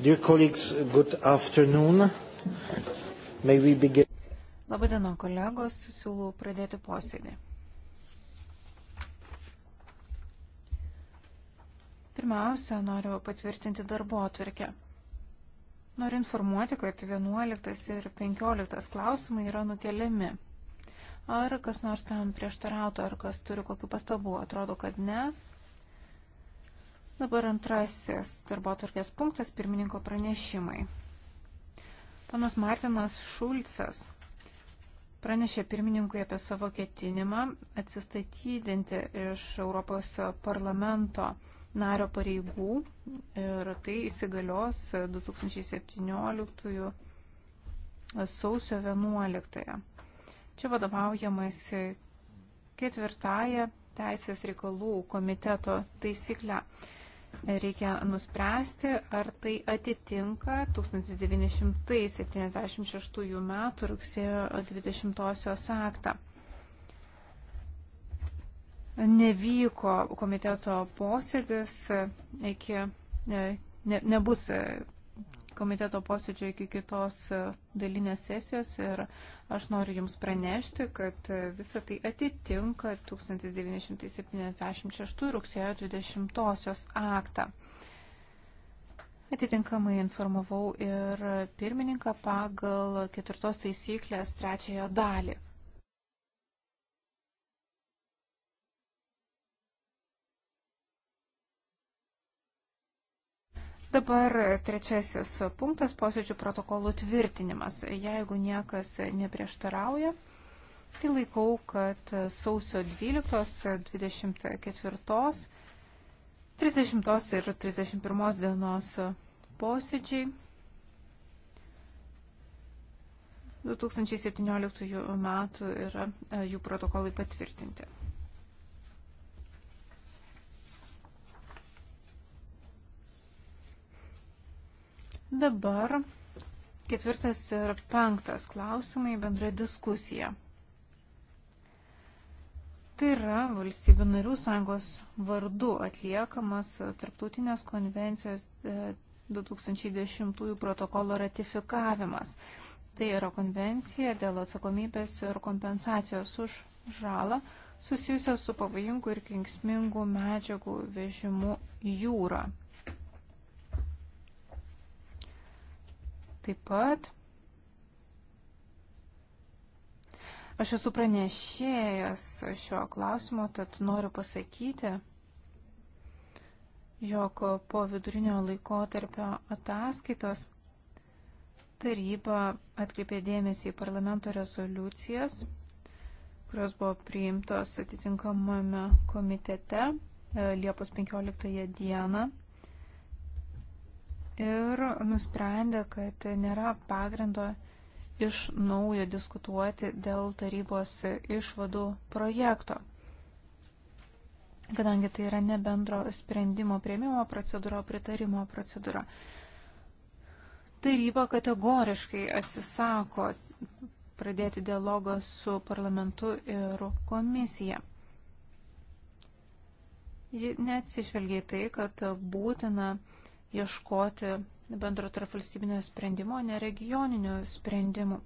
Dear colleagues, good afternoon. May we begin? Labadiena, kolegos, siūlau pradėti posėdį. Pirmiausia, noriu patvirtinti darbo atvirkę. Noriu informuoti, kad 11 ir 15 klausimai yra nukeliami Ar kas nors tam prieštarautų, ar kas turi kokių pastabų? Atrodo, kad ne. Dabar antrasis darbo tvarkės punktas - pirmininko pranešimai. Panas Martinas Šulcas pranešė pirmininkui apie savo ketinimą atsistatydinti iš Europos parlamento nario pareigų ir tai įsigalios 2017 sausio 11. Čia vadovaujamasi ketvirtąją Teisės reikalų komiteto taisyklę. Reikia nuspręsti, ar tai atitinka 1976 m. rugsėjo 20-osios aktą. Nevyko komiteto posėdis iki, ne, ne, nebus komiteto posėdžio iki kitos e, dalinės sesijos ir aš noriu Jums pranešti, kad e, visa tai atitinka 1976 rugsėjo 20 aktą. Atitinkamai informavau ir pirmininką pagal ketvirtos taisyklės trečiąją dalį. Dabar trečiasis punktas - posėdžių protokolų tvirtinimas. Jeigu niekas neprieštarauja, tai laikau, kad sausio 12, 24, 30 ir 31 dienos posėdžiai 2017 metų yra jų protokolai patvirtinti. Dabar ketvirtas ir penktas klausimai bendra diskusija. Tai yra valstybių narių sąjungos vardu atliekamas tarptautinės konvencijos 2010 e, protokolo ratifikavimas. Tai yra konvencija dėl atsakomybės ir kompensacijos už žalą susijusią su pavojingų ir kenksmingų medžiagų vežimu jūra Taip pat aš esu pranešėjęs šio klausimo, tad noriu pasakyti, jog po vidurinio laikotarpio ataskaitos taryba atkreipė dėmesį į parlamento rezoliucijas, kurios buvo priimtos atitinkamame komitete e, Liepos 15 dieną ir nusprendė, kad nėra pagrindo iš naujo diskutuoti dėl tarybos išvadų projekto, kadangi tai yra ne bendro sprendimo prieimimo procedūra, pritarimo procedūra. Taryba kategoriškai atsisako pradėti dialogą su parlamentu ir komisija. Ji neatsižvelgia į tai, kad būtina uh, ieškoti bendro tarp valstybinio sprendimo, neregioninių sprendimų.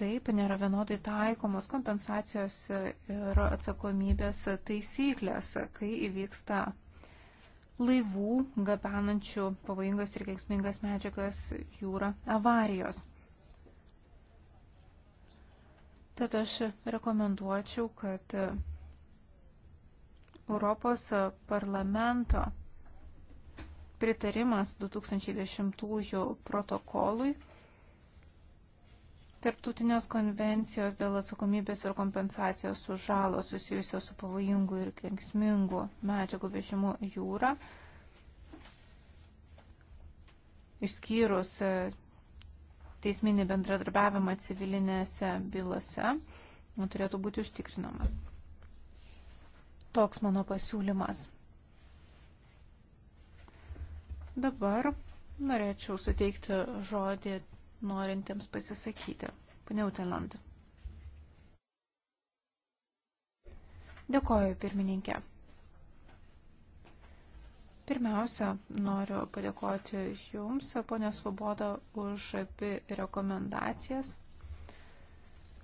Taip, nėra vienodai taikomos kompensacijos ir atsakomybės taisyklės, kai įvyksta laivų gabenančių pavojingas ir kenksmingas medžiagas jūra avarijos. Tad aš rekomenduočiau, kad Europos parlamento pritarimas 2010 protokolui Tarptautinės konvencijos dėl atsakomybės ir kompensacijos už žalą susijusios su pavojingu ir kenksmingu medžiagų vežimu jūra, išskyrus e, teisminį bendradarbiavimą civilinėse bylose, turėtų būti užtikrinamas. Toks mano pasiūlymas. Dabar norėčiau suteikti žodį norintiems pasisakyti. Pane Uteland. Dėkoju, pirmininkė. Pirmiausia, noriu padėkoti Jums, ponė Svoboda, už abi rekomendacijas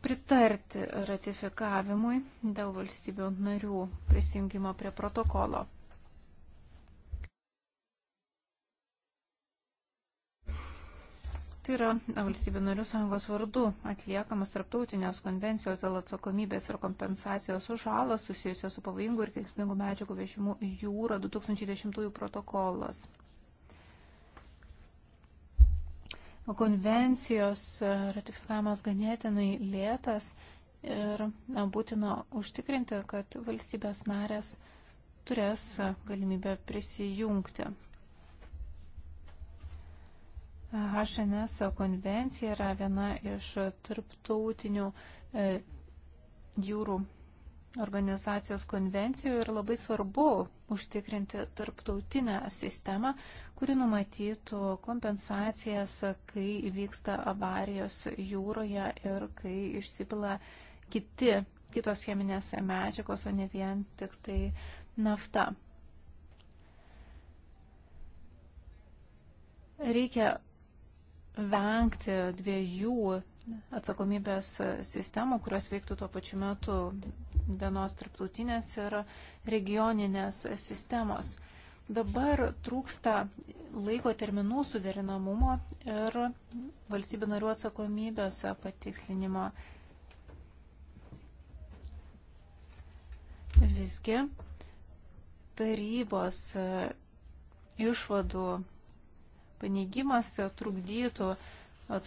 pritarti ratifikavimui dėl valstybių narių prisijungimo prie protokolo. Tai yra valstybių narių sąjungos vardu atliekamas tarptautinės konvencijos dėl atsakomybės ir kompensacijos už žalą susijusios su pavojingų ir kenksmingų medžiagų vežimu jūra 2010 protokolas. Konvencijos ratifikavimas ganėtinai lėtas ir būtina užtikrinti, kad valstybės narės turės galimybę prisijungti. HNS konvencija yra viena iš tarptautinių e, jūrų organizacijos konvencijų ir labai svarbu užtikrinti tarptautinę sistemą, kuri numatytų kompensacijas, kai vyksta avarijos jūroje ir kai išsipila kiti, kitos cheminės medžiagos, o ne vien tik tai nafta. Reikia vengti dviejų atsakomybės sistemų, kurios veiktų tuo pačiu metu vienos tarptautinės ir regioninės sistemos. Dabar trūksta laiko terminų suderinamumo ir valstybių narių atsakomybės patikslinimo. Visgi tarybos išvadų paneigimas trukdytų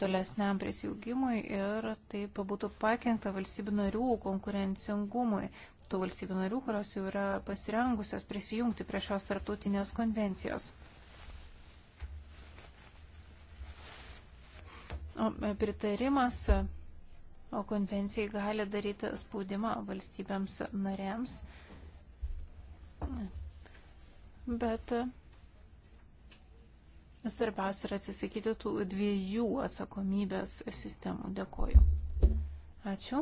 tolesniam prisijungimui ir taip būtų pakengta valstybių narių konkurencingumui, tų valstybių narių, kurios jau yra pasirengusios prisijungti prie šios tarptautinės konvencijos. O e, pritarimas e, o konvencijai gali daryti spaudimą valstybėms narėms. Bet e, Svarbiausia yra atsisakyti tų dviejų atsakomybės sistemų. Dėkoju. Ačiū.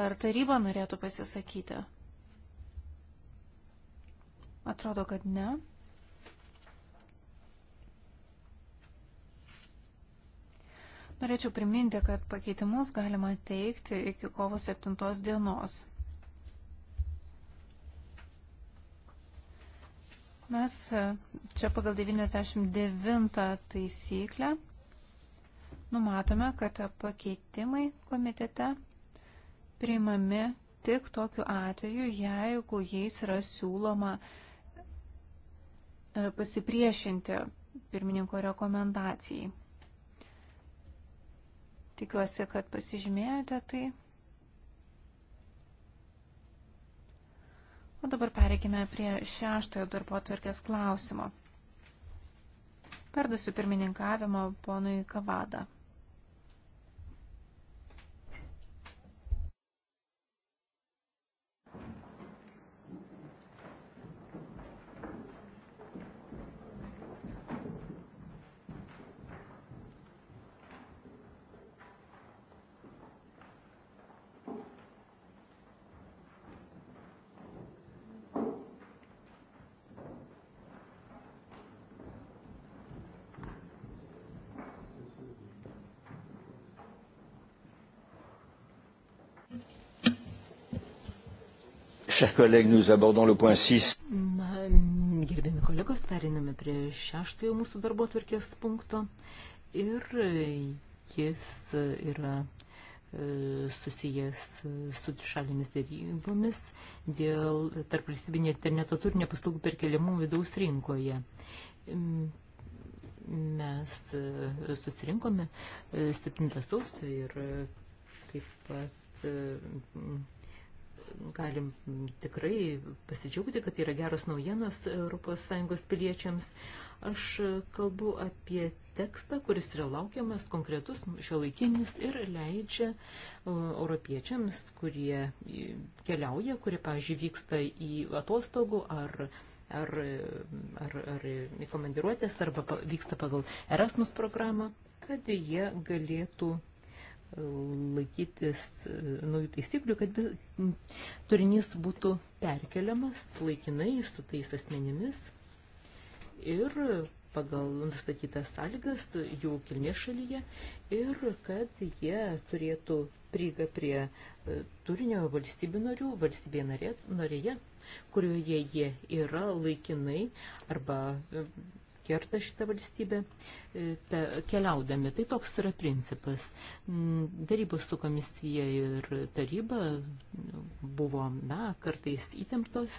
Ar taryba norėtų pasisakyti? Atrodo, kad ne. Norėčiau priminti, kad pakeitimus galima teikti iki kovo 7 dienos. Mes e, čia pagal 99 taisyklę numatome, kad pakeitimai komitete priimami tik tokiu atveju, jeigu jais yra siūloma e, pasipriešinti pirmininko rekomendacijai. Tikiuosi, kad pasižymėjote tai. O dabar pereikime prie šeštojo darbo atvarkės klausimo. Perdusiu pirmininkavimo ponui Kavada. Chers collègues, nous abordons le point 6. Na, gerbiami kolegos, periname prie šeštojo mūsų darbo tvarkės punkto ir e, jis yra e, susijęs su šalimis dėrybomis dėl tarp valstybinė interneto turinio paslaugų perkeliamų vidaus rinkoje. Mes e, susirinkome 7 sausio ir taip pat galim tikrai pasidžiaugti, kad yra geros naujienos ES piliečiams. Aš kalbu apie tekstą, kuris yra laukiamas, konkretus, šiuolaikinis ir leidžia e, europiečiams, kurie keliauja, kurie, pavyzdžiui, vyksta į atostogų ar ar, ar, ar į komandiruotės, arba vyksta pagal Erasmus programą, kad jie galėtų laikytis e, naujų taisyklių, kad turinys būtų perkeliamas laikinai su tais asmenimis ir pagal nustatytas sąlygas jų kilmės šalyje ir kad jie turėtų prieigą prie e, turinio valstybių narių, valstybėje narė, narėje, kurioje jie yra laikinai arba kerta šitą valstybę e, keliaudami. Tai toks yra principas. Mm, darybos su komisija ir taryba nu, buvo, na, kartais įtemptos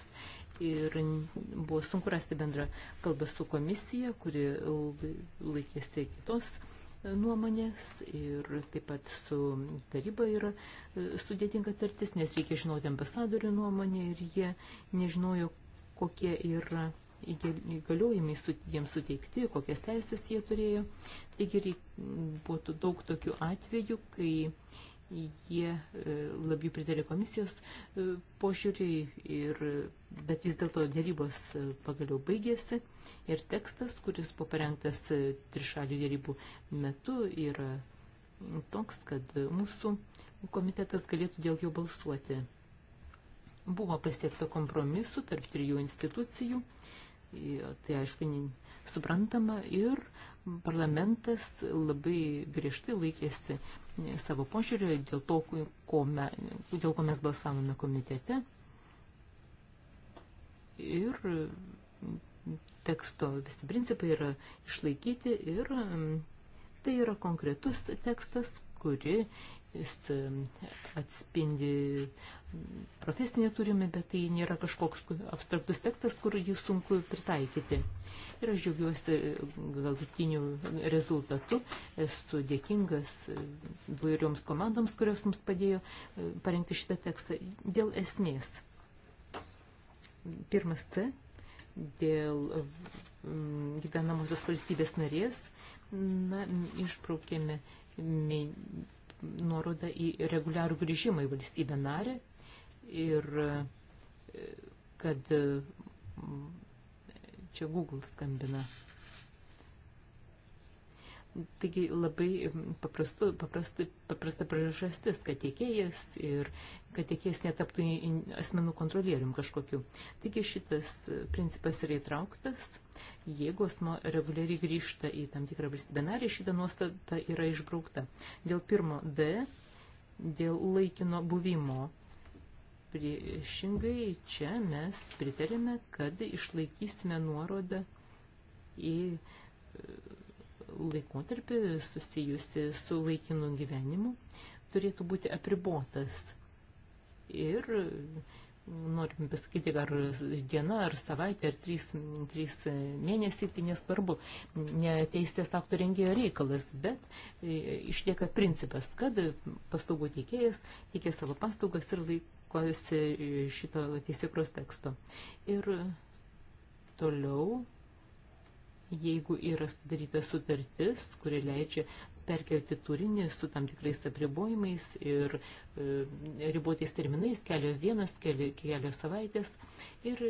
ir buvo sunku rasti bendrą kalbą su komisija, kuri laikėsi kitos e, nuomonės ir taip pat su taryba yra e, sudėtinga tartis, nes reikia žinoti ambasadorių nuomonę ir jie nežinojo, kokie yra įgaliojimai su, jiems suteikti, kokias teisės jie turėjo. Taigi buvo daug tokių atvejų, kai jie e, labiau pritarė komisijos e, požiūriui, ir, bet vis dėlto dėrybos e, pagaliau baigėsi ir tekstas, kuris buvo parengtas trišalių dėrybų metu, yra toks, kad mūsų komitetas galėtų dėl jo balsuoti. Buvo pasiekta kompromisu tarp trijų institucijų. E, tai aišku, suprantama ir parlamentas labai griežtai laikėsi savo požiūrio dėl to, ko me, dėl ko mes balsavome komitete. Ir teksto visi principai yra išlaikyti ir tai yra konkretus tekstas, kuri jis atspindi profesinį turimį, bet tai nėra kažkoks abstraktus tekstas, kur jį sunku pritaikyti. Ir aš džiaugiuosi galutiniu rezultatu, esu dėkingas vairioms komandoms, kurios mums padėjo parengti šitą tekstą dėl esmės. Pirmas C, dėl gyvenamosios valstybės narės, na, išbraukėme nuoroda į reguliarų grįžimą į valstybę narę ir e, kad čia Google skambina. Taigi labai paprastu, paprasta, paprasta priežastis, kad tiekėjas ir kad tiekėjas netaptų asmenų kontrolierium kažkokiu. Taigi šitas principas yra įtrauktas. Jeigu asmo reguliariai grįžta į tam tikrą valstybę narį, šita nuostata yra išbraukta. Dėl pirmo D, dėl laikino buvimo. Priešingai čia mes pritarėme, kad išlaikysime nuorodą į laikotarpį susijusi su laikinu gyvenimu turėtų būti apribotas. Ir norim pasakyti, ar diena, ar savaitė, ar trys, trys mėnesiai, tai nesvarbu, ne teisės aktų rengėjo reikalas, bet e, išlieka principas, kad paslaugų teikėjas teikė savo paslaugas ir laikojusi šito teisėkros teksto. Ir toliau jeigu yra sudaryta sutartis, kuri leidžia perkelti turinį su tam tikrais apribojimais ir e, ribotais terminais, kelios dienos, keli, kelios savaitės. Ir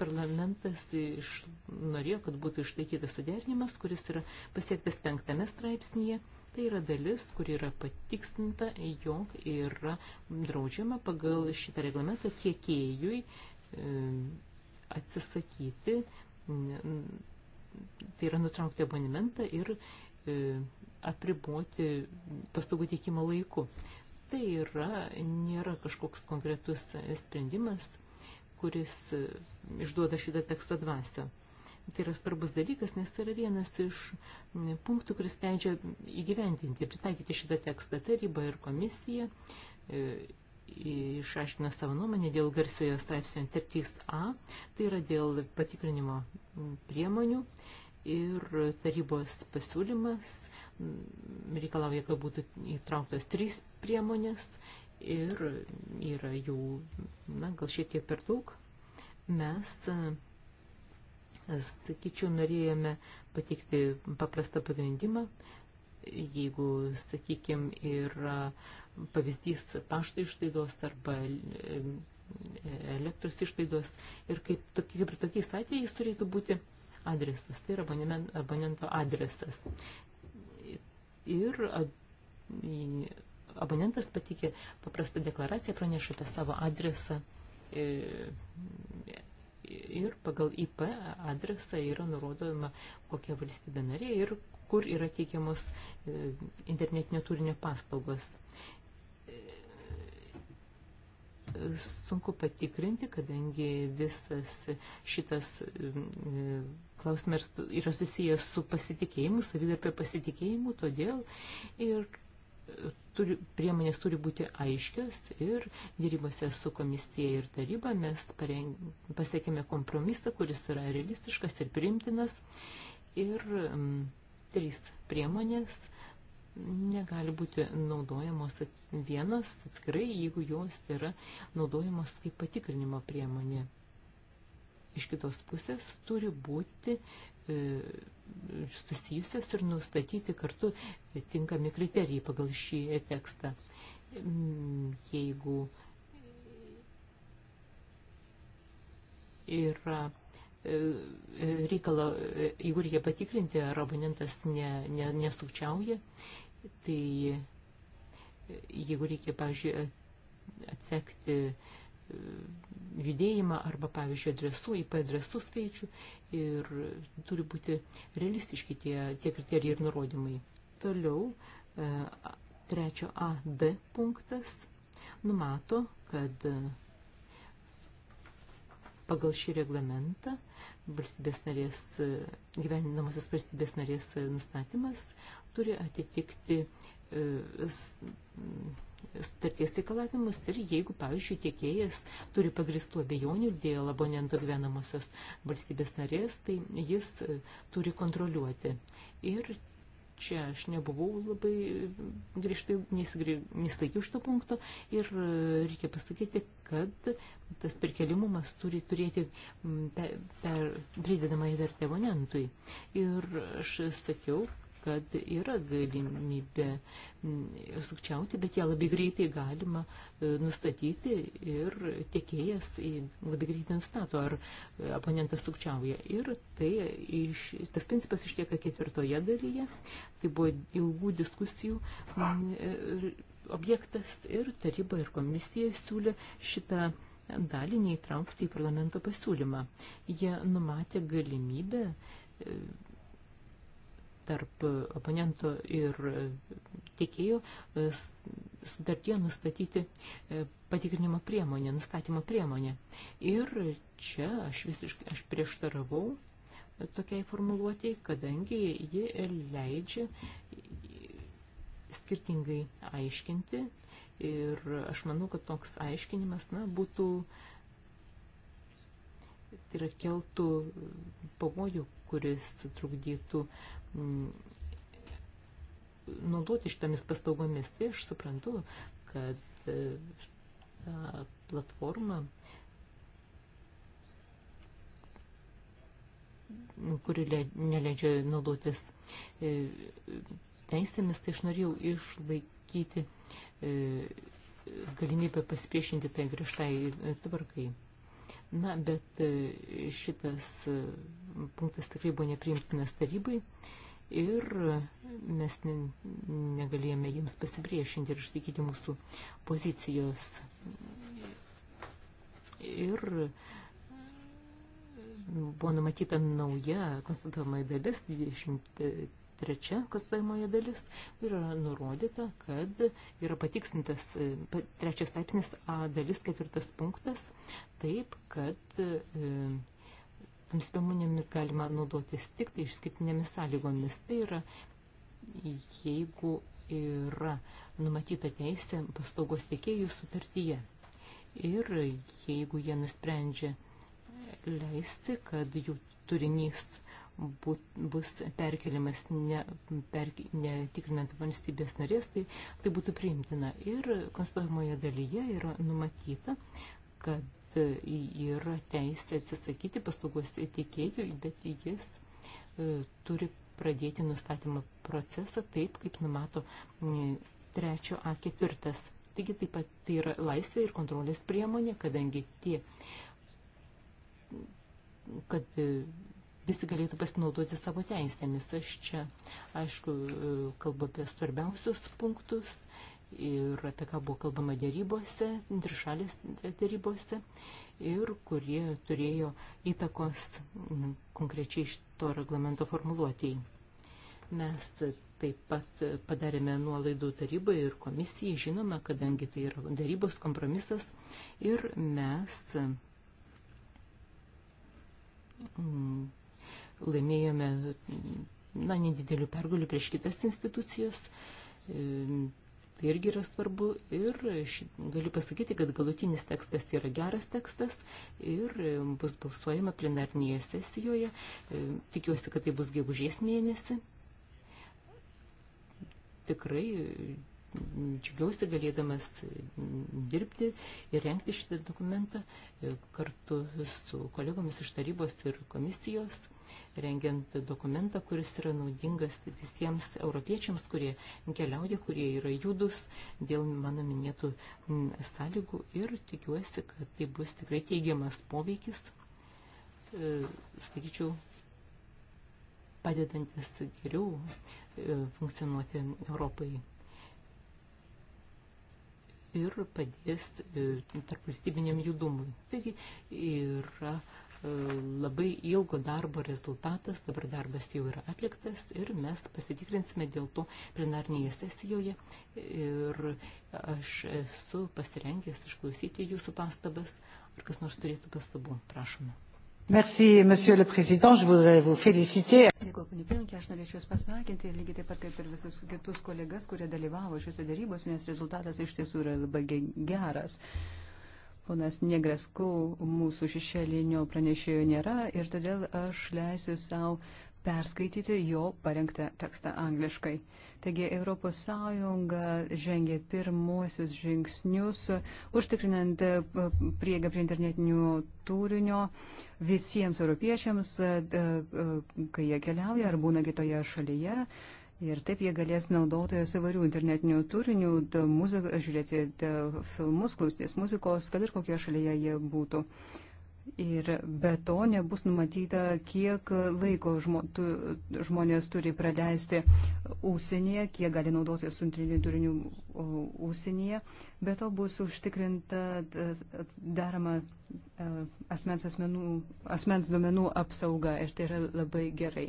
parlamentas iš, norėjo, kad būtų išlaikytas suderinimas, kuris yra pasiektas penktame straipsnėje. Tai yra dalis, kur yra patikslinta, jog yra draudžiama pagal šitą reglamentą tiekėjui e, atsisakyti. E, tai yra nutraukti abonementą ir e, apriboti paslaugų teikimo laiku. Tai yra, nėra kažkoks konkretus sprendimas, kuris e, išduoda šitą teksto dvasę. Tai yra svarbus dalykas, nes tai yra vienas iš punktų, kuris leidžia įgyvendinti, pritaikyti šitą tekstą tarybą ir komisiją. E, išaiškina savo nuomonę dėl garsiojo straipsnio 3a, tai yra dėl patikrinimo priemonių ir tarybos pasiūlymas reikalauja, kad būtų įtrauktos trys priemonės ir yra jau, na, gal šiek tiek per daug. Mes, sakyčiau, norėjome pateikti paprastą pagrindimą, jeigu, sakykime, yra pavyzdys pašto išlaidos arba e, elektros išlaidos ir kaip, kaip ir tokiais atvejais turėtų būti adresas, tai yra abonento adresas. Ir abonentas patikė paprastą deklaraciją, praneša apie savo adresą e, ir pagal IP adresą yra nurodoma, kokia valstybė narė ir kur yra teikiamos e, internetinio turinio paslaugos. E, sunku patikrinti, kadangi visas šitas e, klausimas yra susijęs su pasitikėjimu, savidarpio pasitikėjimu, todėl ir turi, priemonės turi būti aiškios ir dėrybose su komisija ir taryba mes pareng, pasiekėme kompromisą, kuris yra realistiškas ir primtinas ir mm, trys priemonės negali būti naudojamos vienos atskirai, jeigu jos yra naudojamos kaip patikrinimo priemonė. Iš kitos pusės turi būti e, susijusios ir nustatyti kartu tinkami kriterijai pagal šį tekstą. Mm, jeigu yra E, e, reikalo, e, jeigu reikia patikrinti, ar abonentas ne, ne, nestukčiauja, tai jeigu reikia, pavyzdžiui, atsekti judėjimą arba, pavyzdžiui, adresų, IP adresų skaičių ir turi būti realistiški tie, tie kriterijai ir nurodymai. Toliau, trečio AD punktas numato, kad Pagal šį reglamentą valstybės narės, e, gyveninamosios valstybės narės e, nustatymas turi atitikti e, sutarties reikalavimus ir jeigu, pavyzdžiui, tiekėjas turi pagristų abejonių dėl abonento gyvenamosios valstybės narės, tai jis turi kontroliuoti. Ir čia aš nebuvau labai grįžtai, nesilaikiau šito punkto ir e, reikia pasakyti, kad tas perkelimumas turi turėti per, per pridedamą įvertę abonentui. Ir aš sakiau, kad yra galimybė sukčiauti, bet ją labai greitai galima e, nustatyti ir tiekėjas labai greitai nustato, ar e, oponentas sukčiauja. Ir tai iš, tas principas ištieka ketvirtoje dalyje. Tai buvo ilgų diskusijų e, objektas ir taryba ir komisija siūlė šitą dalį neįtraukti į parlamento pasiūlymą. Jie numatė galimybę tarp oponento ir tiekėjo e, sutartie nustatyti e, patikrinimo priemonę, nustatymo priemonę. Ir čia aš visiškai aš prieštaravau e, tokiai formuluotėjai, kadangi ji leidžia skirtingai aiškinti ir aš manau, kad toks aiškinimas, na, būtų tai yra keltų pavojų, kuris trukdytų Mm, naudoti šitomis paslaugomis. Tai aš suprantu, kad e, ta platforma, kuri neleidžia naudotis e, teisėmis, tai aš norėjau išlaikyti e, galimybę pasipriešinti tai grįžtai tvarkai. Na, bet e, šitas e, punktas tikrai buvo nepriimtinas tarybai ir mes ne, negalėjome jiems pasipriešinti ir išlaikyti mūsų pozicijos. Ir buvo numatyta nauja konstatuojama dalis 23 trečia konstatuojamoji dalis yra nurodyta, kad yra patikslintas e, trečias straipsnis A dalis ketvirtas punktas, taip, kad e, tamspėmonėmis galima naudotis tik tai išskirtinėmis sąlygomis. Tai yra, jeigu yra numatyta teisė paslaugos tiekėjų sutartyje. Ir jeigu jie nusprendžia leisti, kad jų turinys bus perkeliamas ne, per, netikrinant valstybės narės, tai, tai būtų priimtina. Ir konstatuojamoje dalyje yra numatyta, kad yra teisė atsisakyti paslaugos teikėjų, bet jis e, turi pradėti nustatymo procesą taip, kaip numato e, trečio A ketvirtas. Taigi taip pat tai yra laisvė ir kontrolės priemonė, kadangi tie, kad e, visi galėtų pasinaudoti savo teisėmis. Aš čia, aišku, kalbu apie svarbiausius punktus ir apie ką buvo kalbama dėrybose, trišalės dėrybose ir kurie turėjo įtakos konkrečiai šito reglamento formuluotėjai. Mes taip pat padarėme nuolaidų tarybai ir komisijai, žinoma, kadangi tai yra darybos kompromisas ir mes mm, laimėjome na, nedidelių pergalių prieš kitas institucijos. Tai irgi yra svarbu ir galiu pasakyti, kad galutinis tekstas yra geras tekstas ir bus balsuojama plenarnėje sesijoje. Tikiuosi, kad tai bus gegužės mėnesį. Tikrai džiugiausi galėdamas dirbti ir renkti šitą dokumentą e, kartu su kolegomis iš tarybos ir komisijos rengiant dokumentą, kuris yra naudingas visiems europiečiams, kurie keliauja, kurie yra judus dėl mano minėtų sąlygų ir tikiuosi, kad tai bus tikrai teigiamas poveikis, e, sakyčiau, padedantis geriau e, funkcionuoti Europai ir padės e, tarpvalstybiniam judumui. Taigi yra e, labai ilgo darbo rezultatas, dabar darbas jau yra atliktas ir mes pasitikrinsime dėl to plenarnėje sesijoje ir aš esu pasirengęs išklausyti jūsų pastabas, ar kas nors turėtų pastabų, prašome. Merci, Monsieur le Président. Je voudrais vous féliciter. Dėkui, panė Pirinkė, aš norėčiau Jūs pasveikinti, lygiai taip pat kaip ir visus kitus kolegas, kurie dalyvavo šiuose darybos, nes rezultatas iš tiesų yra labai geras. Ponas Negresku mūsų šešėlinio pranešėjo nėra ir todėl aš leisiu savo perskaityti jo parengtą tekstą angliškai. Taigi ES žengė pirmosius žingsnius, užtikrinant prieigą prie internetinių turinio visiems europiečiams, e, e, kai jie keliauja ar būna kitoje šalyje. Ir taip jie galės naudotojas įvairių internetinių turinių, muziką, žiūrėti filmus, klausytis muzikos, kad ir kokioje šalyje jie būtų. Uh, Ir be to nebus numatyta, kiek laiko žmo, tu, žmonės turi praleisti ūsienyje, kiek gali naudoti suntrinių turinių ūsienyje. Be to bus užtikrinta e, daroma e, asmens, asmenų, asmens duomenų apsauga ir tai yra labai gerai.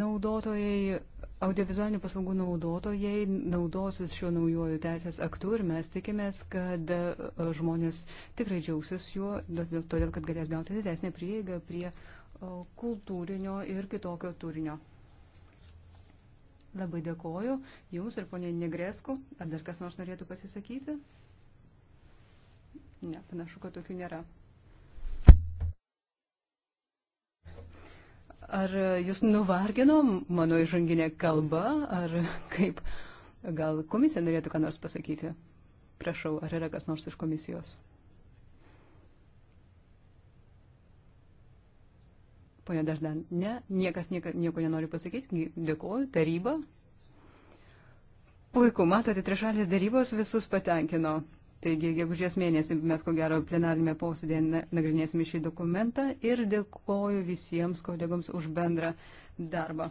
Naudotojai Audiovizualinių paslaugų naudotojai naudosis šiuo naujoju teisės aktu ir mes tikimės, kad e, žmonės tikrai džiaugsis juo, todėl kad galės gauti didesnę prieigą prie e, kultūrinio ir kitokio turinio. Labai dėkoju Jums ir poniai Negresku. Ar dar kas nors norėtų pasisakyti? Ne, panašu, kad tokių nėra. Ar jūs nuvargino mano įžanginė kalba, ar kaip? Gal komisija norėtų ką nors pasakyti? Prašau, ar yra kas nors iš komisijos? Pone Dardan, ne, niekas nieko, nieko nenori pasakyti. Dėkuoju, taryba. Puiku, matote, trišalės darybos visus patenkino. Taigi, gegužės mėnesį mes ko gero plenarinėme posėdėje nagrinėsime šį dokumentą ir dėkoju visiems kolegoms už bendrą darbą.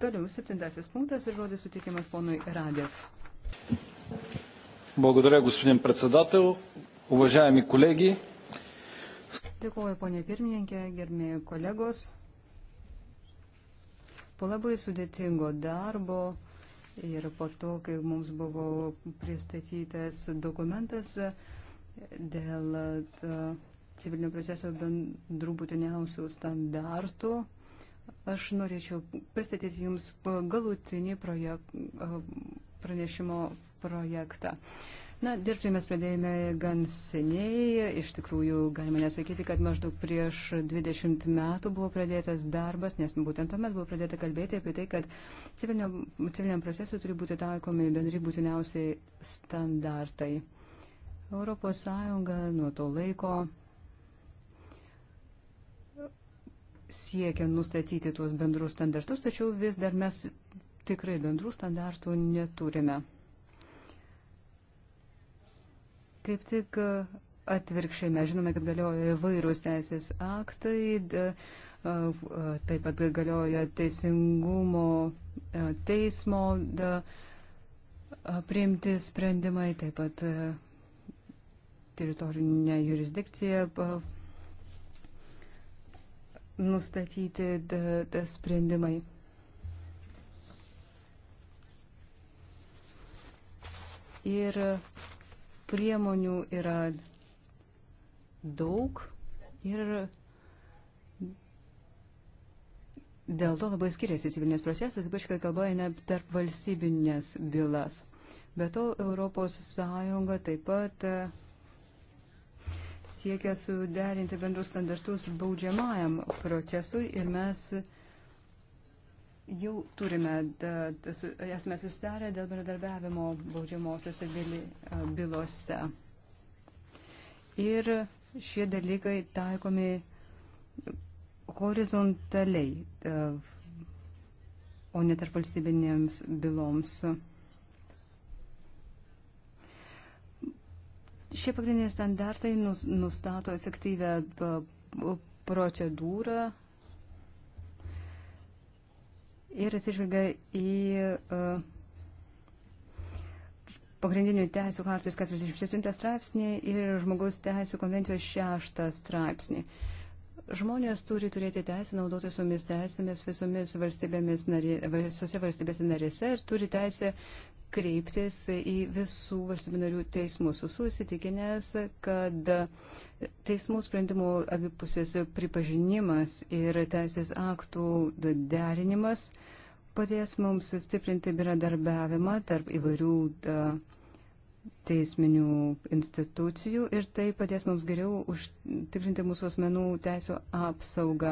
Toliau septintasis punktas ir žodis sutikimas ponui Radev. Благодаря, господин председател. Уважаеми колеги. Dėkuoju, ponė pirmininkė, gerbėjai kolegos. Po labai sudėtingo darbo Ir po to, kai mums buvo pristatytas dokumentas dėl e, civilinio proceso bendrų būtiniausių standartų, aš norėčiau pristatyti Jums galutinį projek e, pranešimo projektą. Na, dirbti mes pradėjome gan seniai. Iš tikrųjų, galima nesakyti, kad maždaug prieš 20 metų buvo pradėtas darbas, nes būtent tuomet buvo pradėta kalbėti apie tai, kad civiliniam, civiliniam procesui turi būti taikomi bendri būtiniausiai standartai. Europos Sąjunga nuo to laiko siekia nustatyti tuos bendrus standartus, tačiau vis dar mes tikrai bendrų standartų neturime. Kaip tik e, atvirkščiai mes žinome, kad galioja įvairūs teisės aktai, e, e, taip pat galioja teisingumo teismo priimti sprendimai, taip pat teritorinė jurisdikcija nustatyti sprendimai. Ir priemonių yra daug ir dėl to labai skiriasi civilinės procesas, ypač kai kalba eina tarp valstybinės bylas. Be to, Europos Sąjunga taip pat siekia suderinti bendrus standartus baudžiamajam procesui ir mes jau turime, esame susidarę dėl bendradarbiavimo baudžiamosiose bylose. Ir šie dalykai taikomi horizontaliai, o ne tarp valstybinėms byloms. Šie pagrindiniai standartai nustato efektyvę procedūrą ir atsižvelgia į e, pagrindinių teisų hartijos 47 straipsnį ir žmogaus teisų konvencijos 6 straipsnį. Žmonės turi turėti teisę naudotis visomis teisėmis visomis valstybėmis narė, visose valstybėse narėse ir turi teisę kreiptis į visų valstybių narių teismus. Esu įsitikinęs, kad teismų sprendimų abipusės pripažinimas ir teisės aktų derinimas padės mums stiprinti bendradarbiavimą tarp įvairių da, uh, teisminių institucijų ir tai padės mums geriau užtikrinti mūsų asmenų teisų apsaugą.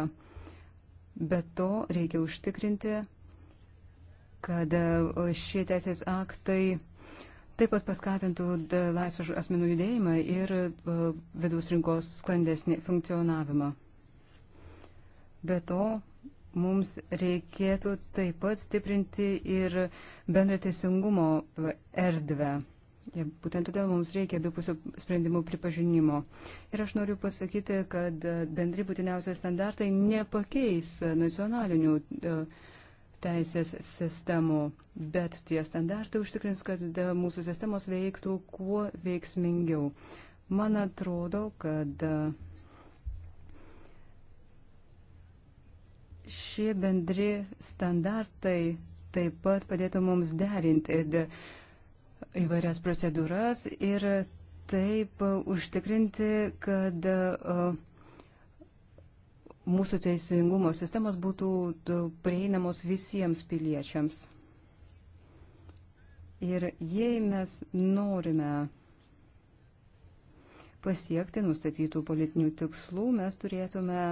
Be to reikia užtikrinti, kad e, šie teisės aktai taip pat paskatintų laisvą asmenų judėjimą ir e, vidaus rinkos sklandesnį funkcionavimą. Be to, mums reikėtų taip pat stiprinti ir bendrą teisingumo e, erdvę. Ir būtent todėl mums reikia abipusio sprendimų pripažinimo. Ir aš noriu pasakyti, kad e, bendri būtiniausiai standartai nepakeis e, nacionalinių e, teisės sistemų, bet tie standartai užtikrins, kad mūsų sistemos veiktų kuo veiksmingiau. Man atrodo, kad šie bendri standartai taip pat padėtų mums derinti. Ir įvairias procedūras ir taip užtikrinti, kad mūsų teisingumo sistemos būtų prieinamos visiems piliečiams. Ir jei mes norime pasiekti nustatytų politinių tikslų, mes turėtume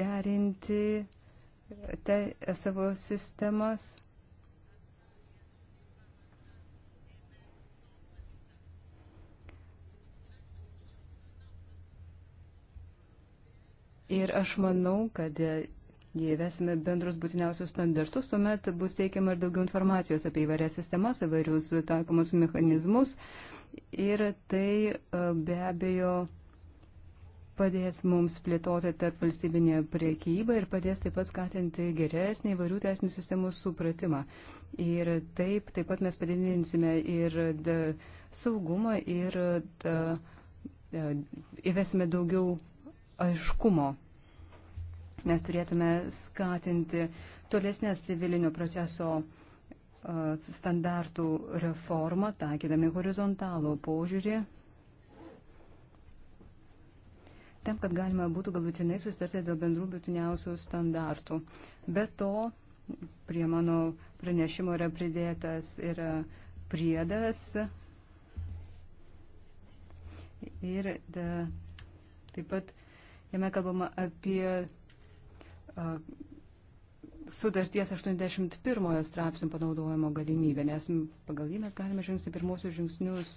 derinti te, savo sistemas Ir aš manau, kad e, jei vesime bendrus būtiniausius standartus, tuomet bus teikiama ir daugiau informacijos apie įvairias sistemas, įvairius taikomus mechanizmus. Ir tai e, be abejo padės mums plėtoti tarp valstybinę priekybą ir padės taip pat skatinti geresnį įvairių teisinių sistemų supratimą. Ir taip, taip pat mes padidinsime ir e, saugumą ir da, da, įvesime daugiau aiškumo. Mes turėtume skatinti tolesnės civilinio proceso standartų reformą, taikydami horizontalų požiūrį, tam, kad galima būtų galutinai sustarti dėl bendrų būtiniausių standartų. Be to, prie mano pranešimo yra pridėtas ir priedas. Ir da, taip pat Jame kalbama apie sutarties 81 straipsnių panaudojimo galimybę, nes pagal jį mes galime žengti pirmosius žingsnius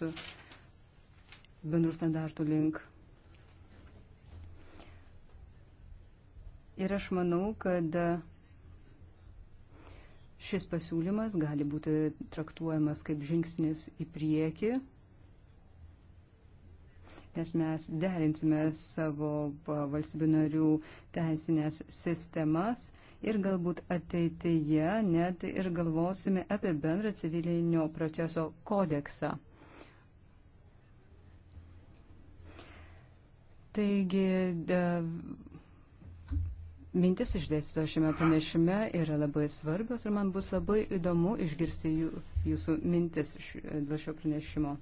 bendrų standartų link. Ir aš manau, kad šis pasiūlymas gali būti traktuojamas kaip žingsnis į priekį nes mes derinsime savo valstybių narių teisinės sistemas ir galbūt ateityje net ir galvosime apie bendrą civilinio proceso kodeksą. Taigi, da, mintis išdėstyto šiame pranešime yra labai svarbios ir man bus labai įdomu išgirsti jų, jūsų mintis dėl šio pranešimo.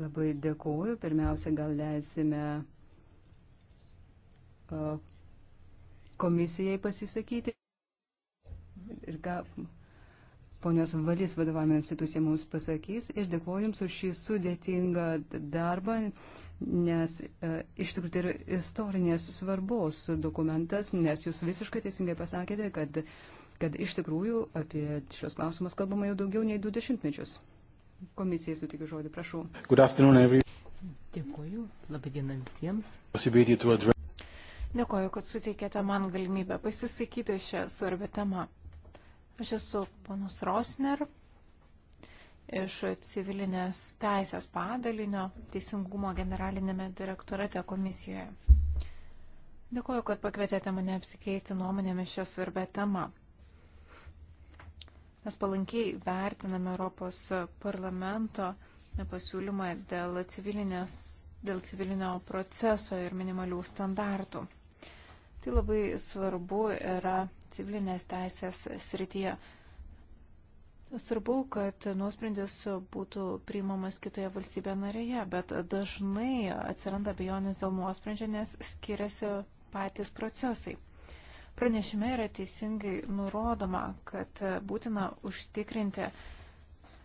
Labai dėkuoju. Pirmiausia, gal leisime komisijai pasisakyti. Ir ką ponios Valys vadovavimo institucija mums pasakys. Ir dėkuoju Jums už šį sudėtingą darbą, nes e, iš tikrųjų tai yra istorinės svarbos dokumentas, nes Jūs visiškai teisingai pasakėte, kad, kad iš tikrųjų apie šios klausimus kalbama jau daugiau nei du dešimtmečius komisijai sutikiu žodį, prašau. Every... Dėkuoju, labai diena visiems. Dėkuoju, kad suteikėte man galimybę pasisakyti šią svarbią temą. Aš esu panus Rosner iš civilinės teisės padalinio Teisingumo generalinėme direktorate komisijoje. Dėkuoju, kad pakvietėte mane apsikeisti nuomonėmis šią svarbę temą. Mes palankiai vertiname Europos parlamento pasiūlymą dėl, dėl civilinio proceso ir minimalių standartų. Tai labai svarbu yra civilinės teisės srityje. Svarbu, kad nuosprendis būtų priimamas kitoje valstybėje narėje, bet dažnai atsiranda bejonės dėl nuosprendžio, nes skiriasi patys procesai. Pranešime yra teisingai nurodoma, kad būtina užtikrinti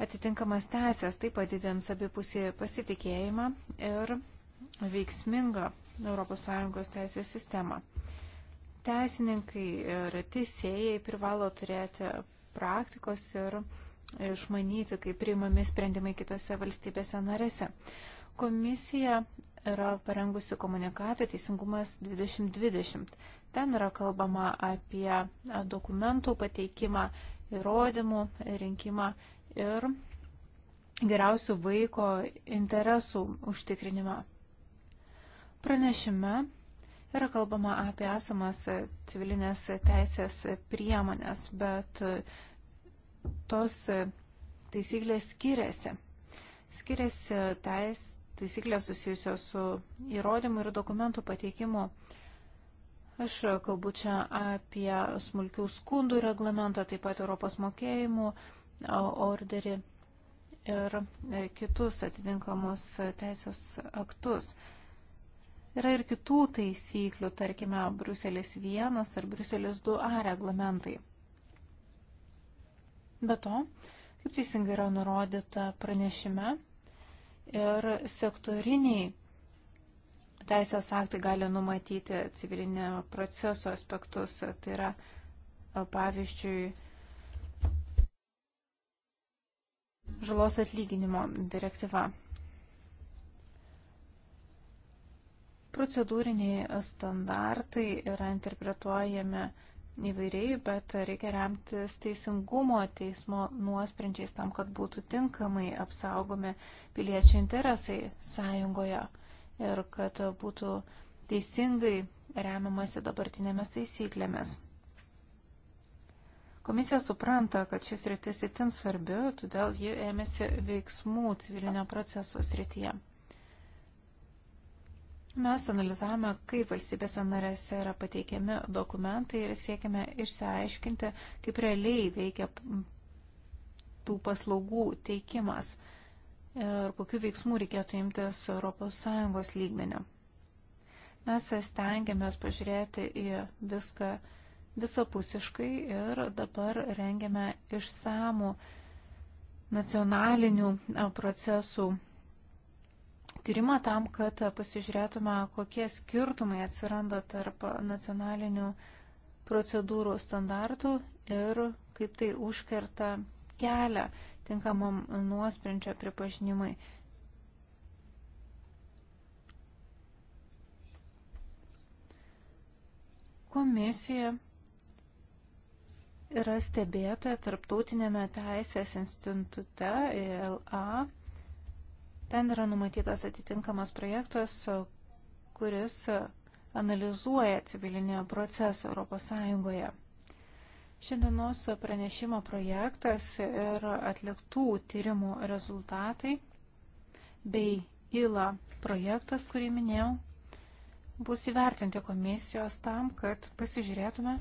atitinkamas teisės, tai padidins abipusį pasitikėjimą ir veiksmingą ES teisės sistemą. Teisininkai ir teisėjai privalo turėti praktikos ir išmanyti, kaip priimami sprendimai kitose valstybėse narėse. Komisija yra parengusi komunikatą Teisingumas 2020. Ten yra kalbama apie dokumentų pateikimą, įrodymų rinkimą ir geriausių vaiko interesų užtikrinimą. Pranešime yra kalbama apie esamas civilinės teisės priemonės, bet tos taisyklės skiriasi. Skiriasi teis, taisyklės susijusios su įrodymu ir dokumentų pateikimu. Aš kalbu čia apie smulkių skundų reglamentą, taip pat Europos mokėjimų orderį ir e, kitus atitinkamus teisės aktus. Yra ir kitų taisyklių, tarkime, Bruselis 1 ar Bruselis 2A reglamentai. Be to, kaip teisingai yra nurodyta pranešime, ir sektoriniai teisės aktai gali numatyti civilinio proceso aspektus. Tai yra, pavyzdžiui, žalos atlyginimo direktyva. Procedūriniai standartai yra interpretuojami įvairiai, bet reikia remtis teisingumo teismo nuosprendžiais tam, kad būtų tinkamai apsaugomi piliečių interesai sąjungoje ir kad būtų teisingai remiamasi dabartinėmis taisyklėmis. Komisija supranta, kad šis rytis itin svarbi, todėl ji ėmėsi veiksmų civilinio proceso srityje. Mes analizavome, kaip valstybėse narėse yra pateikiami dokumentai ir siekime išsiaiškinti, kaip realiai veikia tų paslaugų teikimas ir kokiu veiksmu reikėtų imtis ES lygmenio. Mes stengiamės pažiūrėti į viską visapusiškai ir dabar rengiame išsamų nacionalinių procesų tyrimą tam, kad pasižiūrėtume, kokie skirtumai atsiranda tarp nacionalinių procedūrų standartų ir kaip tai užkerta kelią tinkamam nuosprendžio pripažinimui. Komisija yra stebėtoja tarptautinėme teisės institute ILA. E Ten yra numatytas atitinkamas projektas, kuris analizuoja civilinį procesą Europos Sąjungoje. Šiandienos pranešimo projektas ir atliktų tyrimų rezultatai bei ILA projektas, kurį minėjau, bus įvertinti komisijos tam, kad pasižiūrėtume,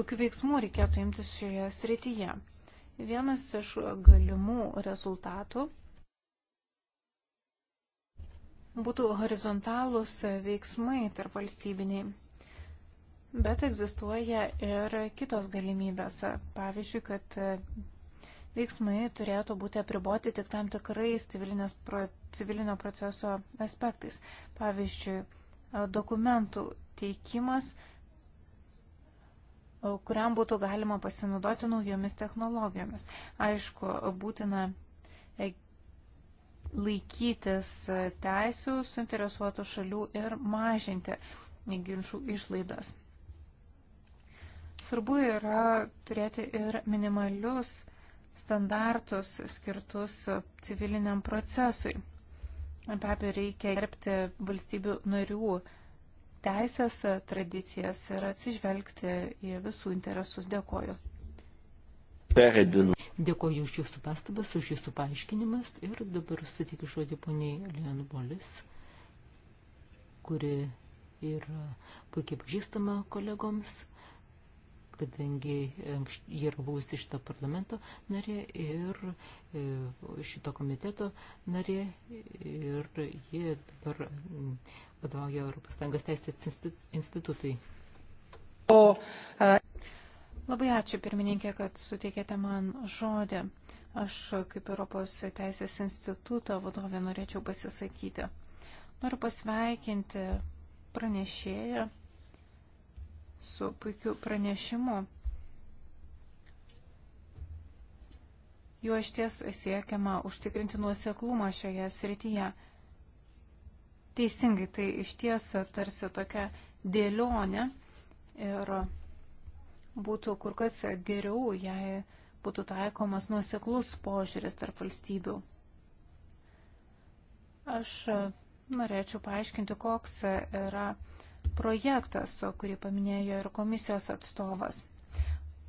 kokiu veiksmu reikėtų imtis šioje srityje. Vienas iš galimų rezultatų būtų horizontalūs veiksmai tarp valstybiniai. Bet egzistuoja ir kitos galimybės. Pavyzdžiui, kad e, veiksmai turėtų būti apriboti tik tam tikrais pro, civilinio proceso aspektais. Pavyzdžiui, e, dokumentų teikimas, e, kuriam būtų galima pasinaudoti naujomis technologijomis. Aišku, būtina laikytis teisių suinteresuotų šalių ir mažinti ginčių išlaidas. Svarbu yra turėti ir minimalius standartus skirtus civiliniam procesui. Be abejo, reikia gerbti valstybių narių teisės tradicijas ir atsižvelgti į visų interesus. Dėkoju. Dėkoju už jūsų pastabas, už jūsų paaiškinimas ir dabar sutikiu žodį poniai Leon Bolis, kuri yra puikiai pažįstama kolegoms kadangi ji yra buvusi šito parlamento narė ir e, šito komiteto narė ir ji dabar vadovauja Europos Sąjungos teisės institutui. O, a... E, Labai ačiū pirmininkė, kad suteikėte man žodį. Aš kaip Europos teisės instituto vadovė norėčiau pasisakyti. Noriu pasveikinti pranešėją su puikiu pranešimu. Juo iš ties siekiama užtikrinti nuoseklumą šioje srityje. Teisingai, tai iš ties tarsi tokia dėlionė ir būtų kur kas geriau, jei būtų taikomas nuoseklus požiūris tarp valstybių. Aš norėčiau paaiškinti, koks yra projektas, kurį paminėjo ir komisijos atstovas.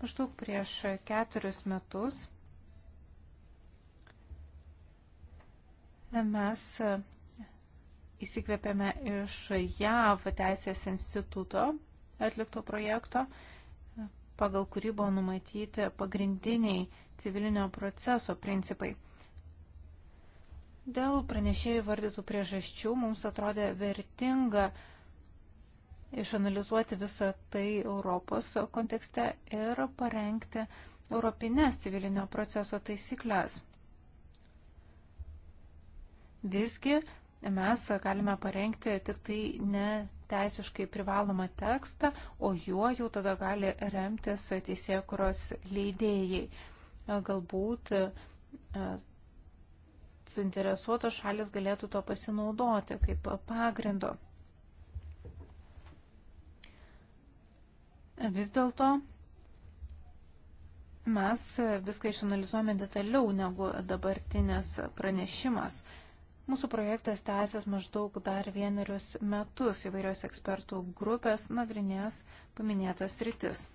Maždaug prieš keturis metus mes įsikvėpėme iš JAV teisės instituto atlikto projekto, pagal kurį buvo numatyti pagrindiniai civilinio proceso principai. Dėl pranešėjų vardytų priežasčių mums atrodė vertinga išanalizuoti visą tai Europos kontekste ir parengti europinės civilinio proceso taisyklės. Visgi mes galime parengti tik tai ne teisiškai privalomą tekstą, o juo jau tada gali remtis teisėkuros leidėjai. Galbūt e, suinteresuotos šalis galėtų to pasinaudoti kaip pagrindo. Vis dėlto mes viską išanalizuojame detaliau negu dabartinės pranešimas. Mūsų projektas tęsės maždaug dar vienerius metus įvairios ekspertų grupės nagrinės paminėtas rytis.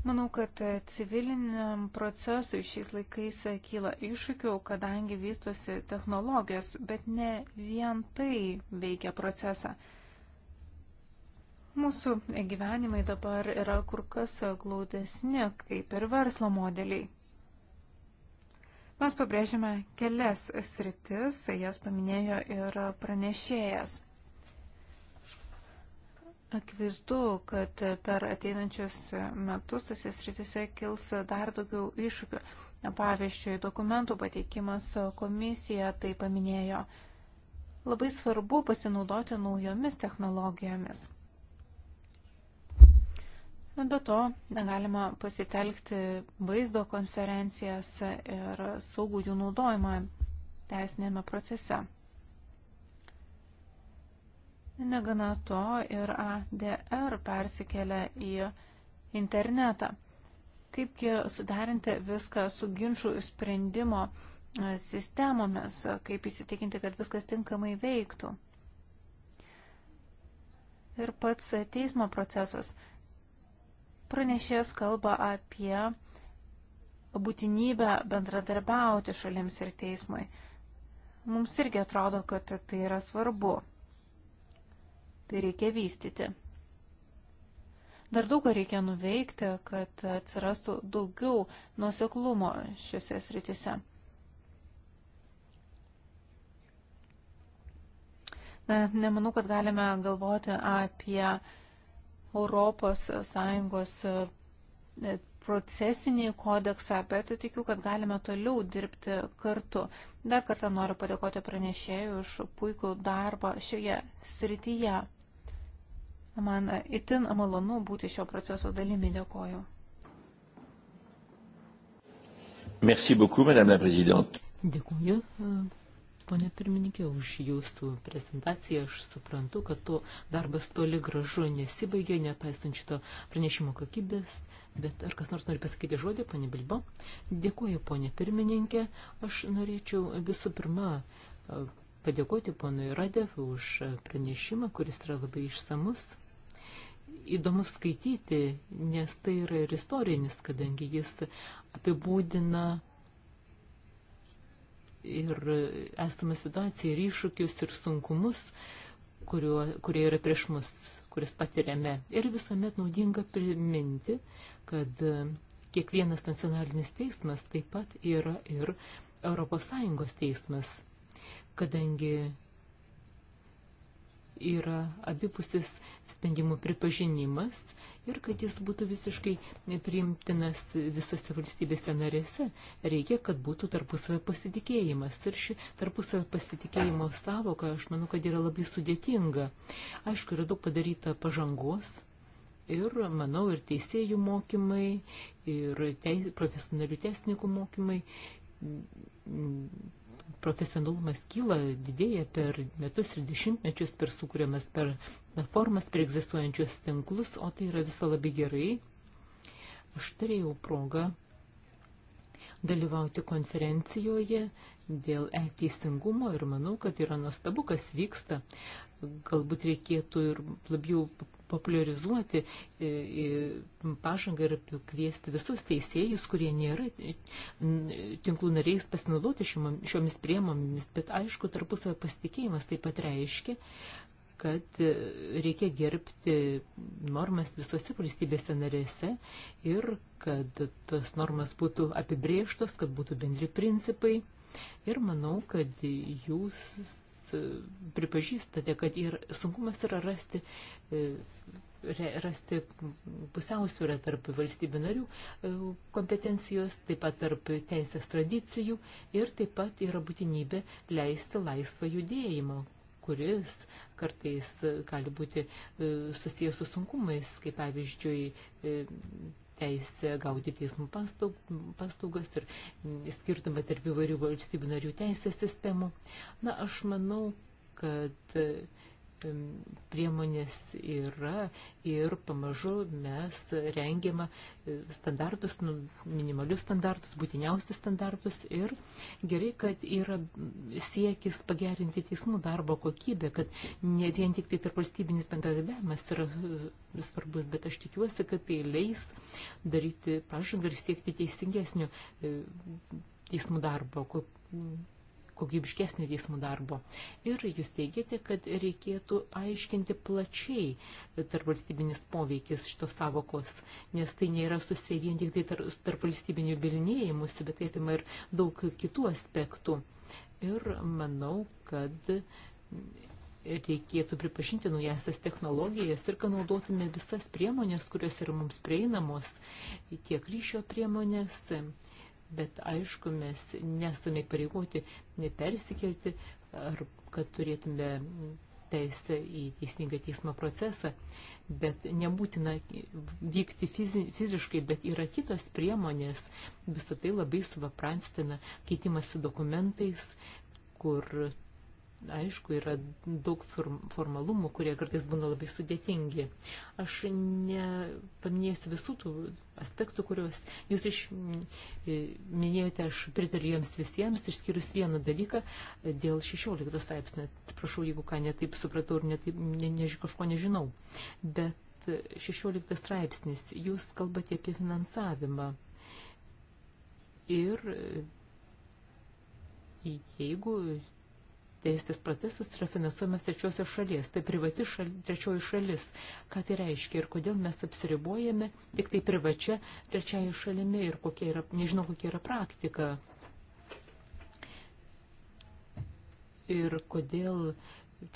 Manau, kad civiliniam procesui šiais laikais kyla iššūkių, kadangi vystosi technologijos, bet ne vien tai veikia procesą. Mūsų gyvenimai dabar yra kur kas glaudesni, kaip ir verslo modeliai. Mes pabrėžėme kelias sritis, jas paminėjo ir pranešėjas. Akivaizdu, kad per ateinančius metus tose sritise kils dar daugiau iššūkių. Pavyzdžiui, dokumentų pateikimas komisija tai paminėjo. Labai svarbu pasinaudoti naujomis technologijomis. Be to, galima pasitelkti vaizdo konferencijas ir saugų jų naudojimą teisinėme procese. Negana to ir ADR persikelia į internetą. Kaipgi suderinti viską su ginčių sprendimo e, sistemomis, kaip įsitikinti, kad viskas tinkamai veiktų. Ir pats teismo procesas. Pranešėjas kalba apie būtinybę bendradarbiauti šalims ir teismui. Mums irgi atrodo, kad tai yra svarbu tai reikia vystyti. Dar daug ką reikia nuveikti, kad atsirastų daugiau nuseklumo šiuose srityse. Na, nemanau, kad galime galvoti apie Europos Sąjungos e, procesinį kodeksą, bet tikiu, kad galime toliau dirbti kartu. Dar kartą noriu padėkoti pranešėjui už puikų darbą šioje srityje. Man itin malonu būti šio proceso dalimi. Dėkoju. Merci beaucoup, Madame la Présidente. Dėkuoju, ponė pirmininkė, už jūsų prezentaciją. Aš suprantu, kad to darbas toli gražu nesibaigė, nepaisant šito pranešimo kokybės. Bet ar kas nors nori pasakyti žodį, ponė Bilbo? Dėkuoju, ponė pirmininkė. Aš norėčiau visų pirma padėkoti ponui Radev už pranešimą, kuris yra labai išsamus. Įdomus skaityti, nes tai yra ir istorinis, kadangi jis apibūdina ir esamą situaciją, ir iššūkius, ir sunkumus, kuriuo, kurie yra prieš mus, kuris patiriame. Ir visuomet naudinga priminti, kad kiekvienas nacionalinis teismas taip pat yra ir ES teismas kadangi yra abipusis sprendimų pripažinimas ir kad jis būtų visiškai priimtinas visose valstybėse narėse, reikia, kad būtų tarpusavio pasitikėjimas. Ir ši tarpusavio pasitikėjimo savoka, aš manau, kad yra labai sudėtinga. Aišku, yra daug padaryta pažangos. Ir, manau, ir teisėjų mokymai, ir teis, profesionalių teisininkų mokymai profesionalumas kyla, didėja per metus ir dešimtmečius, per sukūriamas per platformas, per egzistuojančius tinklus, o tai yra visa labai gerai. Aš turėjau progą dalyvauti konferencijoje dėl e-teisingumo ir manau, kad yra nuostabu, kas vyksta. Galbūt reikėtų ir labiau populiarizuoti e, e, pažangą ir kviesti visus teisėjus, kurie nėra e, tinklų nariais pasinaudoti šiomis priemonėmis, bet aišku, tarpusavio pasitikėjimas taip pat reiškia, kad reikia gerbti normas visose valstybėse narėse ir kad tos normas būtų apibrėžtos, kad būtų bendri principai. Ir manau, kad jūs pripažįstate, kad ir sunkumas yra rasti, e, rasti pusiausvyrą tarp valstybių narių e, kompetencijos, taip pat tarp teisės tradicijų ir taip pat yra būtinybė leisti laisvą judėjimą kuris kartais gali būti e, susijęs su sunkumais, kaip pavyzdžiui teisę gauti teismų paslaugas ir skirtumą tarp įvairių valstybių narių teisės sistemų. Na, aš manau, kad priemonės yra ir pamažu mes rengiame standartus, nu, minimalius standartus, būtiniausius standartus ir gerai, kad yra siekis pagerinti teismų darbo kokybę, kad ne vien tik tai tarp valstybinis bendradarbiavimas yra svarbus, bet aš tikiuosi, kad tai leis daryti pažangą ir siekti teisingesnio e, teismų darbo kokybiškesnio teismų darbo. Ir jūs teigiate, kad reikėtų aiškinti plačiai tarp valstybinis poveikis šitos savokos, nes tai nėra susiję vien tik tai tarp, tarp valstybinių bilinėjimusių, bet tai apima ir daug kitų aspektų. Ir manau, kad reikėtų pripažinti naujasias technologijas ir kad naudotume visas priemonės, kurios yra mums prieinamos, tiek ryšio priemonės, bet aišku, mes nesame pareigoti persikelti ar kad turėtume teisę į teisingą teismo procesą, bet nebūtina vykti fizi fiziškai, bet yra kitos priemonės, visą tai labai supapranstina keitimas su dokumentais, kur aišku, yra daug formalumų, kurie kartais būna labai sudėtingi. Aš nepaminėsiu visų tų aspektų, kuriuos jūs išminėjote, aš pritariu jiems visiems, išskyrus vieną dalyką dėl 16 straipsnio. Atsiprašau, jeigu ką netaip supratau ir netaip, ne, ne, kažko nežinau. Bet 16 straipsnis, jūs kalbate apie finansavimą. Ir jeigu teisės procesas yra finansuojamas trečiosios šalies, tai privati šal, trečioji šalis. Ką tai reiškia ir kodėl mes apsiribuojame tik tai privačia trečiaja šalimi ir kokia yra, nežinau, kokia yra praktika. Ir kodėl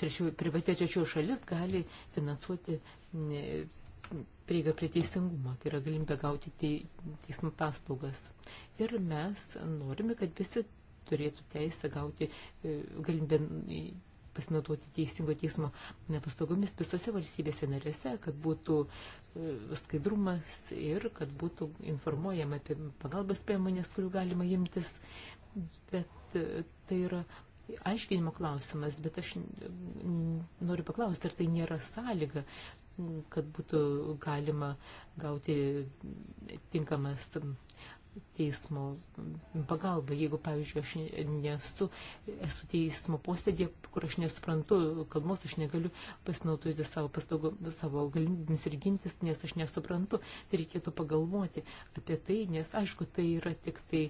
trečių, privati trečiųjų šalis gali finansuoti prieigą prie teisingumo, tai yra galimybė gauti te, teismų paslaugas. Ir mes norime, kad visi turėtų teisę gauti e, galimybę pasinaudoti teisingo teismo paslaugomis visose valstybėse narėse, kad būtų e, skaidrumas ir kad būtų informuojama apie pagalbos priemonės, kurių galima imtis. Bet e, tai yra aiškinimo klausimas, bet aš noriu paklausti, ar tai nėra sąlyga, kad būtų galima gauti tinkamas teismo pagalba. Jeigu, pavyzdžiui, aš nesu, esu teismo posėdė, kur aš nesuprantu kalbos, aš negaliu pasinaudoti savo, pastogu, savo galimybėmis ir gintis, nes aš nesuprantu. Tai reikėtų pagalvoti apie tai, nes aišku, tai yra tik tai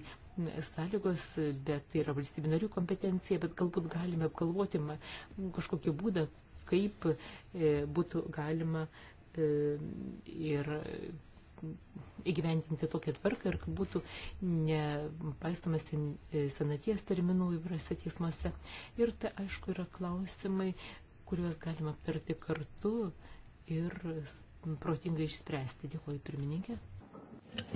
sąlygos, bet tai yra valstybių narių kompetencija, bet galbūt galime apgalvoti kažkokį būdą, kaip e, būtų galima e, ir įgyventinti tokią tvarką ir kad būtų nepaistamas e, senaties terminų įvairiose teismuose. Ir tai, aišku, yra klausimai, kuriuos galima aptarti kartu ir protingai išspręsti. Dėkuoju, pirmininkė.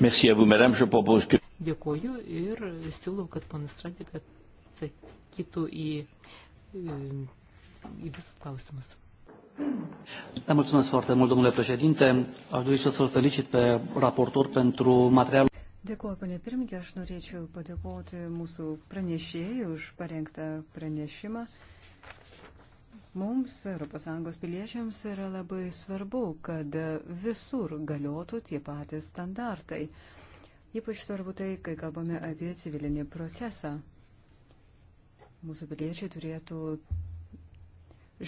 Merci à vous, madame. Je propose que... Dėkuoju ir siūlau, kad panas Radė atsakytų į, e, į visus klausimus. Mulțumesc foarte mult, domnule președinte. Aš dori să-l felicit pe raportor pentru materialul. Dėkuoju, panė pirmininkė, aš norėčiau padėkoti mūsų pranešėjai už parengtą pranešimą. Mums, ES piliečiams, yra labai svarbu, kad visur galiotų tie patys standartai. Ypač svarbu tai, kai kalbame apie civilinį procesą. Mūsų piliečiai turėtų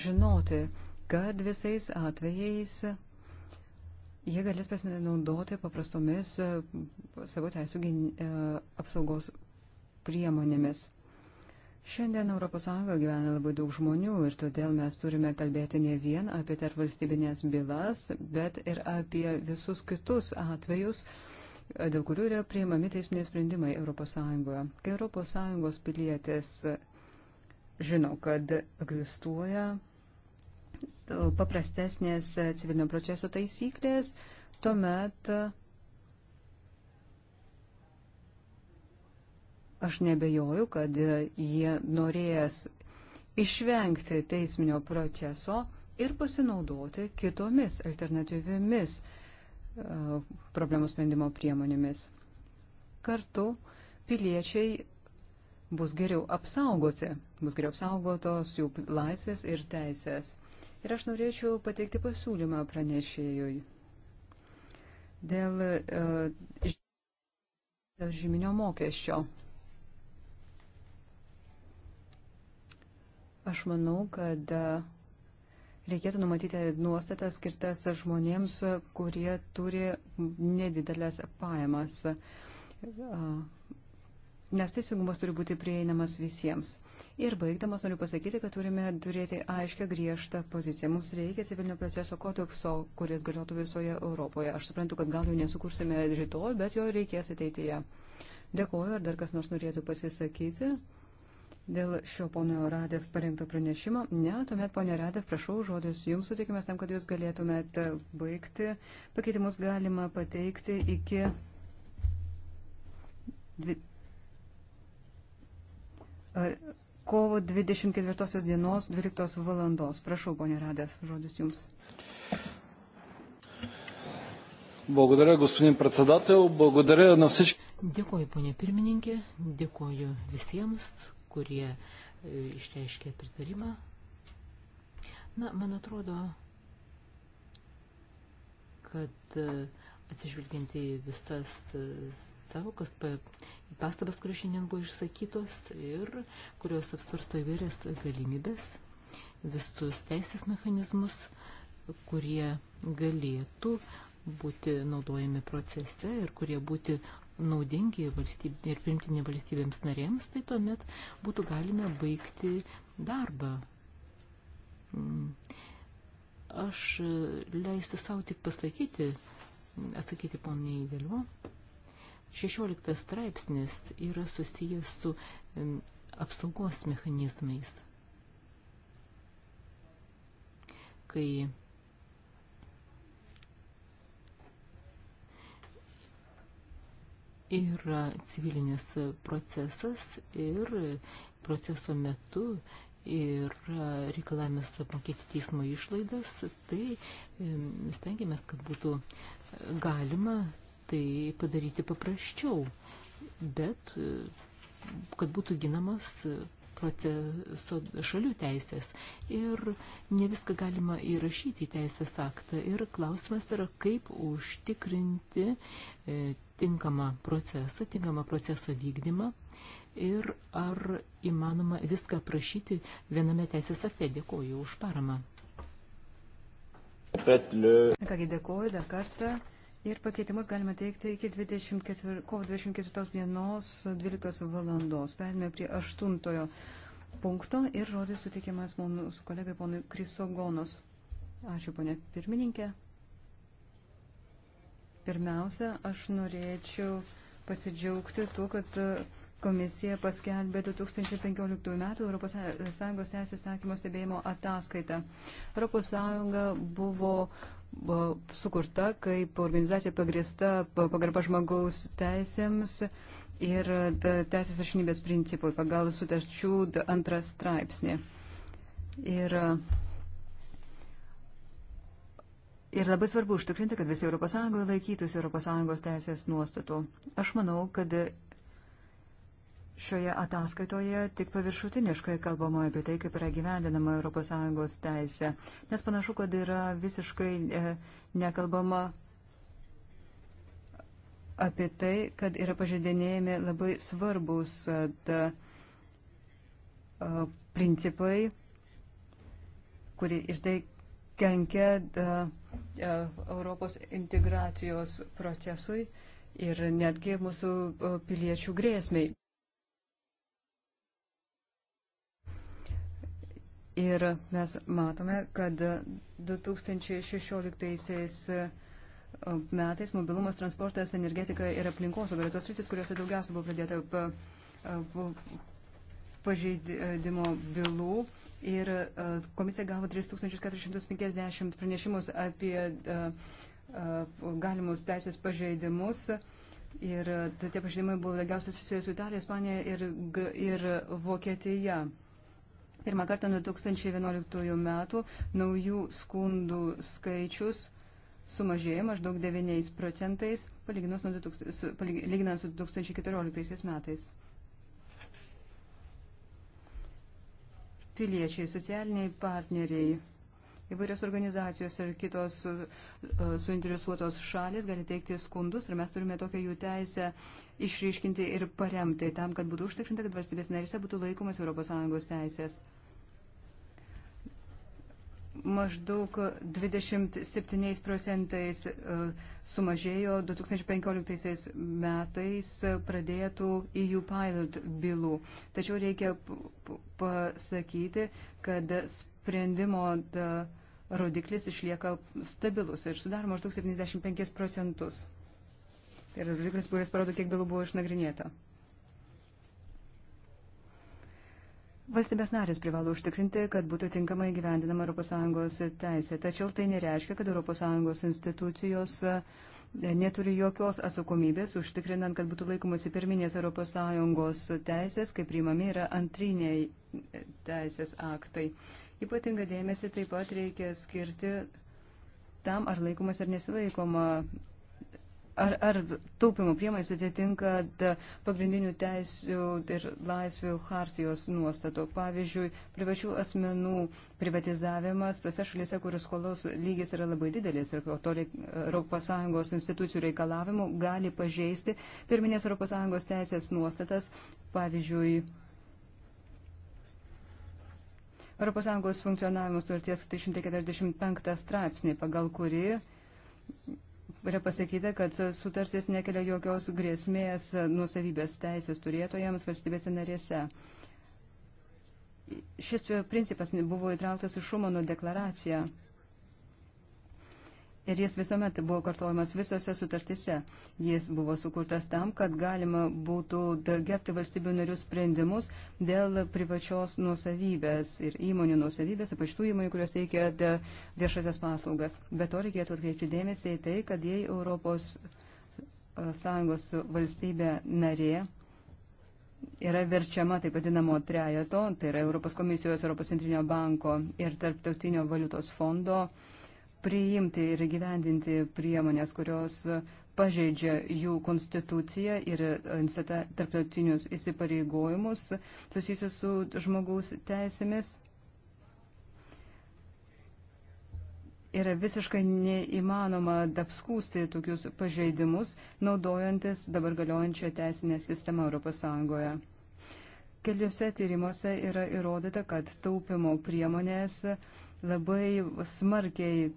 žinoti, kad visais atvejais jie galės pasinaudoti paprastomis e, savo teisų e, apsaugos priemonėmis. Šiandien ES gyvena labai daug žmonių ir todėl mes turime kalbėti ne vien apie tarpvalstybinės bylas, bet ir apie visus kitus atvejus, e, dėl kurių yra priimami teisminiai sprendimai ES. Kai ES pilietis žino, kad egzistuoja paprastesnės civilinio proceso taisyklės, tuomet aš nebejoju, kad jie norės išvengti teisminio proceso ir pasinaudoti kitomis alternatyviomis e, problemų sprendimo priemonėmis. Kartu piliečiai bus geriau apsaugoti, bus geriau apsaugotos jų laisvės ir teisės. Ir aš norėčiau pateikti pasiūlymą pranešėjui dėl, e, dėl žyminio mokesčio. Aš manau, kad e, reikėtų numatyti nuostatas skirtas žmonėms, kurie turi nedidelės pajamas, e, nes teisingumas turi būti prieinamas visiems. Ir baigdamas noriu pasakyti, kad turime turėti aiškę griežtą poziciją. Mums reikia civilinio proceso kodekso, kuris galiotų visoje Europoje. Aš suprantu, kad gal jo nesukursime rytoj, bet jo reikės ateityje. Dėkuoju, ar dar kas nors norėtų pasisakyti dėl šio pono Radev parengto pranešimo. Ne, tuomet ponė Radev, prašau, žodis jums sutikimas tam, kad jūs galėtumėt baigti. Pakeitimus galima pateikti iki. Dvi... Ar kovo 24 dienos 12 valandos. Prašau, ponė Radev, žodis jums. Благодаря, господин председател. Благодаря на всички. Dėkuoju, ponė pirmininkė. Dėkuoju visiems, kurie išreiškė pritarimą. Na, man atrodo, kad atsižvelgiant į visas savokas pastabas, kurios šiandien buvo išsakytos ir kurios apsvarsto įvairias galimybės, visus teisės mechanizmus, kurie galėtų būti naudojami procese ir kurie būti naudingi valstybė, ir primtini valstybėms narėms, tai tuomet būtų galime baigti darbą. Mm. Aš leisiu savo tik pasakyti, atsakyti poniai Dėliu. 16 straipsnis yra susijęs su apsaugos mechanizmais. Kai yra civilinis procesas ir proceso metu ir reikalavimas apmokėti teismo išlaidas, tai stengiamės, kad būtų galima tai padaryti paprasčiau, bet e, kad būtų ginamas e, proceso šalių teisės. Ir ne viską galima įrašyti į teisės aktą. Ir klausimas yra, kaip užtikrinti e, tinkamą procesą, tinkamą proceso vykdymą ir ar įmanoma viską prašyti viename teisės akte. Dėkoju už paramą. Kągi dėkoju dar kartą. Ir pakeitimus galima teikti iki 24, kovo 24 dienos 12 valandos. Perėmė prie 8 punkto ir žodis sutikimas mūsų kolegai ponui Krisogonos. Ačiū, ponė pirmininkė. Pirmiausia, aš norėčiau pasidžiaugti tuo, kad komisija paskelbė 2015 m. ES teisės taikymo stebėjimo ataskaitą. ES buvo sukurta kaip organizacija pagrįsta pagarba žmogaus teisėms ir teisės viršinybės principui pagal sutarčių antrą straipsnį. Ir, ir labai svarbu užtikrinti, kad visi ES laikytųsi ES teisės nuostatų. Aš manau, kad Šioje ataskaitoje tik paviršutiniškai kalbama apie tai, kaip yra gyvendinama ES teisė, nes panašu, kad yra visiškai e, nekalbama apie tai, kad yra pažeidinėjami labai svarbus da, e, a, e, principai, kurie ir tai kenkia da, a, e, Europos integracijos procesui ir netgi mūsų a, piliečių grėsmiai. Ir mes matome, kad 2016 uh, metais mobilumas, transportas, energetika ir aplinkosauga yra tos rytis, kuriuose daugiausia buvo pradėta uh, uh, pažeidimo bylų. Ir komisija gavo 3450 pranešimus apie galimus teisės pažeidimus. Ir tie pažeidimai buvo daugiausia susijęs su Italija, Ispanija ir, ir Vokietija. Pirmą kartą nuo 2011 metų naujų skundų skaičius sumažėjo maždaug 9 procentais, palyginant su, palyginant su 2014 metais. Piliečiai, socialiniai partneriai Įvairios organizacijos ir kitos e, suinteresuotos šalis gali teikti skundus ir mes turime tokią jų teisę išryškinti ir paremti tam, kad būtų užtikrinta, kad valstybės narise būtų laikomas ES teisės. Maždaug 27 procentais e, sumažėjo 2015 metais pradėtų EU pilot bylų. Tačiau reikia pasakyti, kad sprendimo da, rodiklis išlieka stabilus ir sudaro maždaug 75 procentus. Tai yra rodiklis, kuris parodo, kiek bylų buvo išnagrinėta. Valstybės narės privalo užtikrinti, kad būtų tinkamai gyvendinama ES teisė, tačiau tai nereiškia, kad ES institucijos e, neturi jokios atsakomybės užtikrinant, kad būtų laikomasi pirminės ES teisės, kaip priimami yra antriniai e, teisės aktai. Ypatinga dėmesį taip pat reikia skirti tam, ar laikomas ar nesilaikoma, ar, ar taupimo priemonės atitinka pagrindinių teisų ir laisvių hartijos nuostatų. Pavyzdžiui, privačių asmenų privatizavimas tose šalise, kur skolos lygis yra labai didelis ir to ES institucijų reikalavimų gali pažeisti pirminės ES teisės nuostatas. Pavyzdžiui, ES funkcionavimo sutarties 345 straipsnį, pagal kurį yra pasakyta, kad sutartis nekelia jokios grėsmės nusavybės teisės turėtojams valstybėse narėse. Šis principas buvo įtrauktas į Šumano deklaraciją. Ir jis visuomet buvo kartuojamas visose sutartise. Jis buvo sukurtas tam, kad galima būtų gerbti valstybių narių sprendimus dėl privačios nusavybės ir įmonių nusavybės, ypač tų įmonių, kurios teikia viešasias paslaugas. Be to reikėtų atkreipti dėmesį į tai, kad jei Europos e, Sąjungos valstybė narė yra verčiama taip vadinamo trejato, tai yra Europos komisijos, Europos centrinio banko ir tarptautinio valiutos fondo, uh, priimti ir gyvendinti priemonės, kurios pažeidžia jų konstituciją ir e, tarptautinius įsipareigojimus susijusius su žmogaus teisėmis. Yra visiškai neįmanoma apskūsti tokius pažeidimus, naudojantis dabar galiojančią teisinę sistemą ES. Keliuose tyrimuose yra įrodyta, kad taupimo priemonės uh, labai smarkiai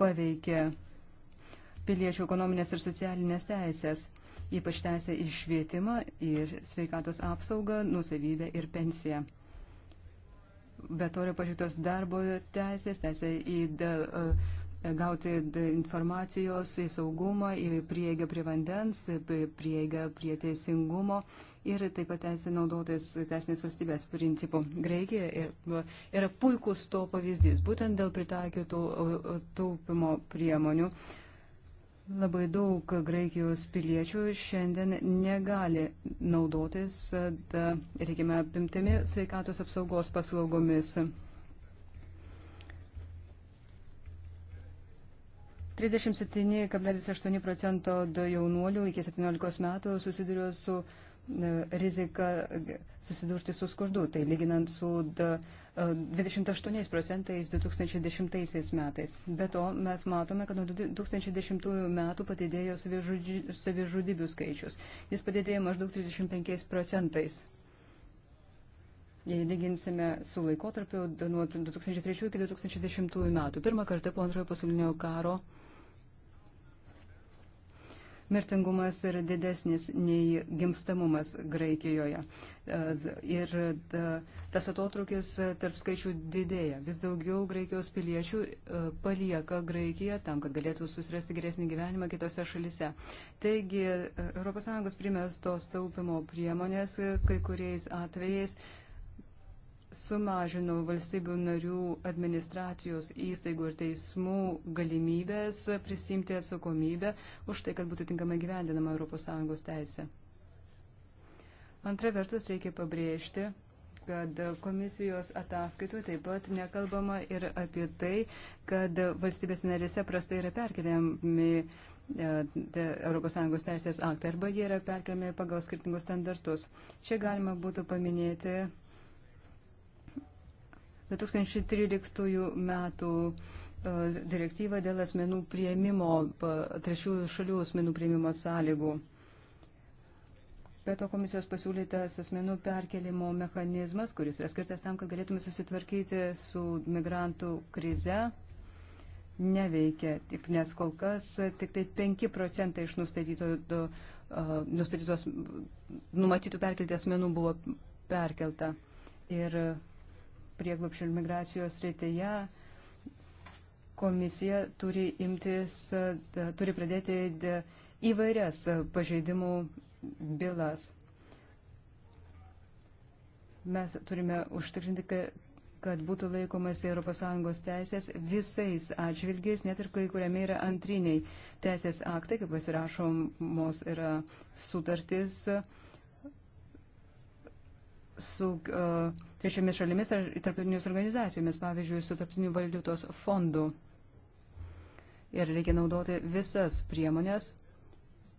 paveikė piliečių ekonominės ir socialinės teisės, ypač teisę į švietimą ir sveikatos apsaugą, nusavybę ir pensiją. Be to yra pažiūrėtos darbo teisės, teisė į da, e, gauti da, informacijos, į saugumą, į prieigą prie vandens, prieigą prie teisingumo ir taip pat teisė naudotis teisinės valstybės principų. Graikija yra puikus to pavyzdys, būtent dėl pritaikytų taupimo priemonių. Labai daug Graikijos piliečių šiandien negali naudotis, reikime, apimtimi sveikatos apsaugos paslaugomis. 37,8 procento jaunuolių iki 17 metų susiduria su uh, E, rizika susidurti su skurdu, tai lyginant su 28 e, procentais 2010 metais. Be to, mes matome, kad nuo 2010 metų padidėjo savižudybių skaičius. Jis padidėjo maždaug 35 procentais. Jei lyginsime su laikotarpiu nuo 2003 iki 2010 metų, pirmą kartą po antrojo pasaulinio karo mirtingumas yra didesnis nei gimstamumas Graikijoje. E, ir e, tas atotrukis tarp skaičių didėja. Vis daugiau Graikijos piliečių e, palieka Graikiją tam, kad galėtų susirasti geresnį gyvenimą kitose šalise. Taigi ES primestos taupimo priemonės kai kuriais atvejais sumažino valstybių narių administracijos įstaigų ir teismų galimybės prisimti atsakomybę už tai, kad būtų tinkamai gyvendinama ES teisė. Antra vertus, reikia pabrėžti, kad komisijos ataskaitų taip pat nekalbama ir apie tai, kad valstybės narėse prastai yra perkeliami e, ES teisės aktai arba jie yra perkeliami pagal skirtingus standartus. Čia galima būtų paminėti 2013 metų e, direktyvą dėl asmenų prieimimo, trečiųjų šalių asmenų prieimimo sąlygų. Be to komisijos pasiūlytas asmenų perkelimo mechanizmas, kuris yra skirtas tam, kad galėtume susitvarkyti su migrantų krize, neveikia, tik nes kol kas tik tai 5 procentai iš nustatyto, nustatytos numatytų perkelti asmenų buvo perkelta. Ir prieglopščių ir migracijos rytyje komisija turi, imtis, e, turi pradėti e, įvairias e, pažeidimų bylas. Mes turime užtikrinti, kad būtų laikomasi ES teisės visais atžvilgiais, net ir kai kuriame yra antriniai teisės aktai, kaip pasirašomos yra sutartys su uh, trečiomis šalimis ar tarptautinės organizacijomis, pavyzdžiui, su tarptautiniu valiutos fondu. Ir reikia naudoti visas priemonės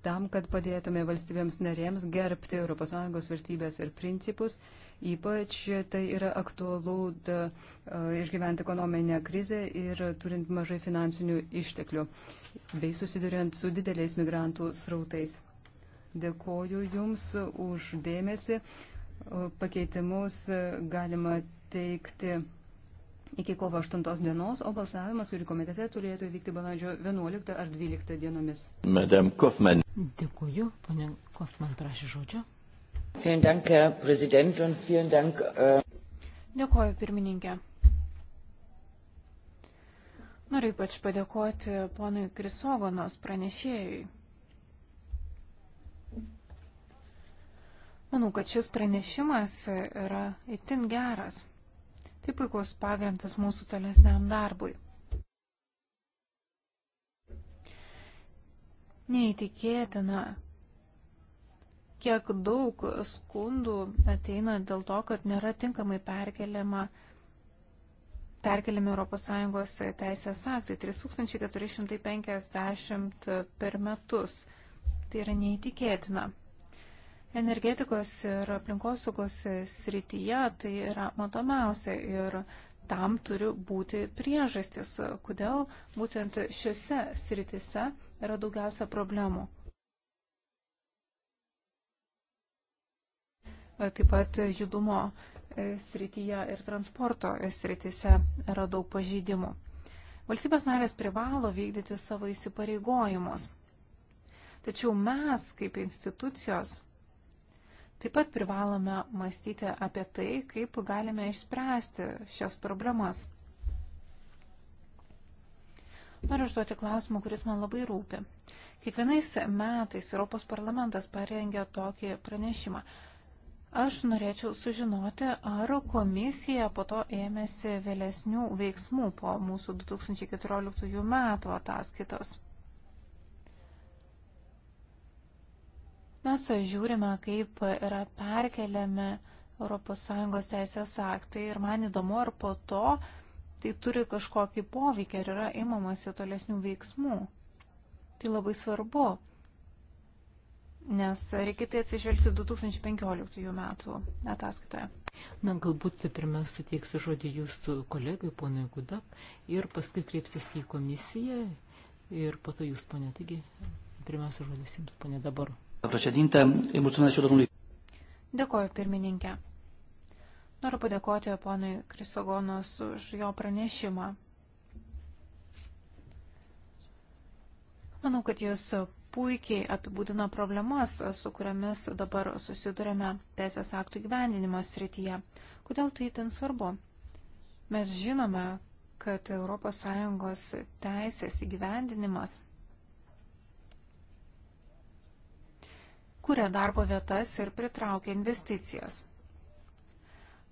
tam, kad padėtume valstybėms narėms gerbti ES vertybės ir principus. Ypač tai yra aktualu da, e, išgyventi ekonominę krizę ir turint mažai finansinių išteklių, bei susiduriant su dideliais migrantų srautais. Dėkoju Jums už dėmesį pakeitimus galima teikti iki kovo 8 dienos, o balsavimas turi komitete turėtų įvykti balandžio 11 ar 12 dienomis. Madam Kaufman. Dėkuoju, ponė Kaufman prašė žodžio. Äh, Dėkuoju, pirmininkė. Noriu ypač padėkoti ponui Krisogonos pranešėjui. Manau, kad šis pranešimas yra itin geras. Tai puikus pagrindas mūsų tolesniam darbui. Neįtikėtina, kiek daug skundų ateina dėl to, kad nėra tinkamai perkeliama perkeliami ES teisės aktai 3450 per metus. Tai yra neįtikėtina energetikos ir aplinkosaugos srityje tai yra matomiausia ir tam turi būti priežastis, kodėl būtent šiuose srityse yra daugiausia problemų. Taip pat judumo srityje ir transporto srityse yra daug pažydimų. Valstybės narės privalo vykdyti savo įsipareigojimus. Tačiau mes, kaip institucijos, Taip pat privalome mąstyti apie tai, kaip galime išspręsti šios problemas. Noriu užduoti klausimą, kuris man labai rūpi. Kiekvienais metais Europos parlamentas parengia tokį pranešimą. Aš norėčiau sužinoti, ar komisija po to ėmėsi vėlesnių veiksmų po mūsų 2014 metų ataskaitos. Mes žiūrime, kaip yra perkeliami ES teisės aktai ir man įdomu, ar po to tai turi kažkokį poveikį, ar yra imamasi tolesnių veiksmų. Tai labai svarbu, nes reikia tai atsižvelgti 2015 metų ataskaitoje. Na, galbūt tai pirmiausia suteiksiu žodį jūsų kolegai, ponui Gudap, ir paskui kreipsis į komisiją ir po to jūs, ponė. Taigi, pirmiausia žodis jums, ponė, dabar. Dėkoju, pirmininkė. Noriu padėkoti ponui Krisogonos už jo pranešimą. Manau, kad jis puikiai apibūdina problemas, su kuriamis dabar susidurėme teisės aktų gyvendinimo srityje. Kodėl tai ten svarbu? Mes žinome, kad ES teisės įgyvendinimas kuria darbo vietas ir pritraukia investicijas.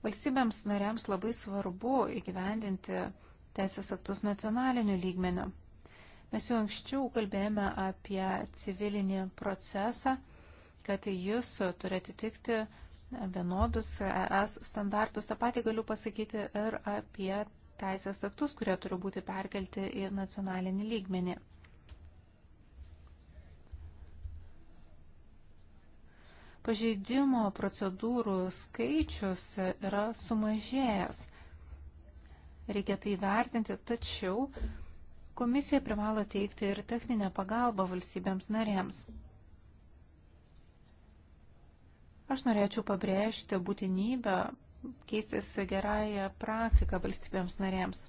Valstybėms nariams labai svarbu įgyvendinti teisės aktus nacionaliniu lygmeniu. Mes jau anksčiau kalbėjome apie civilinį procesą, kad jis turi atitikti vienodus ES standartus. Ta pati galiu pasakyti ir apie teisės aktus, kurie turi būti perkelti į nacionalinį lygmenį. pažeidimo procedūrų skaičius yra sumažėjęs. Reikia tai vertinti, tačiau komisija privalo teikti ir techninę pagalbą valstybėms narėms. Aš norėčiau pabrėžti būtinybę keistis gerąją praktiką valstybėms narėms.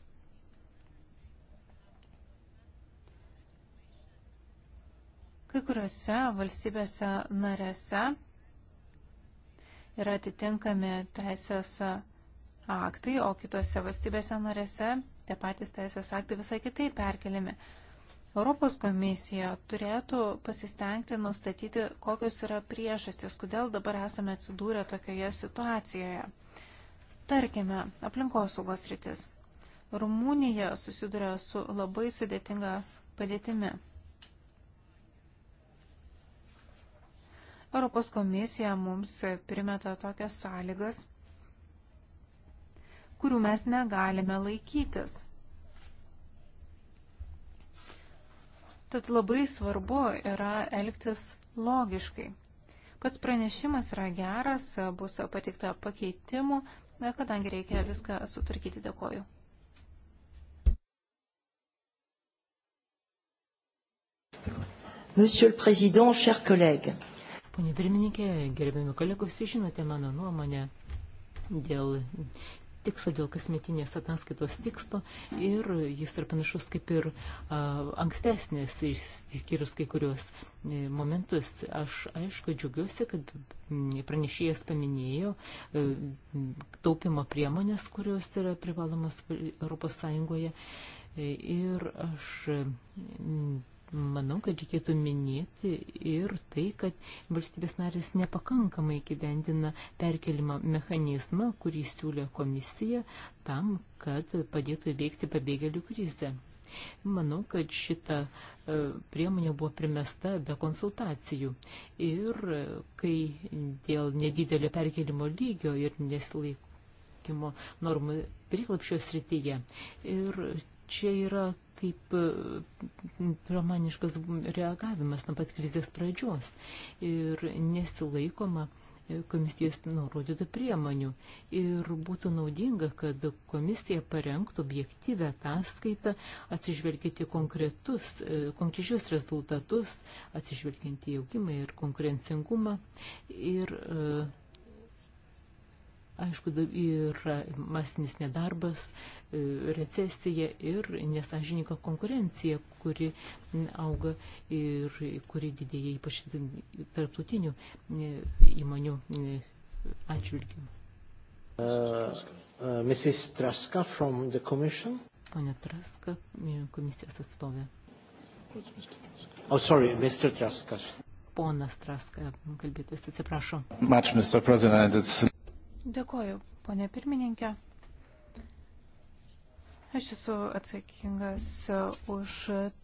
Kai kuriuose valstybėse narėse yra atitinkami teisės aktai, o kitose valstybėse narėse tie patys teisės aktai visai kitai perkeliami. Europos komisija turėtų pasistengti nustatyti, kokios yra priežastys, kodėl dabar esame atsidūrę tokioje situacijoje. Tarkime, aplinkosaugos rytis. Rumunija susiduria su labai sudėtinga padėtimi. Europos komisija mums primeta tokias sąlygas, kurių mes negalime laikytis. Tad labai svarbu yra elgtis logiškai. Pats pranešimas yra geras, bus patikta pakeitimų, kadangi reikia viską sutvarkyti. Dėkoju. Monsieur le Président, chers collègues. Pone pirmininkė, gerbiami kolegos, žinote mano nuomonę dėl tikslo, dėl kasmetinės ataskaitos tikslo ir jis yra panašus kaip ir a, ankstesnės, išskyrus kai kurios e, momentus. Aš aišku džiugiuosi, kad pranešėjas paminėjo a, e, taupimo priemonės, kurios yra privalomas Europos Sąjungoje. E, ir aš manau, kad reikėtų minėti ir tai, kad valstybės narės nepakankamai gyvendina perkelimą mechanizmą, kurį siūlė komisija tam, kad padėtų įveikti pabėgėlių krizę. Manau, kad šita e, priemonė buvo primesta be konsultacijų. Ir e, kai dėl nedidelio perkelimo lygio ir nesilaikų normų priklapščio srityje. Ir čia yra kaip e, romaniškas reagavimas nuo pat krizės pradžios ir nesilaikoma e, komisijos nurodytų priemonių. Ir būtų naudinga, kad komisija parengtų objektyvę ataskaitą, atsižvelgiant į e, konkrečius rezultatus, atsižvelgiant į augimą ir konkurencingumą. Ir e, aišku, yra masinis nedarbas, e, recesija ir nesažininka konkurencija, kuri auga ir kuri didėja ypač tarptautinių e, įmonių e, atžvilgių. Uh, uh, Mrs. Traska from the Commission. Pane Traska, komisijos atstovė. Oh, sorry, Mr. Traska. Ponas Traska, kalbėtas, atsiprašau. Much, Mr. President, it's Dėkoju, ponė pirmininkė. Aš esu atsakingas už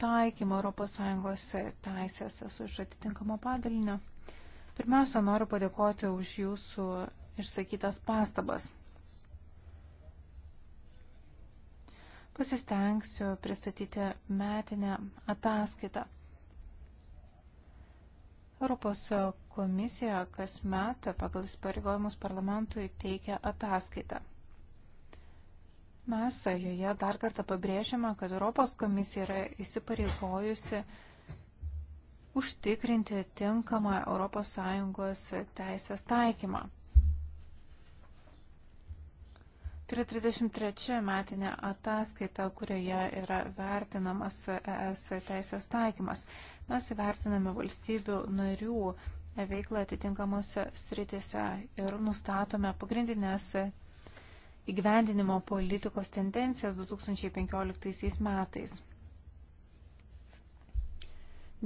taikymą ES teisės, esu iš atitinkamo padalinio. Pirmiausia, noriu padėkoti už jūsų išsakytas pastabas. Pasistengsiu pristatyti metinę ataskaitą. Europos Komisija kasmet pagal įsipareigojimus parlamentui teikia ataskaitą. Mes joje dar kartą pabrėžiame, kad Europos komisija yra įsipareigojusi užtikrinti tinkamą ES teisės taikymą. Tai yra 33 metinė ataskaita, kurioje yra vertinamas ES teisės taikymas. Mes vertiname valstybių narių veiklą atitinkamose sritise ir nustatome pagrindinės įgyvendinimo politikos tendencijas 2015 metais.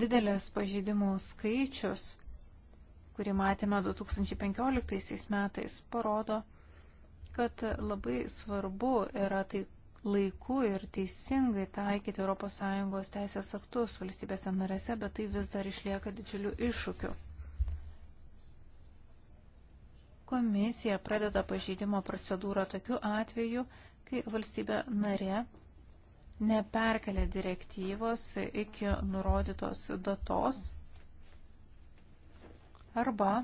Didelės pažydimų skaičius, kurį matėme 2015 metais, parodo, kad labai svarbu yra tai laiku ir teisingai taikyti ES teisės aktus valstybėse narėse, bet tai vis dar išlieka didžiuliu iššūkiu komisija pradeda pažeidimo procedūrą tokiu atveju, kai valstybė narė neperkelia direktyvos iki nurodytos datos arba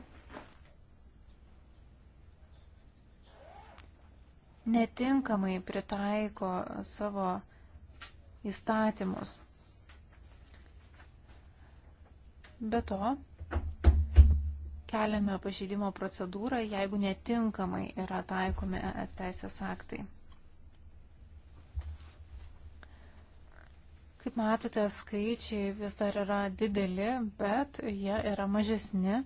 netinkamai pritaiko savo įstatymus. Be to, keliame pažeidimo procedūrą, jeigu netinkamai yra taikomi ES teisės aktai. Kaip matote, skaičiai vis dar yra dideli, bet jie yra mažesni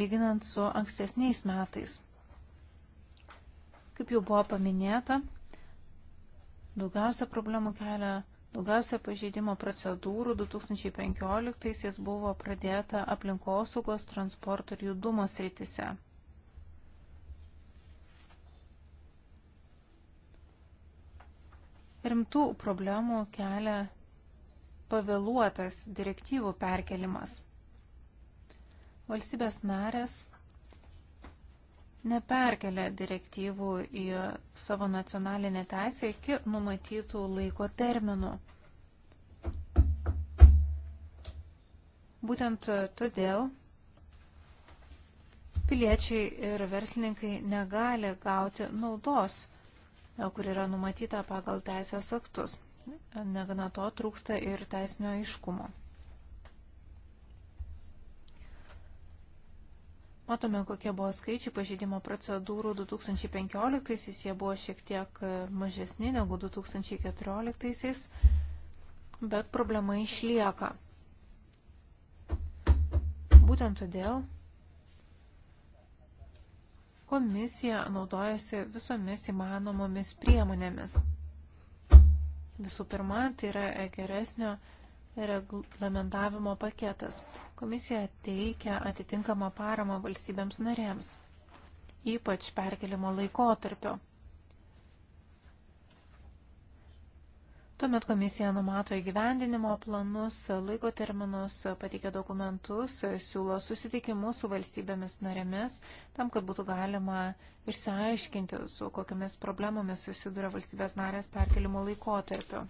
lyginant su ankstesniais metais. Kaip jau buvo paminėta, daugiausia problemų kelia Daugiausia pažeidimo procedūrų 2015-aisiais buvo pradėta aplinkosaugos, transporto ir judumo sritise. Rimtų problemų kelia pavėluotas direktyvų perkelimas. Valstybės narės neperkelia direktyvų į savo nacionalinę teisę iki numatytų laiko terminų. Būtent todėl piliečiai ir verslininkai negali gauti naudos, kur yra numatyta pagal teisės aktus. Negana to trūksta ir teisinio iškumo. Matome, kokie buvo skaičiai pažydimo procedūrų 2015-aisiais, jie buvo šiek tiek e, mažesni negu 2014-aisiais, bet problema išlieka. Būtent todėl komisija naudojasi visomis įmanomomis priemonėmis. Visų pirma, tai yra geresnio reglamentavimo paketas. Komisija teikia atitinkamą paramą valstybėms narėms, ypač perkelimo laikotarpio. Tuomet komisija numato įgyvendinimo planus, laiko terminus, pateikia dokumentus, siūlo susitikimus su valstybėmis narėmis, tam, kad būtų galima išsiaiškinti, su kokiamis problemomis susiduria valstybės narės perkelimo laikotarpiu.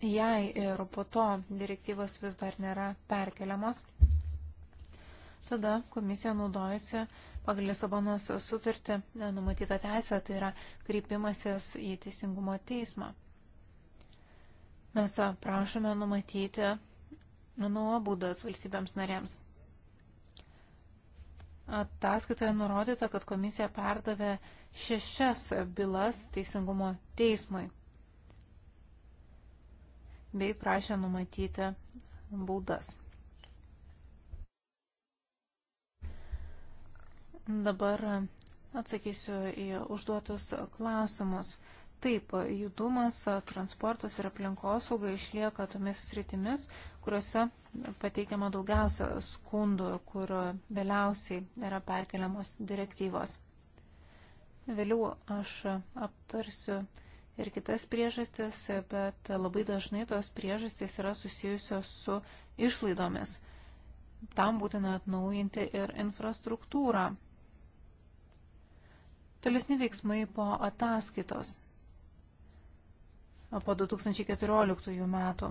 jei ir po to direktyvos vis dar nėra perkeliamos, tada komisija naudojasi pagal Lisabonos sutartį e, numatytą teisę, tai yra kreipimasis į Teisingumo teismą. Mes prašome numatyti nuobaudas valstybėms narėms. Ataskaitoje nurodyta, kad komisija perdavė šešias bylas Teisingumo teismui bei prašė numatyti baudas. Dabar atsakysiu į užduotus klausimus. Taip, judumas, transportas ir aplinkosauga išlieka tomis sritimis, kuriuose pateikiama daugiausia skundų, kur vėliausiai yra perkeliamos direktyvos. Vėliau aš aptarsiu ir kitas priežastis, bet labai dažnai tos priežastys yra susijusios su išlaidomis. Tam būtina atnaujinti ir infrastruktūrą. Tolesni veiksmai po ataskaitos po 2014 metų.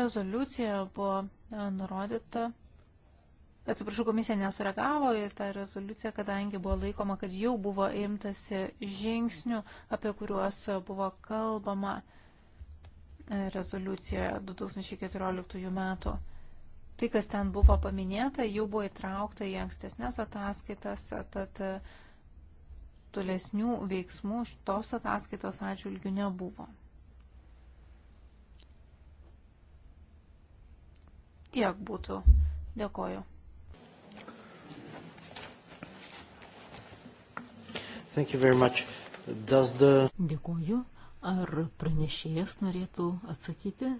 Rezoliucija buvo nurodyta Atsiprašau, komisija nesureagavo į tą rezoliuciją, kadangi buvo laikoma, kad jau buvo imtasi žingsnių, apie kuriuos buvo kalbama e, rezoliucijoje 2014 metų. Tai, kas ten buvo paminėta, jau buvo įtraukta į ankstesnės ataskaitas, tad e, tolesnių veiksmų šitos ataskaitos atžvilgių nebuvo. Tiek būtų. Dėkoju. Thank you very much. Does the... Dėkuoju. Ar pranešėjas norėtų atsakyti?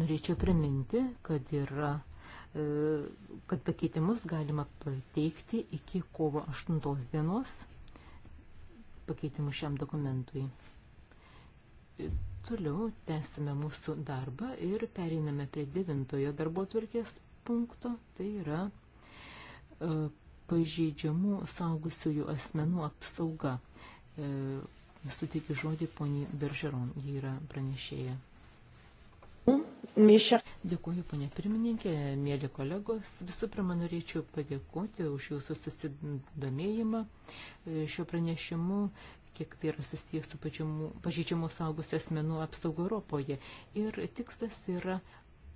Norėčiau priminti, kad yra e, kad pakeitimus galima pateikti iki kovo 8 dienos pakeitimų šiam dokumentui. Toliau tęsime mūsų darbą ir pereiname prie devintojo darbo tvarkės punkto, tai yra e, pažeidžiamų saugusiųjų asmenų apsauga. E, Suteikiu žodį poniai Beržeron, ji yra pranešėja. Mišia. Dėkuoju, ponė pirmininkė, mėly kolegos. Visų pirma, norėčiau padėkoti už jūsų susidomėjimą e, šiuo pranešimu kiek tai yra susijęs su pažeidžiamų saugusių asmenų apsaugo Europoje. Ir tikslas yra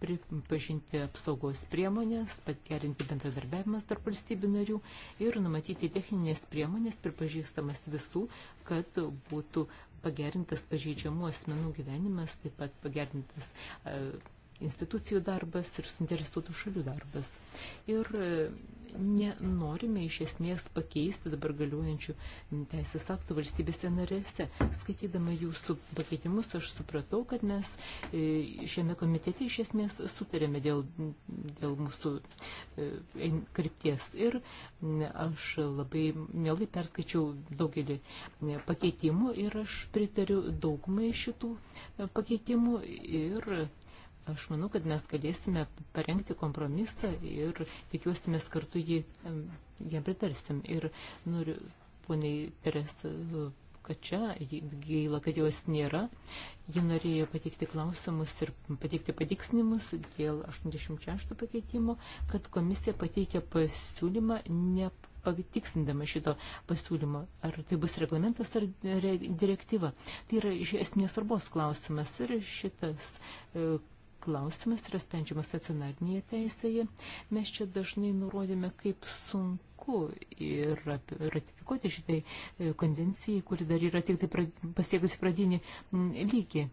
pripažinti apsaugos priemonės, pagerinti bendradarbiavimą tarp valstybių narių ir numatyti techninės priemonės pripažįstamas visų, kad būtų pagerintas pažeidžiamų asmenų gyvenimas, taip pat pagerintas e, institucijų darbas ir suinteresuotų šalių darbas. Ir e, nenorime iš esmės pakeisti dabar galiuojančių teisės aktų valstybėse narėse. Skaitydama jūsų pakeitimus, aš supratau, kad mes e, šiame komitete iš esmės sutarėme dėl, dėl mūsų e, krypties. Ir aš labai mielai perskaičiau daugelį pakeitimų ir aš pritariu daugumai šitų pakeitimų ir Aš manau, kad mes galėsime parengti kompromisą ir tikiuosi mes kartu jį, jam pritarsim. Ir noriu, poniai Peres, kad čia, gaila, kad jos nėra, ji norėjo pateikti klausimus ir pateikti patiksnimus dėl 86 pakeitimo, kad komisija pateikė pasiūlymą ne patiksindama šito pasiūlymo, ar tai bus reglamentas ar direktyva. Tai yra iš esmės svarbos klausimas ir šitas e, klausimas yra sprendžiamas nacionalinėje teisėje. Mes čia dažnai nurodėme, kaip sunku ir ratifikuoti šitai e, konvencijai, kuri dar yra tik tai prad, pasiekusi pradinį lygį.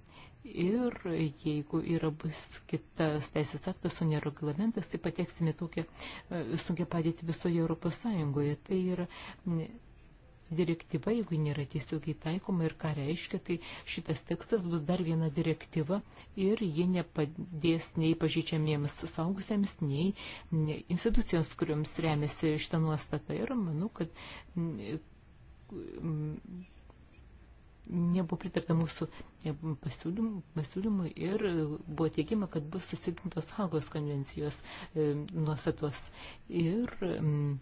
Ir jeigu yra bus kitas teisės aktas, o ne reglamentas, tai pateksime tokią e, sunkia padėti visoje Europos Sąjungoje. Tai yra direktyva, jeigu nėra tiesiogiai taikoma ir ką reiškia, tai šitas tekstas bus dar viena direktyva ir ji nepadės nei pažeidžiamiems saugusiems, nei, nei institucijoms, kuriuoms remiasi šitą nuostatą. Ir manau, kad nebuvo pritarta mūsų pasiūlymui ir buvo teigiama, kad bus susigintos Hagos konvencijos e, nuostatos. Ir mm,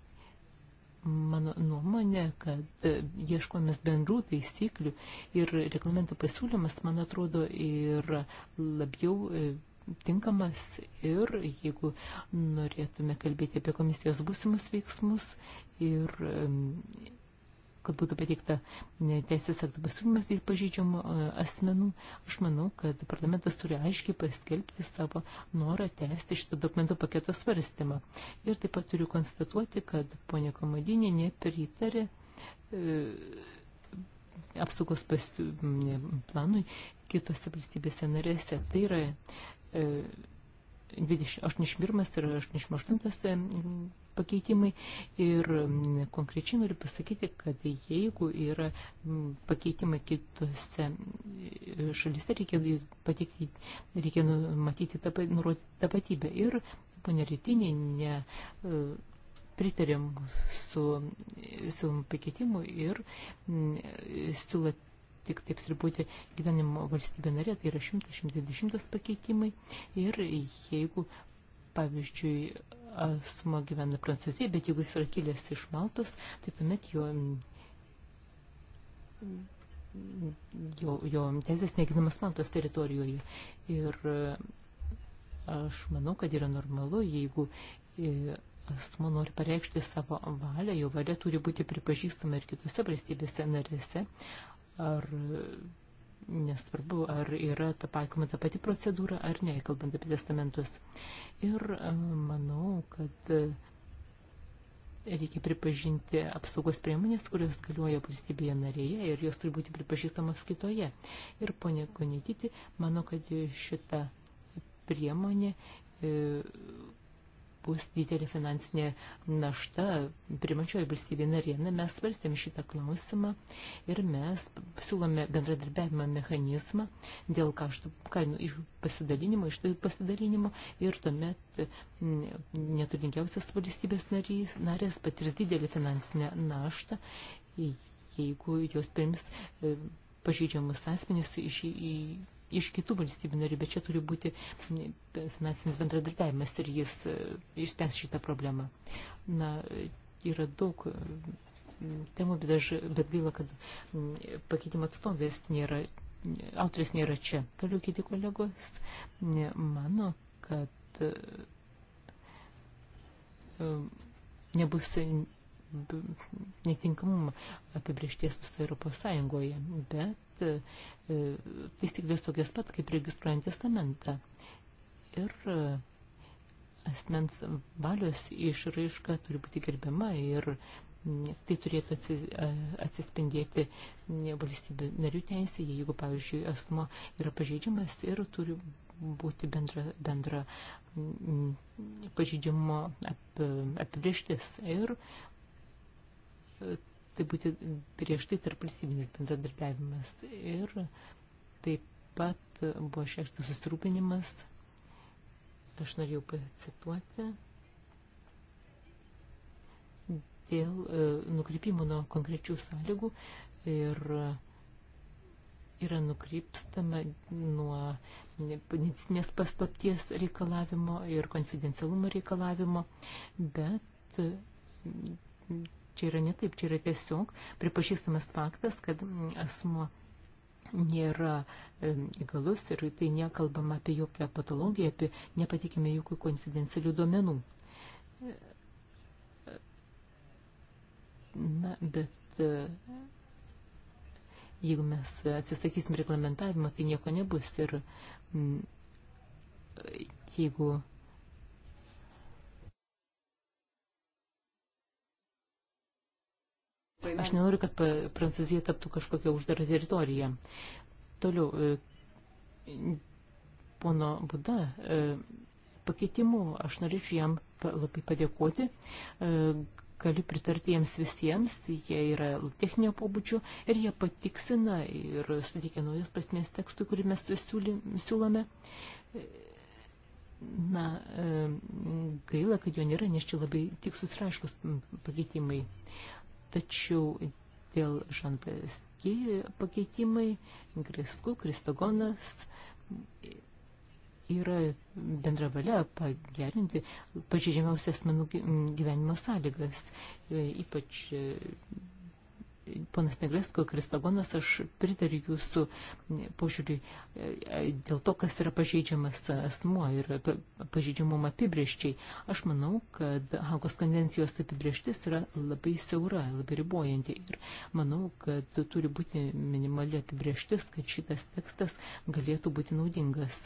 mano nuomonė, kad e, ieškomis bendrų taisyklių ir reglamento pasiūlymas, man atrodo, yra labiau e, tinkamas ir jeigu norėtume kalbėti apie komisijos būsimus veiksmus ir kad būtų pateikta e, teisės aktų pasiūlymas dėl pažeidžiamų e, asmenų, aš manau, kad parlamentas turi aiškiai paskelbti savo norą tęsti šitą dokumentų paketo svarstymą. Ir taip pat turiu konstatuoti, kad ponė Komodinė nepritarė e, apsaugos pas, ne, planui kitose valstybėse narėse. Tai yra e, 81 ir 88 pakeitimai ir mm, konkrečiai noriu pasakyti, kad jeigu yra mm, pakeitimai kitose mm, šalise, reikia patikti, reikia numatyti nurodyti tapatybę. Ir ponė Rytinė ne e, pritarėm su, su pakeitimu ir siūlė tik taip sribūti gyvenimo valstybė narė, tai yra 100-120 pakeitimai. Ir jeigu, pavyzdžiui, asmo gyvena Prancūzijoje, bet jeigu jis yra kilęs iš Maltos, tai tuomet jo, jo, jo tezės neginamas Maltos teritorijoje. Ir e, aš manau, kad yra normalu, jeigu e, asmo nori pareikšti savo valią, jo valia turi būti pripažįstama ir kitose valstybėse narėse. Ar nesvarbu, ar yra tapaikoma ta pati procedūra ar ne, kalbant apie testamentus. Ir e, manau, kad e, reikia pripažinti apsaugos priemonės, kurios galioja valstybėje narėje ir jos turi būti pripažįstamas kitoje. Ir ponė Konityti, manau, kad šita priemonė e, bus didelė finansinė našta primačioje valstybėje narėje. Na, mes svarstėm šitą klausimą ir mes siūlome bendradarbiavimo mechanizmą dėl kaštų kainų pasidalinimo, iš tai pasidalinimo ir tuomet neturinkiausios valstybės narys, narės patirs didelį finansinę naštą, jeigu jos prims e, pažydžiamus asmenys iš į iš kitų valstybių narių, bet čia turi būti finansinis bendradarbiavimas ir jis e, išspręs šitą problemą. Na, yra daug temų, bet, aš, bet gaila, kad pakeitimo atstovės nėra, autorės nėra čia. Toliau kiti kolegos mano, kad e, nebus netinkamumo apibriešties visoje Europos Sąjungoje, bet taisyklės e, tokias pat, kaip registruojant testamentą. Ir e, asmens valios išraiška turi būti gerbiama ir tai turėtų atsispindėti valstybių narių teisėje, jeigu, pavyzdžiui, asmo yra pažeidžiamas ir turi būti bendra, bendra pažeidžiamo apibrieštis. Ir e, tai būti prieš tai tarp valstybinis bendradarbiavimas. Ir taip pat buvo šeštas susirūpinimas, aš norėjau pacituoti, dėl e, nukrypimų nuo konkrečių sąlygų ir yra nukrypstama nuo medicinės paslapties reikalavimo ir konfidencialumo reikalavimo, bet Čia yra netaip, čia yra tiesiog pripažįstamas faktas, kad mm, asmo nėra įgalus ir tai nekalbama apie jokią patologiją, apie nepatikime jokių konfidencialių duomenų. Na, bet e, jeigu mes atsisakysim reglamentavimo, tai nieko nebus. Ir jeigu Aš nenoriu, kad Prancūzija taptų kažkokią uždarą teritoriją. Toliau, e, pono Buda e, pakeitimu, aš norėčiau jam labai padėkoti e, galiu pritarti jiems visiems, jie yra techninio pobūdžio ir jie patiksina ir suteikia naujas prasmės tekstui, kurį mes siūlome. Na, gaila, kad jo nėra, nes čia labai tiksus ir aiškus pakeitimai. Tačiau dėl Žanpaski pakeitimai, Grisku, Kristagonas yra bendra valia pagerinti pažydžiamiausias asmenų gyvenimo sąlygas, ypač ponas Neglesko, Kristagonas, aš pritariu jūsų požiūriui e, e, dėl to, kas yra pažeidžiamas asmuo ir pažeidžiamumą apibrieščiai. Aš manau, kad Hagos konvencijos apibrieštis yra labai siaura, labai ribojanti ir manau, kad turi būti minimali apibrieštis, kad šitas tekstas galėtų būti naudingas.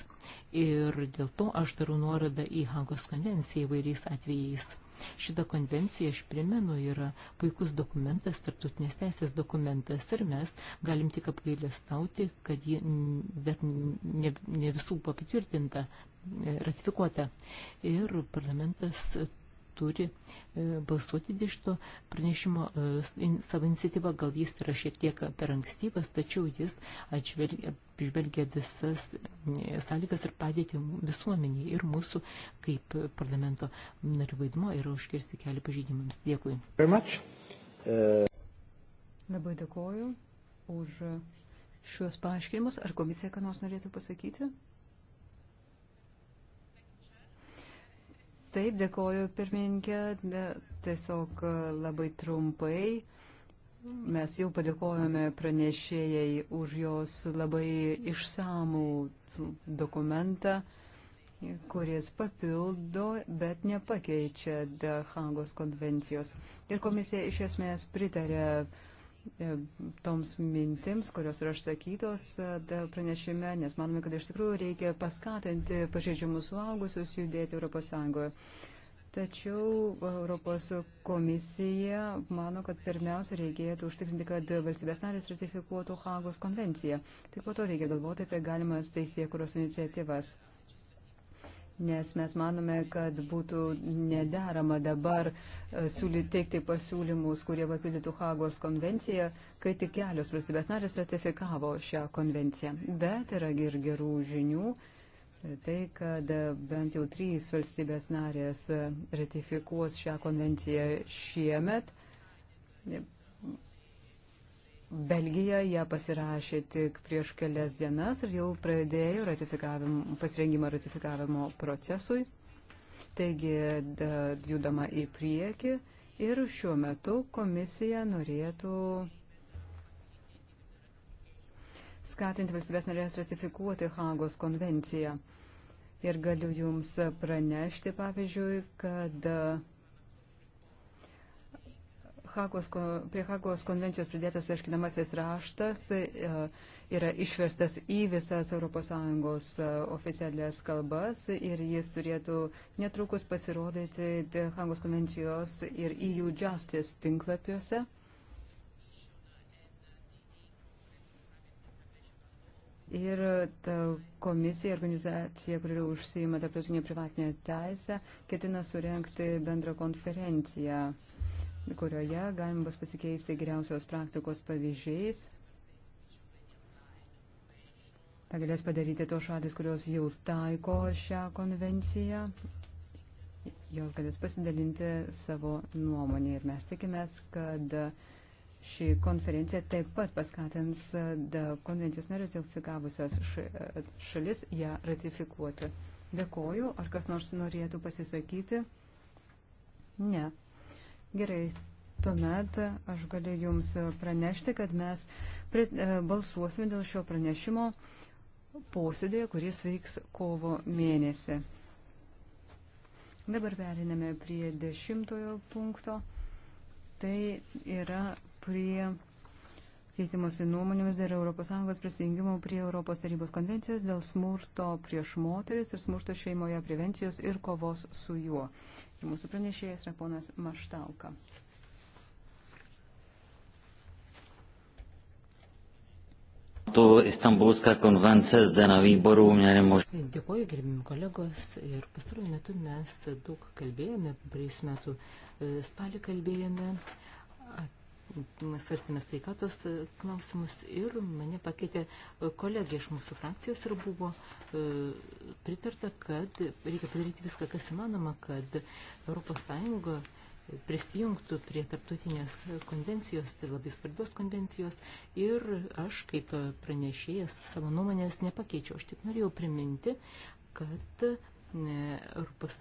Ir dėl to aš darau nuorodą į Hagos konvenciją įvairiais atvejais. Šita konvencija, aš primenu, yra puikus dokumentas, tarptautinės teisės dokumentas ir mes galim tik apgailestauti, kad ji bet ne, ne visų papatvirtinta, e, ratifikuota. Ir parlamentas turi e, balsuoti dėl šito pranešimo e, savo iniciatyvą, gal jis yra šiek tiek per ankstyvas, tačiau jis apžvelgia visas sąlygas ir padėti visuomeniai ir mūsų kaip parlamento narių vaidmo yra užkirsti kelią pažydimams. Dėkui. Uh... Labai dėkoju už šiuos paaiškinimus. Ar komisija ką nors norėtų pasakyti? Taip, dėkoju pirmininkė, tiesiog e, labai trumpai. Mes jau padėkojame pranešėjai už jos labai išsamų dokumentą, kuris papildo, bet nepakeičia Hagos konvencijos. Ir komisija iš esmės pritarė uh, E, toms mintims, kurios yra išsakytos e, pranešime, nes manome, kad iš tikrųjų reikia paskatinti pažeidžiamus suaugusius judėti ES. Tačiau Europos komisija mano, kad pirmiausia reikėtų užtikrinti, kad valstybės narės ratifikuotų Hagos konvenciją. Tik po to reikia galvoti apie galimas teisėkuros iniciatyvas nes mes manome, kad būtų nedaroma dabar e, teikti pasiūlymus, kurie papildytų Hagos konvenciją, kai tik kelios valstybės narės ratifikavo šią konvenciją. Bet yra ir gerų žinių. E, tai, kad bent jau trys valstybės narės e, ratifikuos šią konvenciją šiemet, Belgija ją pasirašė tik prieš kelias dienas ir jau pradėjo pasirengimą ratifikavimo procesui. Taigi judama į priekį ir šiuo metu komisija norėtų skatinti valstybės narės ratifikuoti Hagos konvenciją. Ir galiu Jums pranešti, pavyzdžiui, kad Hagos, prie Hagos konvencijos pridėtas aiškinamasis raštas e, yra išverstas į visas ES e, oficialias kalbas ir jis turėtų netrukus pasirodyti e, Hagos konvencijos ir EU Justice tinklapiuose. Ir ta komisija, organizacija, kuri užsijima tarptautinė privatinė teisė, ketina surenkti bendrą konferenciją kurioje galima bus pasikeisti geriausios praktikos pavyzdžiais. Ta galės padaryti tos šalis, kurios jau taiko šią konvenciją. Jos galės pasidalinti savo nuomonį ir mes tikimės, kad ši konferencija taip pat paskatins uh, konvencijos neratifikavusios uh, šalis ją ratifikuoti. Dėkoju, ar kas nors norėtų pasisakyti? Ne. Gerai, tuomet aš galiu Jums pranešti, kad mes prie, balsuosime dėl šio pranešimo posėdėje, kuris veiks kovo mėnesį. Dabar periname prie dešimtojo punkto. Tai yra prie keitimosi nuomonėmis dėl ES prisijungimo prie ES konvencijos dėl smurto prieš moteris ir smurto šeimoje prevencijos ir kovos su juo. Ir mūsų pranešėjas yra ponas Maštauka. tu Istanbulską konvenciją zde na výboru měli možnost. Dėkuoju, gerbimi kolegos. Ir pastaruoju metu mes daug kalbėjome, praėjus metu e, spalį kalbėjome apie svarstėme sveikatos klausimus ir mane pakeitė kolegė iš mūsų frakcijos ir buvo e, pritarta, kad reikia padaryti viską, kas įmanoma, kad ES prisijungtų prie tarptautinės konvencijos, tai labai svarbios konvencijos ir aš kaip pranešėjas savo nuomonės nepakeičiau. Aš tik norėjau priminti, kad ES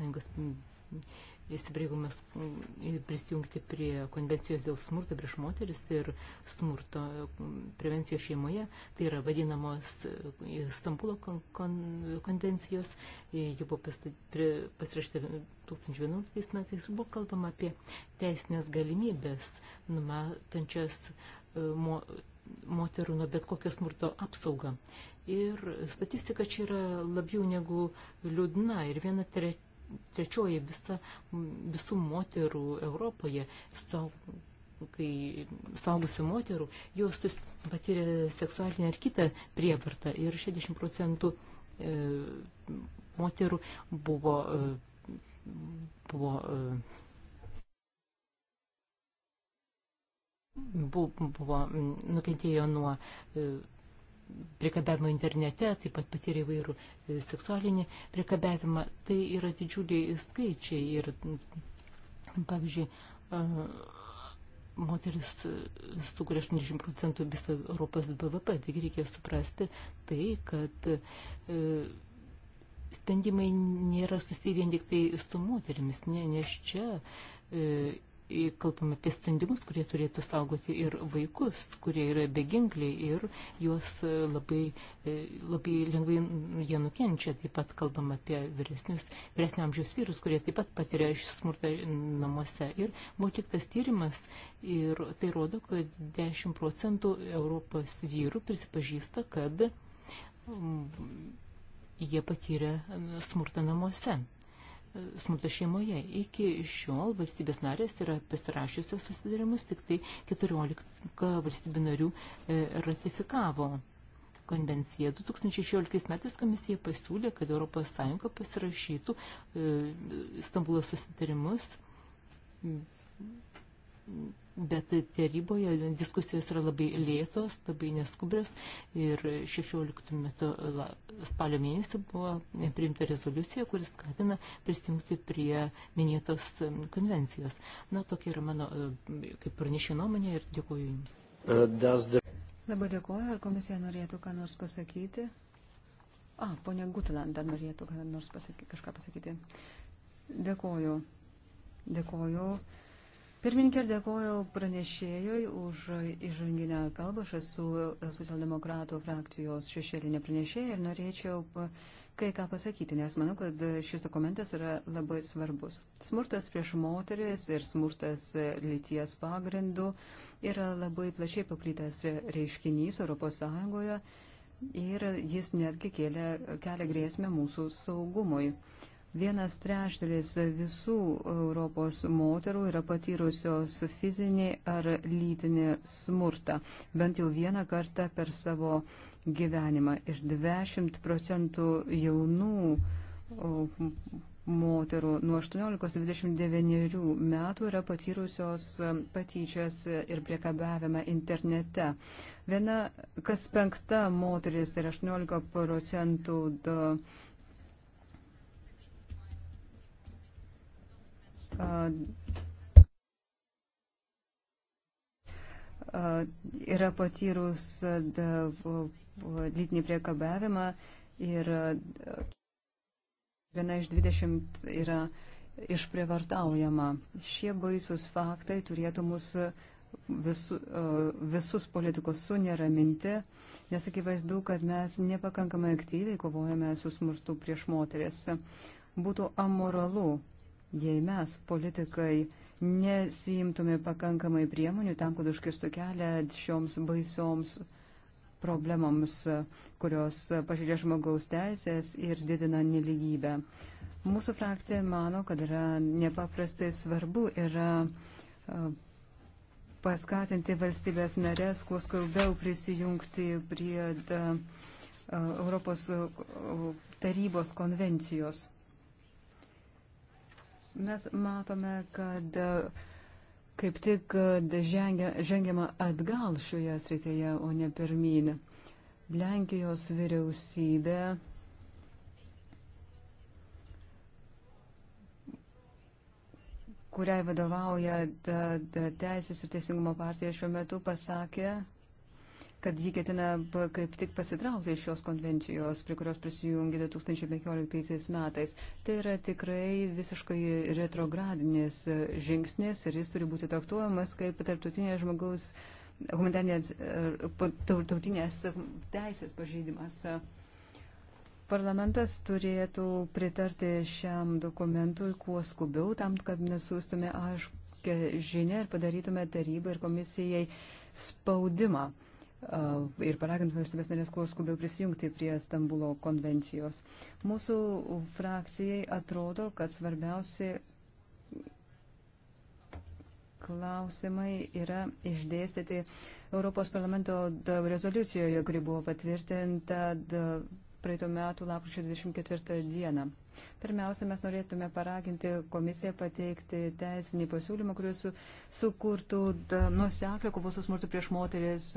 įsipareigojimas mm, prisijungti prie konvencijos dėl smurto prieš moteris ir smurto mm, prevencijos šeimoje, tai yra vadinamos e, Stambulo kon kon konvencijos, e, jų buvo pasirašyta 2011 metais, buvo kalbama apie teisinės galimybės numatančias e, mo moterų nuo bet kokio smurto apsaugą. Ir statistika čia yra labiau negu liūdna ir viena trečia trečioji visa, visų moterų Europoje, sau, kai saugusių moterų, jos patyrė seksualinę ar kitą prievartą ir 60 procentų e, moterų buvo, e, buvo e, buvo nukentėjo nuo e, priekabiavimo internete, taip pat patyrė įvairų e, seksualinį priekabiavimą. Tai yra didžiuliai skaičiai ir, pavyzdžiui, moteris e, sukuria 80 procentų viso Europos BVP, taigi reikia suprasti tai, kad e, sprendimai nėra susiję vien tik tai su moterimis, ne, nes čia kalbame apie sprendimus, kurie turėtų saugoti ir vaikus, kurie yra beginkliai ir juos e, labai, e, labai lengvai jie nukenčia. Taip pat kalbame apie vyresnius, vyresnio amžiaus vyrus, kurie taip pat patiria iš smurtą namuose. Ir buvo atliktas tyrimas ir tai rodo, kad 10 procentų Europos vyrų prisipažįsta, kad jie patyrė smurtą namuose smurto šeimoje. Iki šiol valstybės narės yra pasirašiusios susidarimus, tik tai 14 valstybių narių e, ratifikavo konvenciją. 2016 metais komisija pasiūlė, kad ES pasirašytų e, Stambulo susidarimus bet taryboje diskusijos yra labai lėtos, labai neskubrios ir 16 metų spalio mėnesį buvo priimta rezoliucija, kuris skatina prisijungti prie minėtos konvencijos. Na, tokia yra mano e, kaip pranešė nuomonė ir dėkuoju Jums. The... Labai dėkuoju, ar komisija norėtų ką nors pasakyti? A, ponia Gutland dar norėtų ką nors pasakyti, kažką pasakyti. Dėkuoju. Dėkuoju. Pirmininkė, dėkoju pranešėjui už įžanginę kalbą. Aš esu socialdemokratų frakcijos šešėlinė pranešėja ir norėčiau kai ką pasakyti, nes manau, kad šis dokumentas yra labai svarbus. Smurtas prieš moteris ir smurtas lyties pagrindų yra labai plačiai paplitęs reiškinys ES ir jis netgi kėlė, kelia grėsmę mūsų saugumui. Vienas trešdalis visų Europos moterų yra patyrusios fizinį ar lytinį smurtą, bent jau vieną kartą per savo gyvenimą. Ir 20 procentų jaunų moterų nuo 18-29 metų yra patyrusios patyčias ir priekabiavimą internete. Viena kas penkta moteris, tai 18 procentų. Do, yra patyrus lytinį priekabiavimą ir viena iš 20 yra išprievartaujama. Šie baisus faktai turėtų mūsų visu, visus politikus suneraminti, nes akivaizdu, kad mes nepakankamai aktyviai kovojame su smurtu prieš moteris. Būtų amoralu Jei mes, politikai, nesijimtume pakankamai priemonių tam, kad užkirstų kelią šioms baisioms problemoms, kurios pažiūrė žmogaus teisės ir didina neligybę. Mūsų frakcija mano, kad yra nepaprastai svarbu yra paskatinti valstybės narės, kuo skubiau prisijungti prie Europos tarybos konvencijos Mes matome, kad kaip tik žengia, žengiama atgal šioje srityje, o ne pirmyn. Lenkijos vyriausybė kuriai vadovauja Teisės ir Teisingumo partija šiuo metu pasakė, kad ji ketina kaip tik pasitraukti iš šios konvencijos, prie kurios prisijungė 2015 metais. Tai yra tikrai visiškai retrogradinis žingsnis ir jis turi būti traktuojamas kaip tarptautinės žmogaus humanitarnės, e, tautinės teisės pažeidimas. Parlamentas turėtų pritarti šiam dokumentui kuo skubiau, tam, kad nesūstume aiškę žinę ir padarytume tarybai ir komisijai spaudimą ir paragint valstybės narės kuo skubiau prisijungti prie Stambulo konvencijos. Mūsų frakcijai atrodo, kad svarbiausi klausimai yra išdėstyti Europos parlamento rezoliucijoje, kuri buvo patvirtinta. Da, praeitų metų lapkričio 24 dieną. Pirmiausia, mes norėtume paraginti komisiją pateikti teisinį pasiūlymą, kuris sukurtų nuseklę kovos su smurtu prieš moteris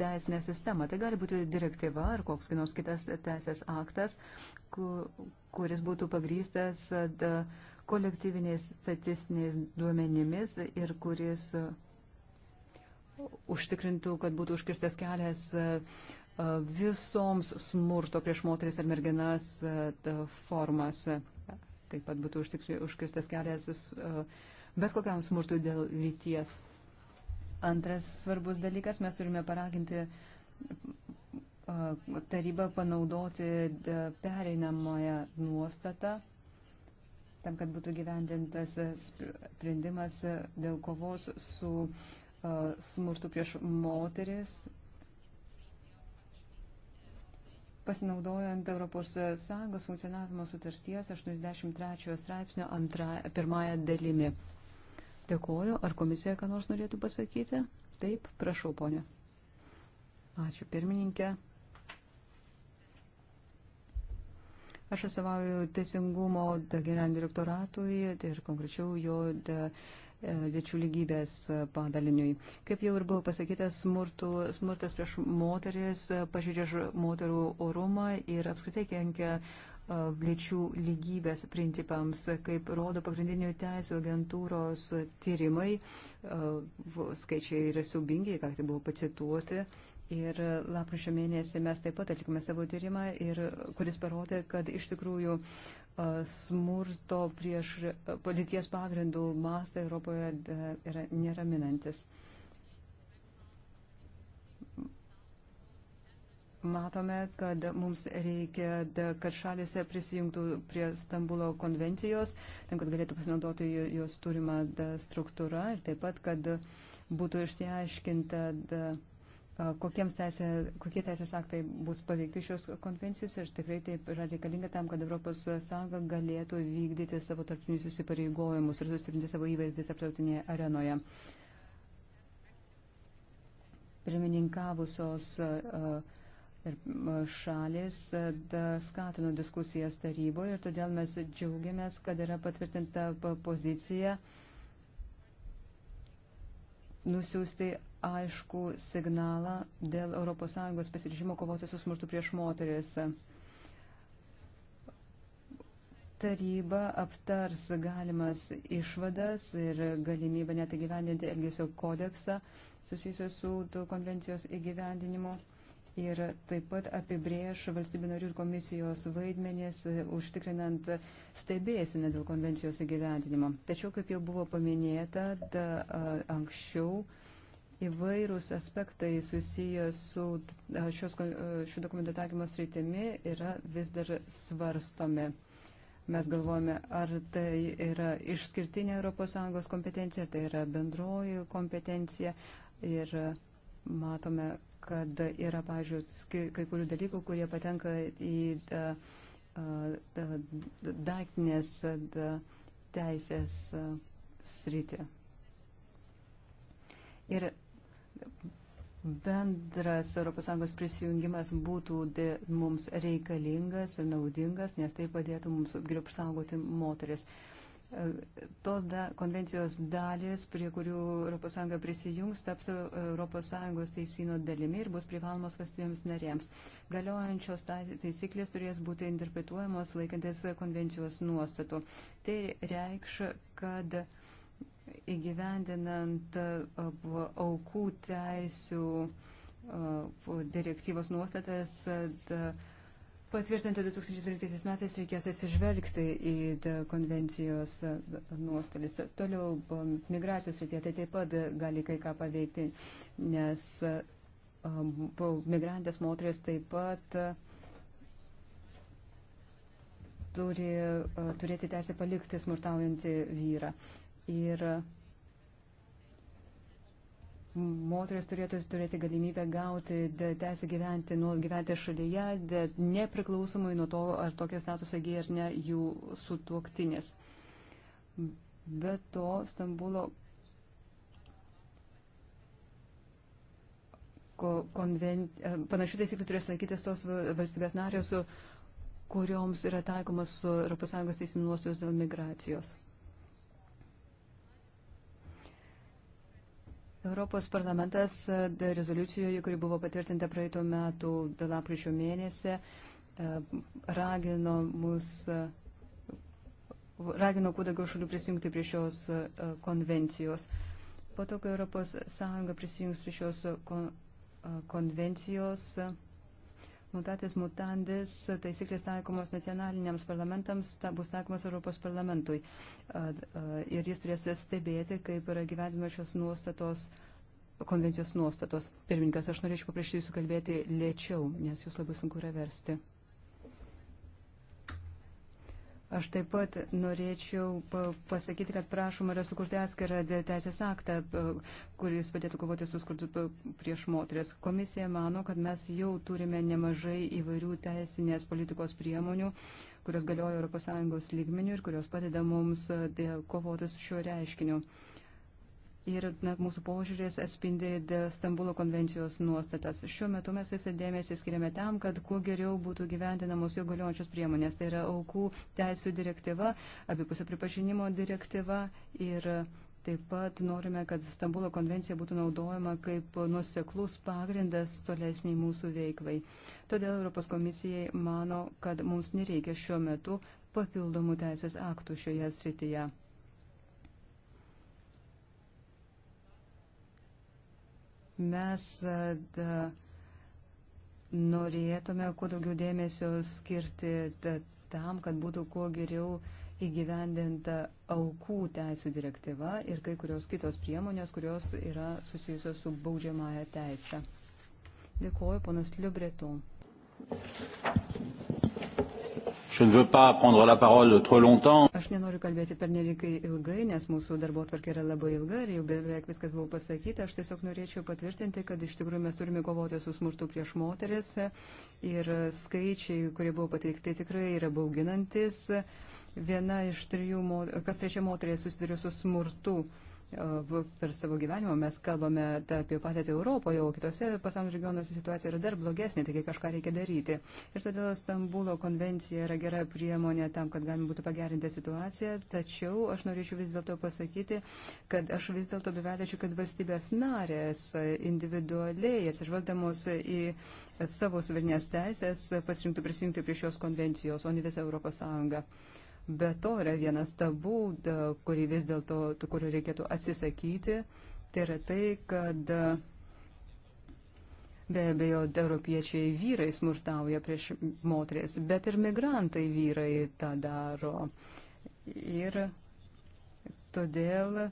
teisinę sistemą. Tai gali būti direktyva ar koks nors kitas teisės aktas, kuris būtų pagrystas kolektyviniais statistiniais duomenimis ir kuris užtikrintų, kad būtų užkirstas kelias uh, visoms smurto prieš moteris ar merginas formas. Taip pat būtų užkirstas kelias bet kokiam smurtui dėl lyties. Antras svarbus dalykas, mes turime paraginti tarybą panaudoti pereinamąją nuostatą tam, kad būtų gyvendintas sprendimas dėl kovos su smurtu prieš moteris pasinaudojant ES funkcionavimo sutarties 83 straipsnio antra, pirmąją dalimi. Dėkoju. Ar komisija ką nors norėtų pasakyti? Taip, prašau, ponė. Ačiū, pirmininkė. Aš atstovauju teisingumo generalinio direktoratui ir konkrečiau jo E, lyčių lygybės e, padaliniui. Kaip jau ir buvo pasakyta, smurtų, smurtas prieš moteris e, pažiūrė moterų orumą ir apskritai kenkia lyčių lygybės principams, kaip rodo pagrindinių teisų agentūros tyrimai, skaičiai yra siubingi, ką tai buvo pacituoti. Ir lapkričio mėnesį mes taip pat atlikome savo tyrimą, ir, kuris parodė, kad iš tikrųjų uh, smurto prieš polities pagrindų mastą Europoje yra neraminantis. Matome, kad mums reikia, kad šalis prisijungtų prie Stambulo konvencijos, tam, kad galėtų pasinaudoti jos turimą struktūrą ir taip pat, kad būtų išsiaiškinta. Da, kokiems teisė, kokie teisės aktai bus paveikti šios konvencijos ir tikrai taip yra reikalinga tam, kad ES galėtų vykdyti savo tarptinius įsipareigojimus ir sustiprinti savo įvaizdį tarptautinėje arenoje. Pirmininkavusios šalis skatino diskusijas taryboje ir todėl mes džiaugiamės, kad yra patvirtinta pozicija nusiųsti aišku signalą dėl ES pasiryžimo kovoti su smurtu prieš moteris. Taryba aptars galimas išvadas ir galimybę net įgyvendinti Elgesio kodeksą susijusiu su konvencijos įgyvendinimu. Ir taip pat apibrėž valstybių narių ir komisijos vaidmenės, e, užtikrinant stebėsinę dėl konvencijos įgyvendinimo. Tačiau, kaip jau buvo paminėta da, anksčiau, įvairūs aspektai susijęs su šios, šių dokumentų taikymo sritimi yra vis dar svarstomi. Mes galvojame, ar tai yra išskirtinė ES kompetencija, tai yra bendroji kompetencija ir matome, kad yra, pažiūrėjau, kai kurių dalykų, kurie patenka į daiktinės teisės sritį. Ir bendras ES prisijungimas būtų de, mums reikalingas ir naudingas, nes tai padėtų mums geriau apsaugoti moteris. E, tos da, konvencijos dalis, prie kurių ES prisijungs, taps ES teisino dalimi ir bus privalomos valstybėms narėms. Galiojančios tai, taisyklės turės būti interpretuojamos laikantis konvencijos nuostatų. Tai reikš, kad uh, įgyvendinant aukų teisų direktyvos nuostatas patvirtinti 2012 metais reikės atsižvelgti į konvencijos nuostolis. Toliau migracijos rytėje tai taip pat gali kai ką paveikti, nes migrantės moteris taip pat turi turėti teisę palikti smurtaujantį vyrą ir moteris turėtų turėti galimybę gauti teisę gyventi, nu, gyventi šalyje, nepriklausomai nuo to, ar tokia statusą gėja ar ne jų sutuoktinės. Be to, Stambulo konven... E, panašių taisyklių turės laikytis tos valstybės narės, kurioms yra taikomas su ES teisinių nuostatos dėl migracijos. Europos parlamentas e, rezoliucijoje, kuri buvo patvirtinta praeitų metų lapkričio mėnesį, e, ragino mus, e, ragino kuo daugiau šalių prisijungti prie šios konvencijos. Po to, kai Europos Sąjunga prisijungs prie šios konvencijos, mutatis mutandis taisyklės taikomos nacionaliniams parlamentams ta, bus taikomos Europos parlamentui. Ir jis turės stebėti, kaip yra gyvenime šios nuostatos, konvencijos nuostatos. Pirmininkas, aš norėčiau paprašyti jūsų kalbėti lėčiau, nes jūs labai sunku yra versti. Aš taip pat norėčiau pasakyti, kad prašoma yra sukurti atskirą teisės aktą, kuris padėtų kovoti su skurdu prieš moteris. Komisija mano, kad mes jau turime nemažai įvairių teisinės politikos priemonių, kurios galioja ES lygmenių ir kurios padeda mums e, kovoti su šiuo reiškiniu. Ir na, mūsų požiūrės atspindi Stambulo konvencijos nuostatas. Šiuo metu mes visą dėmesį skiriame tam, kad kuo geriau būtų gyvendinamos jau galiojančios priemonės. Tai yra aukų teisų direktyva, abipusio pripažinimo direktyva ir taip pat norime, kad Stambulo konvencija būtų naudojama kaip nuseklus pagrindas tolesniai mūsų veiklai. Todėl Europos komisijai mano, kad mums nereikia šiuo metu papildomų teisės aktų šioje srityje. mes da, norėtume kuo daugiau dėmesio skirti da, tam, kad būtų kuo geriau įgyvendinta aukų teisų direktyva ir kai kurios kitos priemonės, kurios yra susijusios su baudžiamąją teisę. Dėkuoju, ponas Liubretu. Je ne veux pas prendre la parole trop longtemps. Aš nenoriu kalbėti per nelikai ilgai, nes mūsų darbo tvarkė yra labai ilga ir jau beveik viskas buvo pasakyta. Aš tiesiog norėčiau patvirtinti, kad iš tikrųjų mes turime kovoti su smurtu prieš moteris ir skaičiai, kurie buvo pateikti, tikrai yra bauginantis. Viena iš trijų, kas trečia moterė susiduria su smurtu. Uh, per savo gyvenimą mes kalbame apie padėtį Europoje, o kitose pasaulio regionuose situacija yra dar blogesnė, taigi kažką reikia daryti. Ir todėl Stambulo konvencija yra gera priemonė tam, kad galima būtų pagerinti situaciją, tačiau aš norėčiau vis dėlto pasakyti, kad aš vis dėlto bevelėčiau, kad valstybės narės individualiai atsižvelgdamos į savo suverinės teisės pasirinktų prisijungti prie šios konvencijos, o ne visą Europos Sąjungą. Be to yra vienas tabų, kurį vis dėlto, kurio reikėtų atsisakyti. Tai yra tai, kad be abejo, europiečiai vyrai smurtauja prieš moteris, bet ir migrantai vyrai tą daro. Ir todėl e,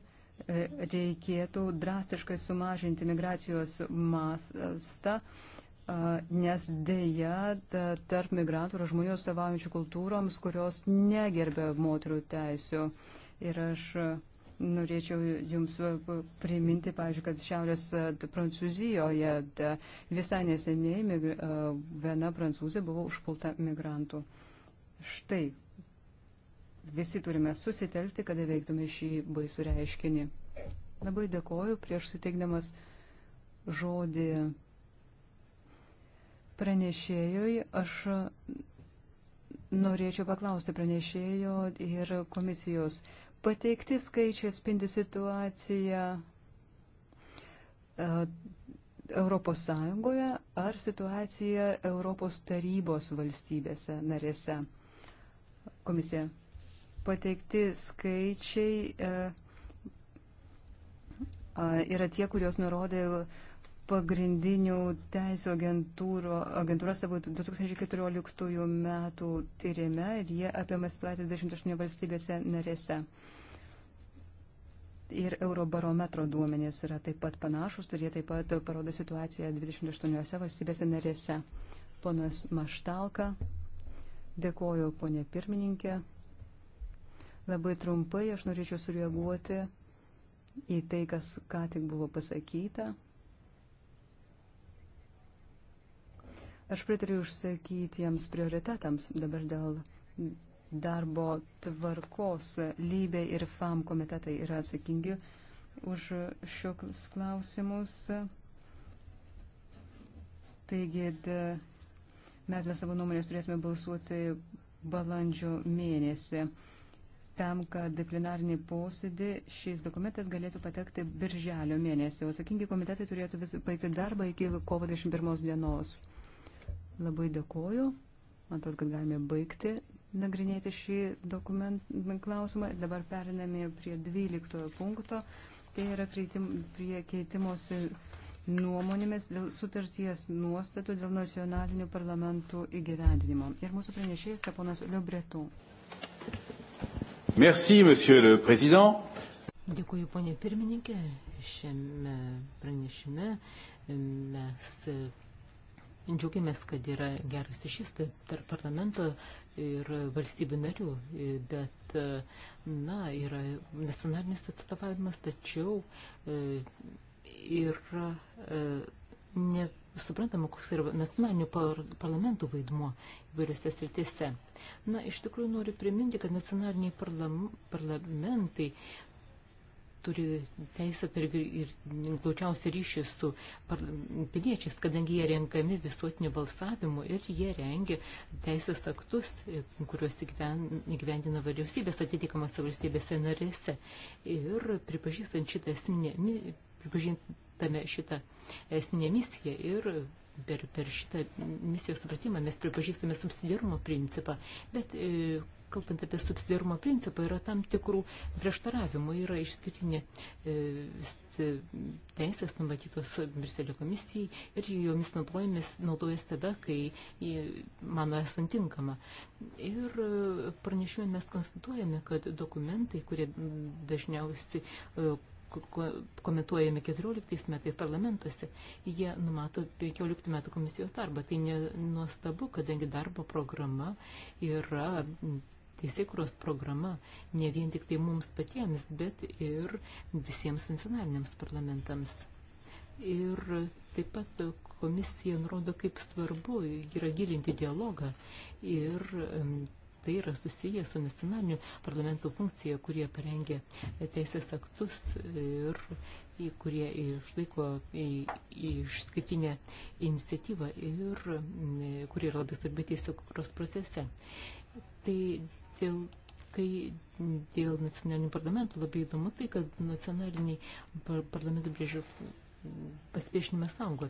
reikėtų drastiškai sumažinti migracijos mastą. Mas, nes dėja tarp migrantų yra žmonių atstovaujančių kultūroms, kurios negerbė moterų teisų. Ir aš norėčiau Jums priminti, pavyzdžiui, kad Šiaurės Prancūzijoje visai neseniai viena prancūzė buvo užpulta migrantų. Štai, visi turime susitelkti, kad įveiktume šį baisų reiškinį. Labai dėkoju prieš suteikdamas žodį pranešėjui. Aš norėčiau paklausti pranešėjo ir komisijos. Pateikti skaičiai spindi situaciją e, Europos Sąjungoje ar situacija Europos tarybos valstybėse narėse. Komisija. Pateikti skaičiai e, yra tie, kuriuos nurodė pagrindinių teisų agentūra savo 2014 metų tyrime ir jie apima situaciją 28 valstybėse narėse. Ir eurobarometro duomenys yra taip pat panašus ir tai jie taip pat parodo situaciją 28 valstybėse narėse. Ponas Maštalka, dėkoju ponė pirmininkė. Labai trumpai aš norėčiau sureaguoti į tai, kas ką tik buvo pasakyta. Aš pritariu užsakytiems prioritetams dabar dėl darbo tvarkos lybė ir FAM komitetai yra atsakingi už šiokius klausimus. Taigi mes dėl savo nuomonės turėsime balsuoti balandžio mėnesį tam, kad plenarinį posėdį šis dokumentas galėtų patekti birželio mėnesį. O atsakingi komitetai turėtų vis baigti darbą iki kovo 21 dienos. Labai dėkoju. Man atrodo, kad galime baigti nagrinėti šį klausimą. Dabar periname prie 12 punkto. Tai yra prie keitimosi nuomonėmis dėl sutarties nuostatų dėl nacionalinių parlamentų įgyvendinimo. Ir mūsų pranešėjas yra ponas Liobretų. Merci, monsieur le président. Dėkuoju, ponė pirmininkė. Šiame pranešime mes Džiaugiamės, kad yra geras ryšys tai tarp parlamento ir valstybių narių, bet, na, yra nacionalinis atstovavimas, tačiau e, yra e, nesuprantama, koks yra nacionalinių par parlamentų vaidmuo įvairiose sritise. Na, iš tikrųjų noriu priminti, kad nacionaliniai parlam parlamentai turi teisę tai ir glaučiausią ryšį su piliečiais, kadangi jie renkami visuotiniu balsavimu ir jie rengia teisės aktus, e, kuriuos įgyvendina vyriausybės atitinkamose valstybėse narėse. Ir pripažįstant šitą esminę, pripažintame šitą esminę misiją ir per, per šitą misijos supratimą mes pripažįstame subsidiarumo principą, bet e, kalbant apie subsidiarumo principą, yra tam tikrų prieštaravimų, yra išskirtinė e, e, teisės numatytos Briselio komisijai ir jomis naudojamis, naudojas tada, kai mano esant tinkama. Ir e, pranešime mes konstatuojame, kad dokumentai, kurie dažniausiai komentuojami 14 metais parlamentuose, jie numato 15 metų komisijos darbą. Tai nenuostabu, kadangi darbo programa yra teisėkuros programa ne vien tik tai mums patiems, bet ir visiems nacionaliniams parlamentams. Ir taip pat komisija nurodo, kaip svarbu yra gilinti dialogą ir tai yra susiję su nacionaliniu parlamento funkcija, kurie parengia teisės aktus ir kurie išlaiko išskirtinę iniciatyvą ir kuri yra labai svarbi teisėkuros procese. Tai dėl, kai dėl nacionalinių parlamentų labai įdomu tai, kad nacionaliniai parlamentų brėžių pasipriešinimas augo.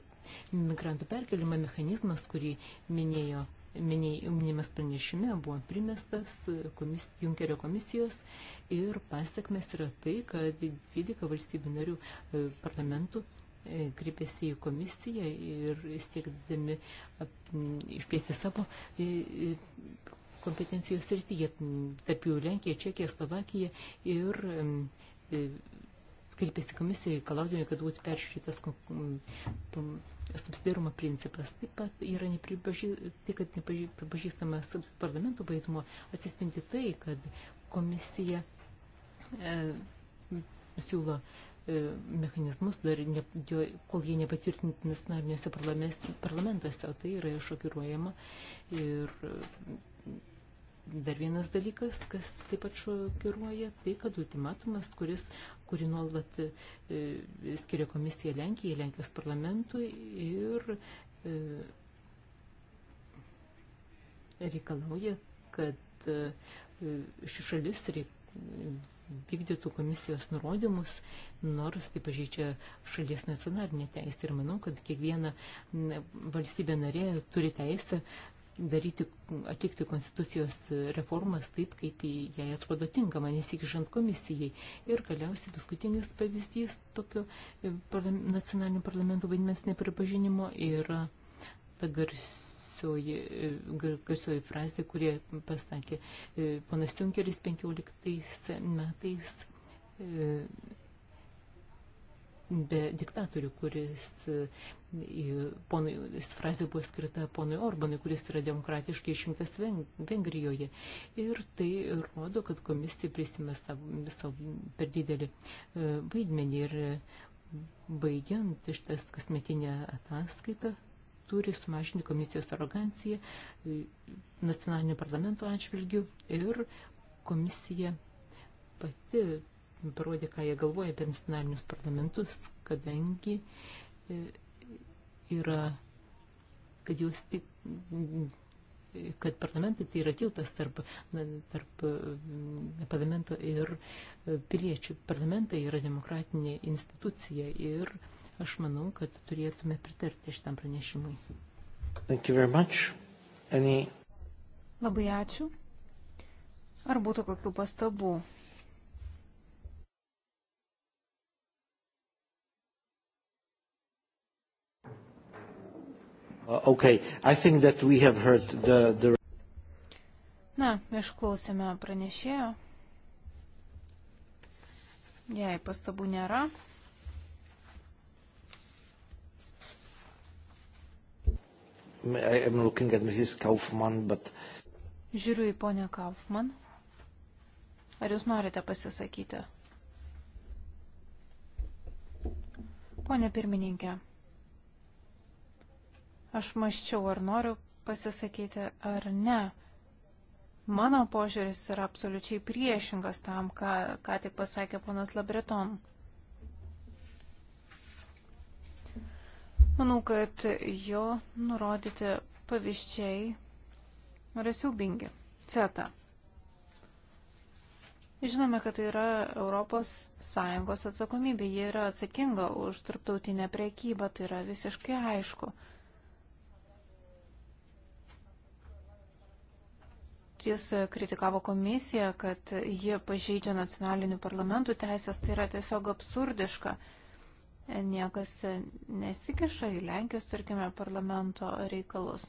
Migrantų perkelimo mechanizmas, kurį minėjo minėjimas pranešime buvo primestas komis, Junkerio komisijos ir pasiekmes yra tai, kad 12 valstybių narių e, parlamentų e, kreipėsi į komisiją ir siekdami išplėsti savo e, kompetencijos srityje, tarp jų Lenkija, Čekija, Slovakija ir e, kreipėsi komisijai, kalaudami, kad būtų peržiūrėtas subsidiarumo principas. Taip pat yra nepripažį, tai, kad nepripažįstamas parlamento vaidmuo atsispinti tai, kad komisija e, siūlo e, mechanizmus, dar ne, kol jie nepatvirtinti nacionaliniuose parlamentuose, o tai yra šokiruojama ir Dar vienas dalykas, kas taip pat šokiruoja, tai kad ultimatumas, kuris, kuri nuolat e, skiria komisija Lenkijai, Lenkijos parlamentui ir e, reikalauja, kad e, ši šalis reik, vykdytų komisijos nurodymus, nors tai pažeidžia šalies nacionalinė teisė. Ir manau, kad kiekviena valstybė narė turi teisę daryti, atlikti konstitucijos reformas taip, kaip jai atrodo tinkama, nesikišant komisijai. Ir galiausiai paskutinis pavyzdys tokio e, parlam, nacionalinių parlamentų vaidmens nepripažinimo yra ta garsioji, e, garsioji frazė, kurie pasakė e, ponas Junkeris 15 metais be diktatorių, kuris e, ponui, frazė buvo skirta ponui Orbanui, kuris yra demokratiškai išrinktas Vengrijoje. Ir tai rodo, kad komisija prisimė savo, savo per didelį e, vaidmenį ir baigiant iš tas kasmetinę ataskaitą turi sumažinti komisijos aroganciją e, nacionalinio parlamento atžvilgių ir komisija pati parodė, ką jie galvoja apie nacionalinius parlamentus, kadangi e, yra, kad jūs tik kad parlamentai tai yra tiltas tarp, tarp e, parlamento ir e, piliečių. Parlamentai yra demokratinė institucija ir aš manau, kad turėtume pritarti šitam pranešimui. Thank you very much. Any... Labai ačiū. Ar būtų kokių pastabų Uh, okay, I think that we have heard the, the... Na, išklausėme pranešėjo. Jei pastabų nėra. I'm looking at Mrs. Kaufman, but... Žiūriu į ponę Kaufman. Ar jūs norite pasisakyti? Pone pirmininkė. Aš maščiau, ar noriu pasisakyti, ar ne. Mano požiūris yra absoliučiai priešingas tam, ką, ką tik pasakė ponas Labreton. Manau, kad jo nurodyti pavyzdžiai yra siaubingi. Ceta. Žinome, kad tai yra ES atsakomybė. Ji yra atsakinga už tarptautinę priekybą, tai yra visiškai aišku. jis kritikavo komisiją, kad ji pažeidžia nacionalinių parlamentų teisės, tai yra tiesiog absurdiška. Niekas nesikiša į Lenkijos, tarkime, parlamento reikalus.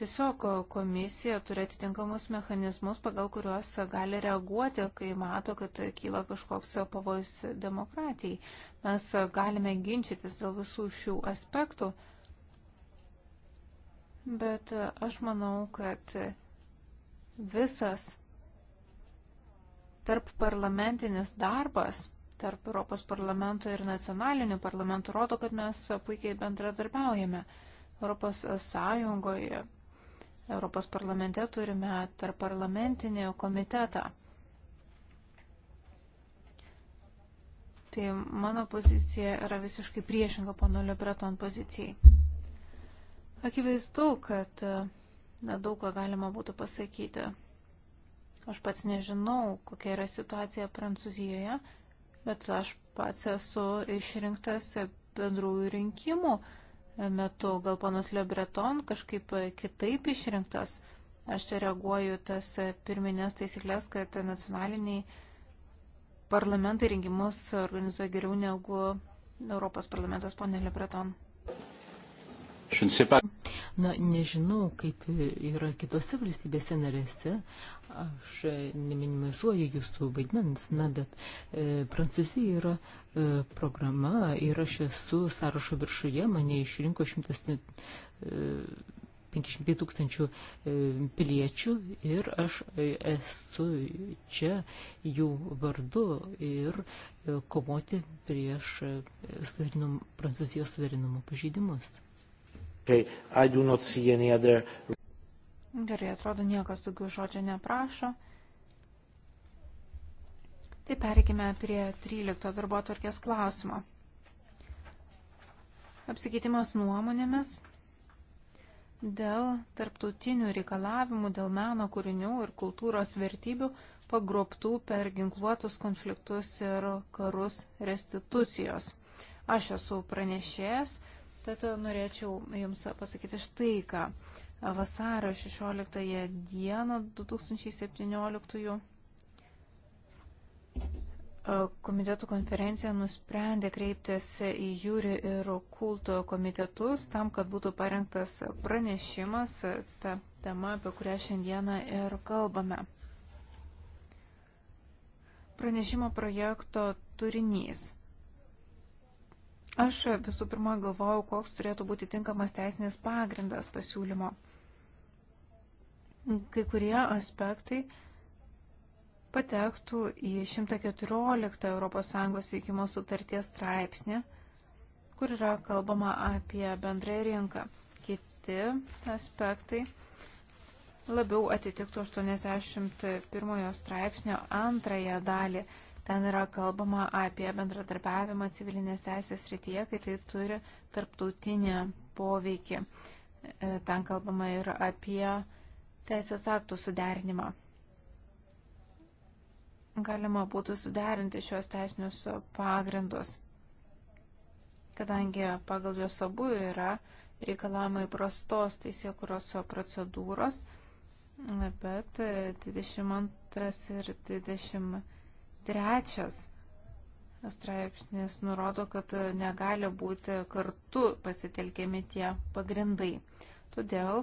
Tiesiog komisija turi atitinkamus mechanizmus, pagal kuriuos gali reaguoti, kai mato, kad kyla kažkoks pavojus demokratijai. Mes galime ginčytis dėl visų šių aspektų bet e, aš manau, kad visas tarp parlamentinis darbas tarp Europos parlamento ir nacionalinių parlamentų rodo, kad mes puikiai bendradarbiaujame. Europos Sąjungoje, Europos parlamente turime tarp parlamentinį komitetą. Tai mano pozicija yra visiškai priešinga pono Lebreton pozicijai. Akivaizdu, kad e, nedaug ką galima būtų pasakyti. Aš pats nežinau, kokia yra situacija Prancūzijoje, bet aš pats esu išrinktas bendrųjų rinkimų e, metu. Gal panas Lebreton kažkaip e, kitaip išrinktas. Aš čia reaguoju tas pirminės taisyklės, kad nacionaliniai parlamentai rinkimus organizuoja geriau negu Europos parlamentas, ponė Lebreton. Na, nežinau, kaip yra kitose valstybėse narėse. Aš e, neminimizuoju jūsų vaidmens, na, bet e, Prancūzija yra e, programa ir aš esu sąrašo viršuje, mane išrinko 100. E, 500 tūkstančių e, piliečių ir aš e, esu čia jų vardu ir kovoti prieš suverinu, Prancūzijos suverenumo pažeidimus. Okay, I do not see any other. Gerai, atrodo, niekas daugiau žodžio neprašo. Tai pereikime prie 13 darbo atvarkės klausimo. Apsikeitimas nuomonėmis dėl tarptautinių reikalavimų dėl meno kūrinių ir kultūros vertybių pagrobtų per ginkluotus konfliktus ir karus restitucijos. Aš esu pranešėjęs, Tad norėčiau Jums pasakyti štai ką. Vasario 16 dieną 2017 e, komitetų konferencija nusprendė kreiptis į jūrį ir kulto komitetus tam, kad būtų parengtas pranešimas ta tema, apie kurią šiandieną ir kalbame. Pranešimo projekto turinys – Aš visų pirma galvojau, koks turėtų būti tinkamas teisinis pagrindas pasiūlymo. Kai kurie aspektai patektų į 114 ES veikimo sutarties straipsnį, kur yra kalbama apie bendrą rinką. Kiti aspektai labiau atitiktų 81 straipsnio antrąją dalį Ten yra kalbama apie bendradarbiavimą civilinės teisės rytyje, kai tai turi tarptautinį poveikį. E, ten kalbama ir apie teisės aktų suderinimą. Galima būtų suderinti šios teisinius pagrindus, kadangi pagal juos abu yra reikalavimai prastos teisėkuros procedūros, bet 22 ir 23 Trečias straipsnis nurodo, kad negali būti kartu pasitelkiami tie pagrindai. Todėl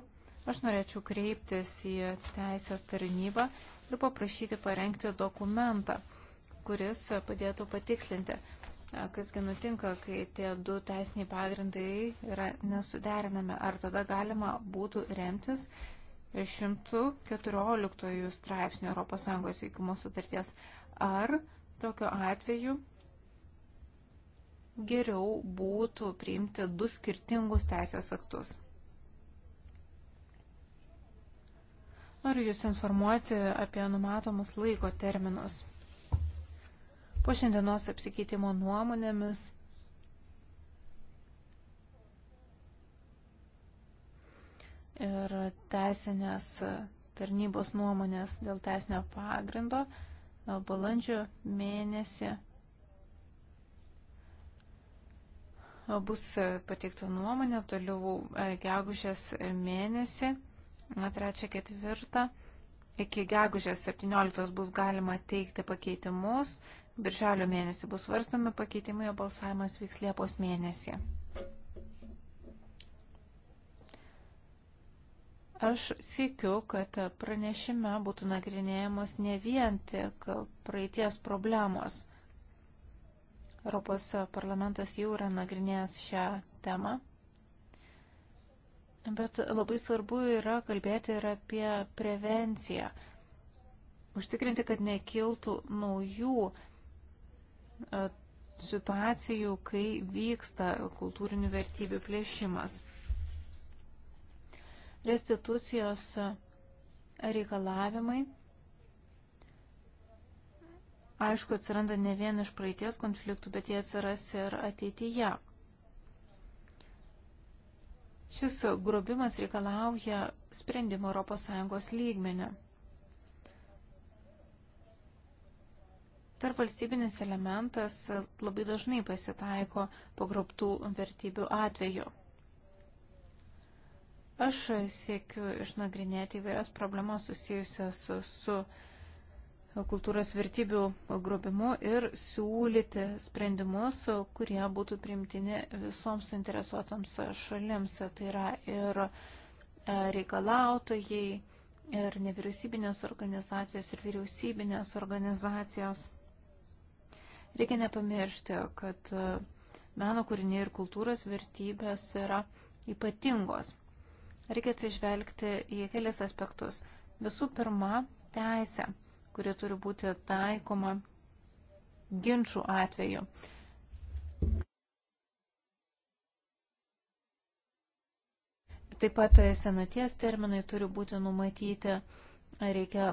aš norėčiau kreiptis į teisės tarnybą ir paprašyti parengti dokumentą, kuris padėtų patikslinti, kasgi nutinka, kai tie du teisiniai pagrindai yra nesuderinami, ar tada galima būtų remtis 114 straipsnių ES veikimo sutarties, Ar tokiu atveju geriau būtų priimti du skirtingus teisės aktus? Noriu Jūs informuoti apie numatomus laiko terminus. Po šiandienos apsikeitimo nuomonėmis ir teisinės tarnybos nuomonės dėl teisinio pagrindo balandžio mėnesį bus pateikta nuomonė, toliau gegužės mėnesį, trečią, ketvirtą, iki gegužės 17 bus galima teikti pakeitimus, birželio mėnesį bus svarstami pakeitimai, o balsavimas vyks Liepos mėnesį. Aš siekiu, kad pranešime būtų nagrinėjamos ne vien tik praeities problemos. Europos parlamentas jau yra nagrinėjęs šią temą. Bet labai svarbu yra kalbėti ir apie prevenciją. Užtikrinti, kad nekiltų naujų e, situacijų, kai vyksta kultūrinių vertybių plėšimas restitucijos reikalavimai. Aišku, atsiranda ne vien iš praeities konfliktų, bet jie atsiras ir ateityje. Šis grobimas reikalauja sprendimo ES lygmenį. Tarp valstybinis elementas labai dažnai pasitaiko pagrobtų vertybių atveju. Aš siekiu išnagrinėti įvairias problemas susijusias su kultūros vertybių grobimu ir siūlyti sprendimus, kurie būtų primtini visoms suinteresuotams šalims. Tai yra ir e, reikalautojai, ir nevyriausybinės organizacijos, ir vyriausybinės organizacijos. Reikia nepamiršti, kad e, meno kūriniai ir kultūros vertybės yra ypatingos reikia atsižvelgti į kelis aspektus. Visų pirma, teisė, kuri turi būti taikoma ginčių atveju. Taip pat senaties terminai turi būti numatyti Reikia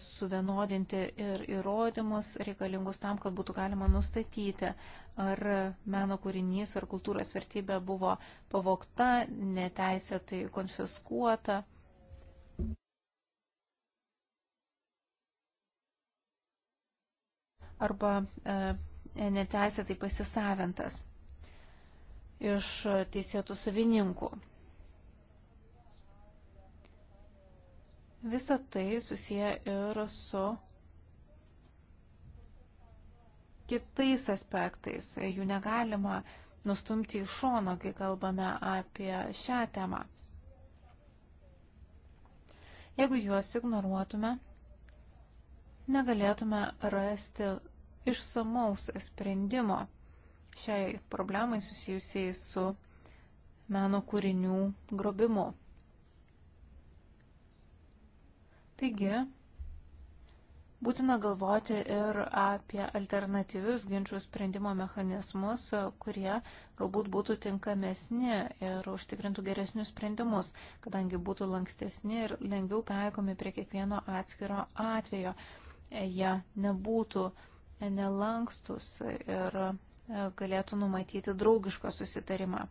suvienodinti ir įrodymus reikalingus tam, kad būtų galima nustatyti, ar meno kūrinys ar kultūros vertybė buvo pavokta, neteisėtai konfiskuota. arba e, neteisėtai pasisavintas iš teisėtų savininkų. Visa tai susiję ir su kitais aspektais. Jų negalima nustumti į šoną, kai kalbame apie šią temą. Jeigu juos ignoruotume, negalėtume rasti išsamaus sprendimo šiai problemai susijusiai su meno kūrinių grobimu. Taigi, būtina galvoti ir apie alternatyvius ginčių sprendimo mechanizmus, kurie galbūt būtų tinkamesni ir užtikrintų geresnius sprendimus, kadangi būtų lankstesni ir lengviau taikomi prie kiekvieno atskiro atvejo. Jie nebūtų nelankstus ir galėtų numatyti draugišką susitarimą.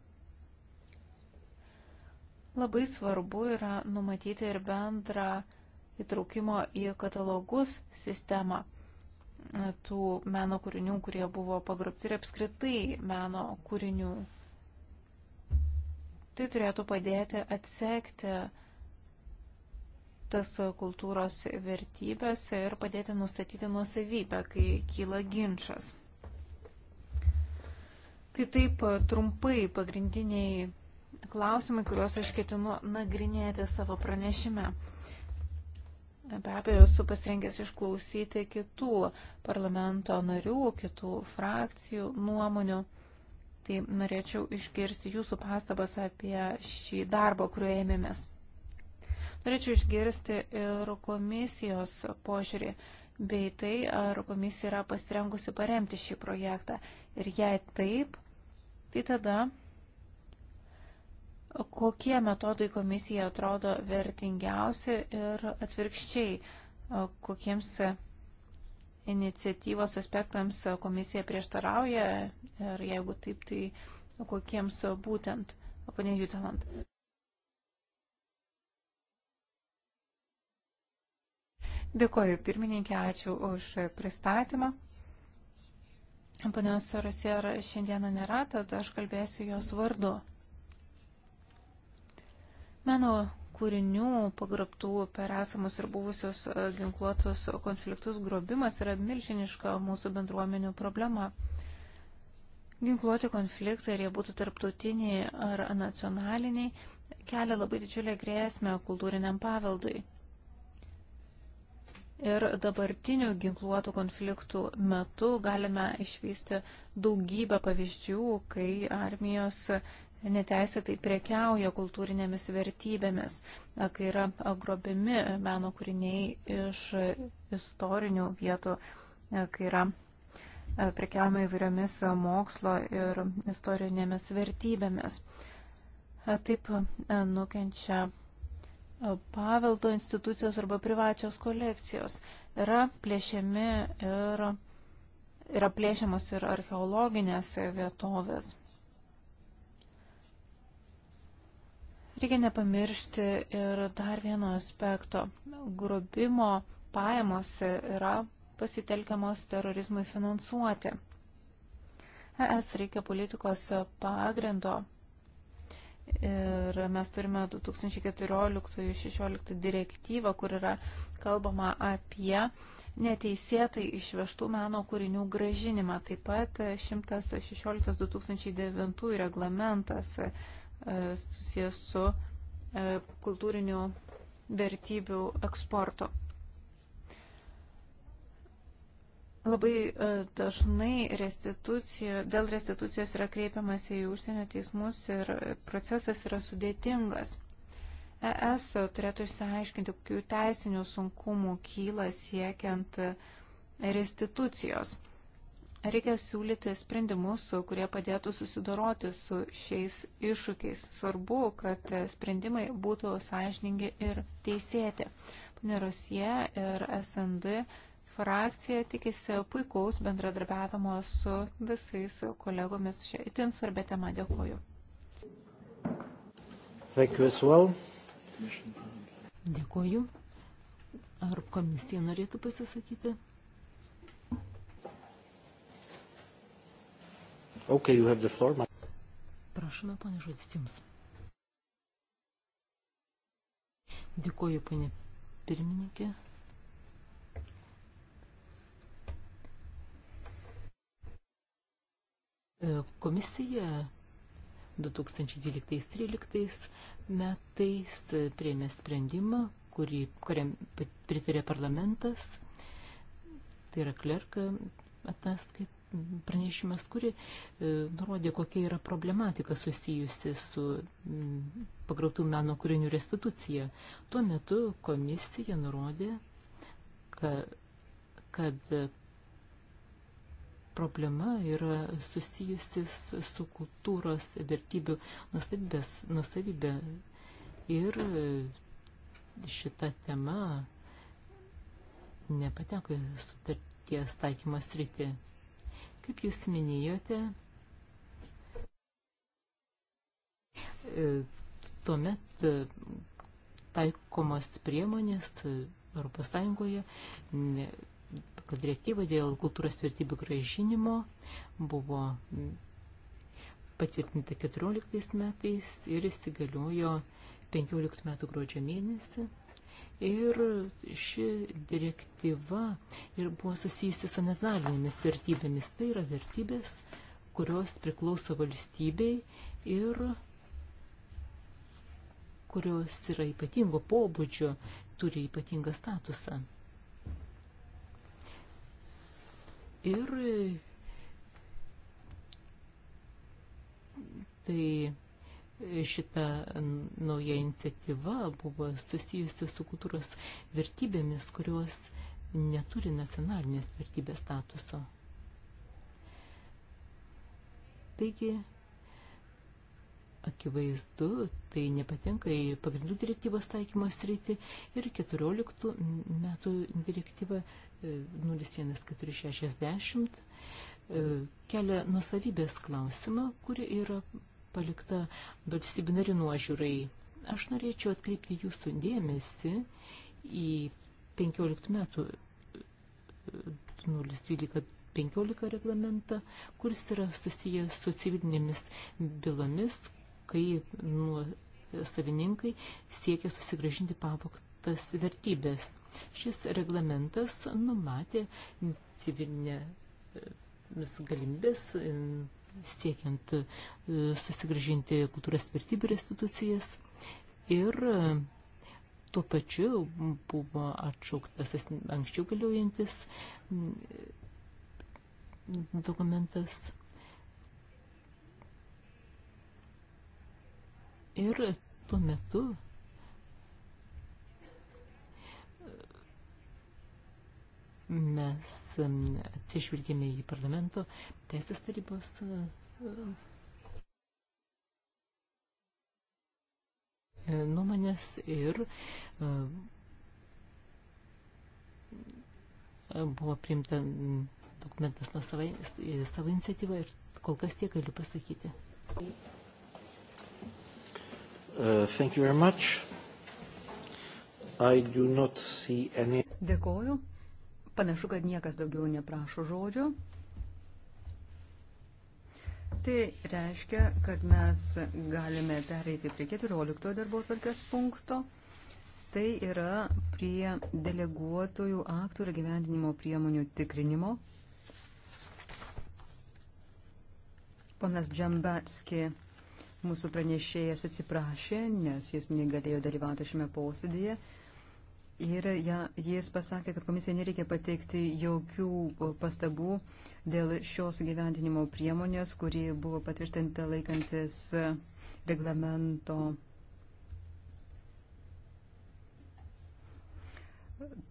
Labai svarbu yra numatyti ir bendrą įtraukimo į katalogus sistemą e, tų meno kūrinių, kurie buvo pagrupti ir apskritai meno kūrinių. Tai turėtų padėti atsekti tas kultūros vertybės ir padėti nustatyti nuosavybę, kai kyla ginčas. Tai taip e, trumpai pagrindiniai klausimai, kuriuos aš ketinu nagrinėti savo pranešime. Be abejo, esu pasirengęs išklausyti kitų parlamento narių, kitų frakcijų nuomonių. Tai norėčiau išgirsti jūsų pastabas apie šį darbą, kuriuo ėmėmės. Norėčiau išgirsti ir komisijos požiūrį, bei tai, ar komisija yra pasirengusi paremti šį projektą. Ir jei taip, tai tada kokie metodai komisija atrodo vertingiausi ir atvirkščiai, kokiems iniciatyvos aspektams komisija prieštarauja ir jeigu taip, tai kokiems būtent, ponė Jutaland. Dėkoju pirmininkė, ačiū už pristatymą. Panios Rosier šiandieną nėra, tad aš kalbėsiu jos vardu. Meno kūrinių pagraptų per esamus ir buvusius e, ginkluotus konfliktus grobimas yra milžiniška mūsų bendruomenių problema. Ginkluoti konfliktai, ar jie būtų tarptautiniai ar nacionaliniai, kelia labai didžiulę grėsmę kultūriniam paveldui. Ir dabartinių ginkluotų konfliktų metu galime išvysti daugybę pavyzdžių, kai armijos neteisėtai prekiauja kultūrinėmis vertybėmis, kai yra grobiami meno kūriniai iš istorinių vietų, kai yra prekiaujama įvairiomis mokslo ir istorinėmis vertybėmis. Taip nukenčia paveldo institucijos arba privačios kolekcijos. Yra plėšiami ir yra plėšiamos ir archeologinės vietovės Reikia nepamiršti ir dar vieno aspekto. Grobimo pajamos yra pasitelkiamos terorizmui finansuoti. ES reikia politikos pagrindo. Ir mes turime 2014-2016 direktyvą, kur yra kalbama apie neteisėtai išvežtų meno kūrinių gražinimą. Taip pat 116-2009 reglamentas E, susijęs su e, kultūrinių vertybių eksporto. Labai e, dažnai restitucijo, dėl restitucijos yra kreipiamas į užsienio teismus ir procesas yra sudėtingas. ES turėtų išsiaiškinti, kokių teisinių sunkumų kyla siekiant restitucijos. Reikia siūlyti sprendimus, kurie padėtų susidoroti su šiais iššūkiais. Svarbu, kad sprendimai būtų sąžiningi ir teisėti. Pane Rusija ir SND frakcija tikisi puikaus bendradarbiavimo su visais kolegomis šią itin svarbę temą. Dėkuoju. Well. Dėkuoju. Ar komisija norėtų pasisakyti? Okay, you have the floor. My... Prašome, ponė žodis jums. Dėkuoju, ponė pirmininkė. E, komisija 2012-2013 metais prieimė sprendimą, kurį, kuriam pritarė parlamentas, tai yra klerka ataskaita pranešimas, kuri e, nurodė, kokia yra problematika susijusi su pagrautų meno kūrinių restitucija. Tuo metu komisija nurodė, kad, kad problema yra susijusi su kultūros vertybių nusavybė. Ir e, šita tema nepateko į sutarties taikymas rytį. Kaip jūs minėjote, e, tuomet e, taikomos priemonės e, Europos Sąjungoje, kad direktyva dėl kultūros vertybių gražinimo buvo patvirtinta 14 metais ir įsigaliojo 15 metų gruodžio mėnesį. Ir ši direktyva ir buvo susijusi su nacionalinėmis vertybėmis. Tai yra vertybės, kurios priklauso valstybei ir kurios yra ypatingo pobūdžio, turi ypatingą statusą. Ir tai šita nauja iniciatyva buvo susijusi su kultūros vertybėmis, kurios neturi nacionalinės vertybės statuso. Taigi, akivaizdu, tai nepatinka į pagrindų direktyvos taikymo sritį ir 14 metų direktyva 01460 e, e, kelia nusavybės klausimą, kuri yra palikta valstybinari nuožiūrai. Aš norėčiau atkreipti jūsų dėmesį į 15 metų 012-15 e, reglamentą, kuris yra susijęs su civilinėmis bylomis, kai nuo savininkai siekia susigražinti pavoktas vertybės. Šis reglamentas numatė civilinės galimybės siekiant e, susigražinti kultūros vertybių ir institucijas. Ir e, tuo pačiu buvo atšauktas anksčiau galiojantis mm, dokumentas. Ir tuo metu mes atsižvelgėme į parlamento teisės tarybos e, e, nuomonės ir e, buvo priimta dokumentas nuo savo, savo iniciatyvą ir kol kas tiek galiu pasakyti. Uh, thank you very much. I do not see any... Dėkoju. Panašu, kad niekas daugiau neprašo žodžio. Tai reiškia, kad mes galime pereiti prie 14 darbo tvarkės punkto. Tai yra prie deleguotojų aktų ir gyvendinimo priemonių tikrinimo. Ponas Džambatski mūsų pranešėjas atsiprašė, nes jis negalėjo dalyvauti šiame posėdėje. Ir ja, jis pasakė, kad komisija nereikia pateikti jokių pastabų dėl šios gyvendinimo priemonės, kuri buvo patvirtinta laikantis reglamento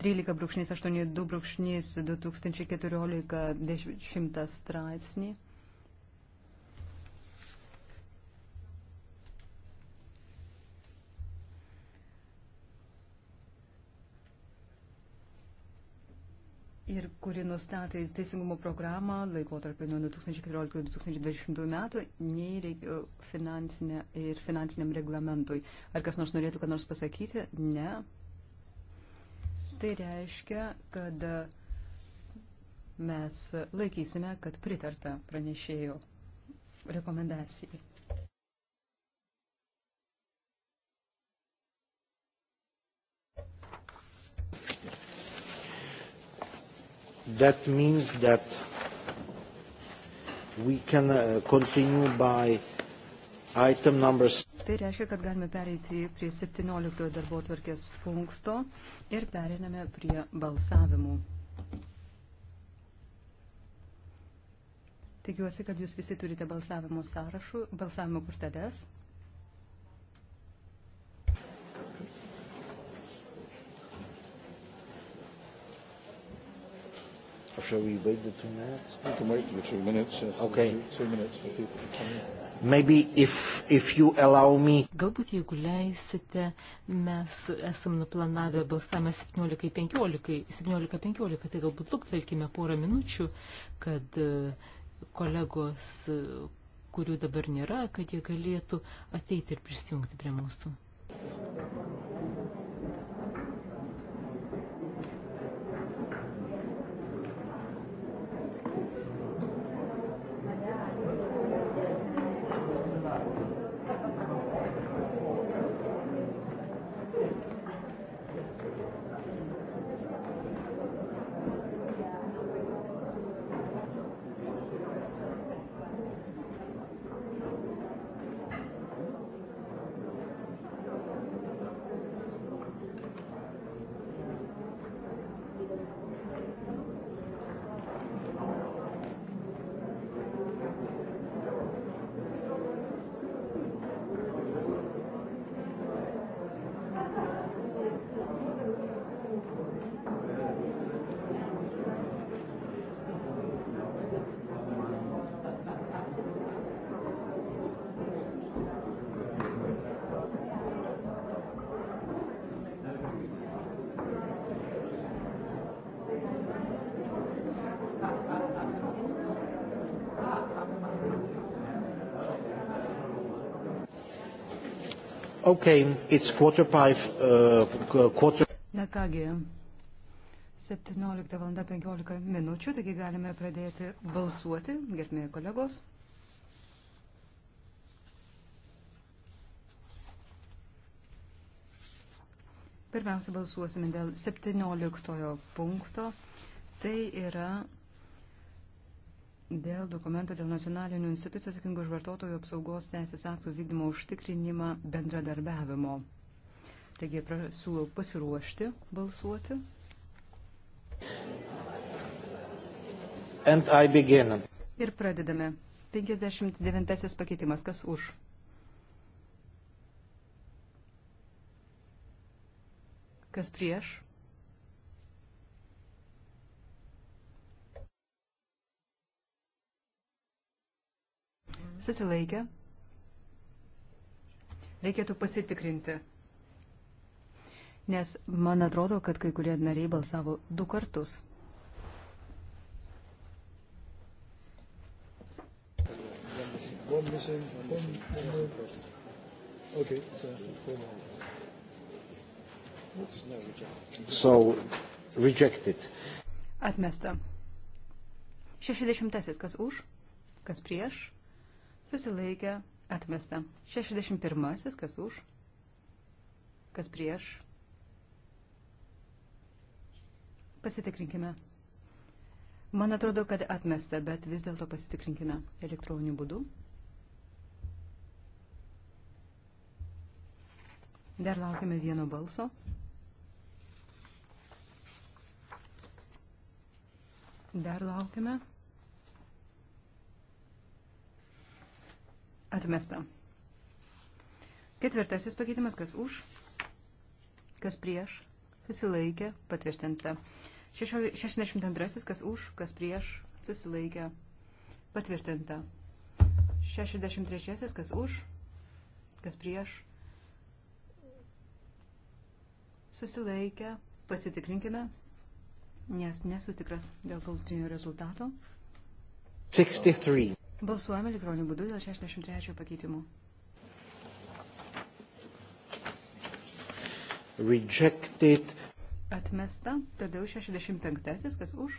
13.82.2014 straipsnį. ir kuri nustatė teisingumo programą laikotarpį nuo 2014-2020 metų, nei reikia e, finansinė, ir finansiniam reglamentui. Ar kas nors norėtų ką nors pasakyti? Ne. Tai reiškia, kad e, mes laikysime, kad pritarta pranešėjo rekomendacijai. that means that we can uh, continue by item number. Tai reiškia, kad galime pereiti prie 17 darbo tvarkės punkto ir periname prie balsavimų. Tikiuosi, kad jūs visi turite balsavimo sąrašų, balsavimo korteles. shall we wait the two minutes? We can wait for the two minutes. Yes. Okay. Two, two minutes for people to come in. Maybe if, if you allow me. Galbūt jeigu leisite, mes esam nuplanavę balsavimą 17.15, 17.15, tai galbūt luktelkime porą minučių, kad e, kolegos, e, kurių dabar nėra, kad jie galėtų ateiti ir prisijungti prie mūsų. Okay, it's quarter five, uh, quarter... Na kągi, 17 val. 15 minučių, taigi galime pradėti balsuoti, gerbėjai kolegos. Pirmiausia, balsuosime dėl 17 punkto. Tai yra dėl dokumento dėl nacionalinių institucijų atsakingų už vartotojų apsaugos teisės aktų vykdymo užtikrinimą bendradarbiavimo. Taigi siūlau pasiruošti balsuoti. Ir pradedame. 59 pakeitimas. Kas už? Kas prieš? susilaikė. Reikėtų pasitikrinti. Nes man atrodo, kad kai kurie nariai balsavo du kartus. One missing, one, one okay, so four So rejected. Atmesta. 60. Kas už, kas prieš, susilaikė, atmesta. 61. Kas už, kas prieš. Pasitikrinkime. Man atrodo, kad atmesta, bet vis dėlto pasitikrinkime elektroniniu būdu. Dar laukiame vieno balso. Dar laukiame. Atmesta. Ketvirtasis pakeitimas, kas už, kas prieš, susilaikė, patvirtinta. 62, kas už, kas prieš, susilaikė, patvirtinta. 63, kas už, kas prieš, susilaikė, pasitikrinkime, nes nesu tikras dėl galutinio rezultato. 63. Balsuojame elektroniniu būdu dėl 63 pakeitimų. Rejected. Atmesta. Toliau 65. Kas už,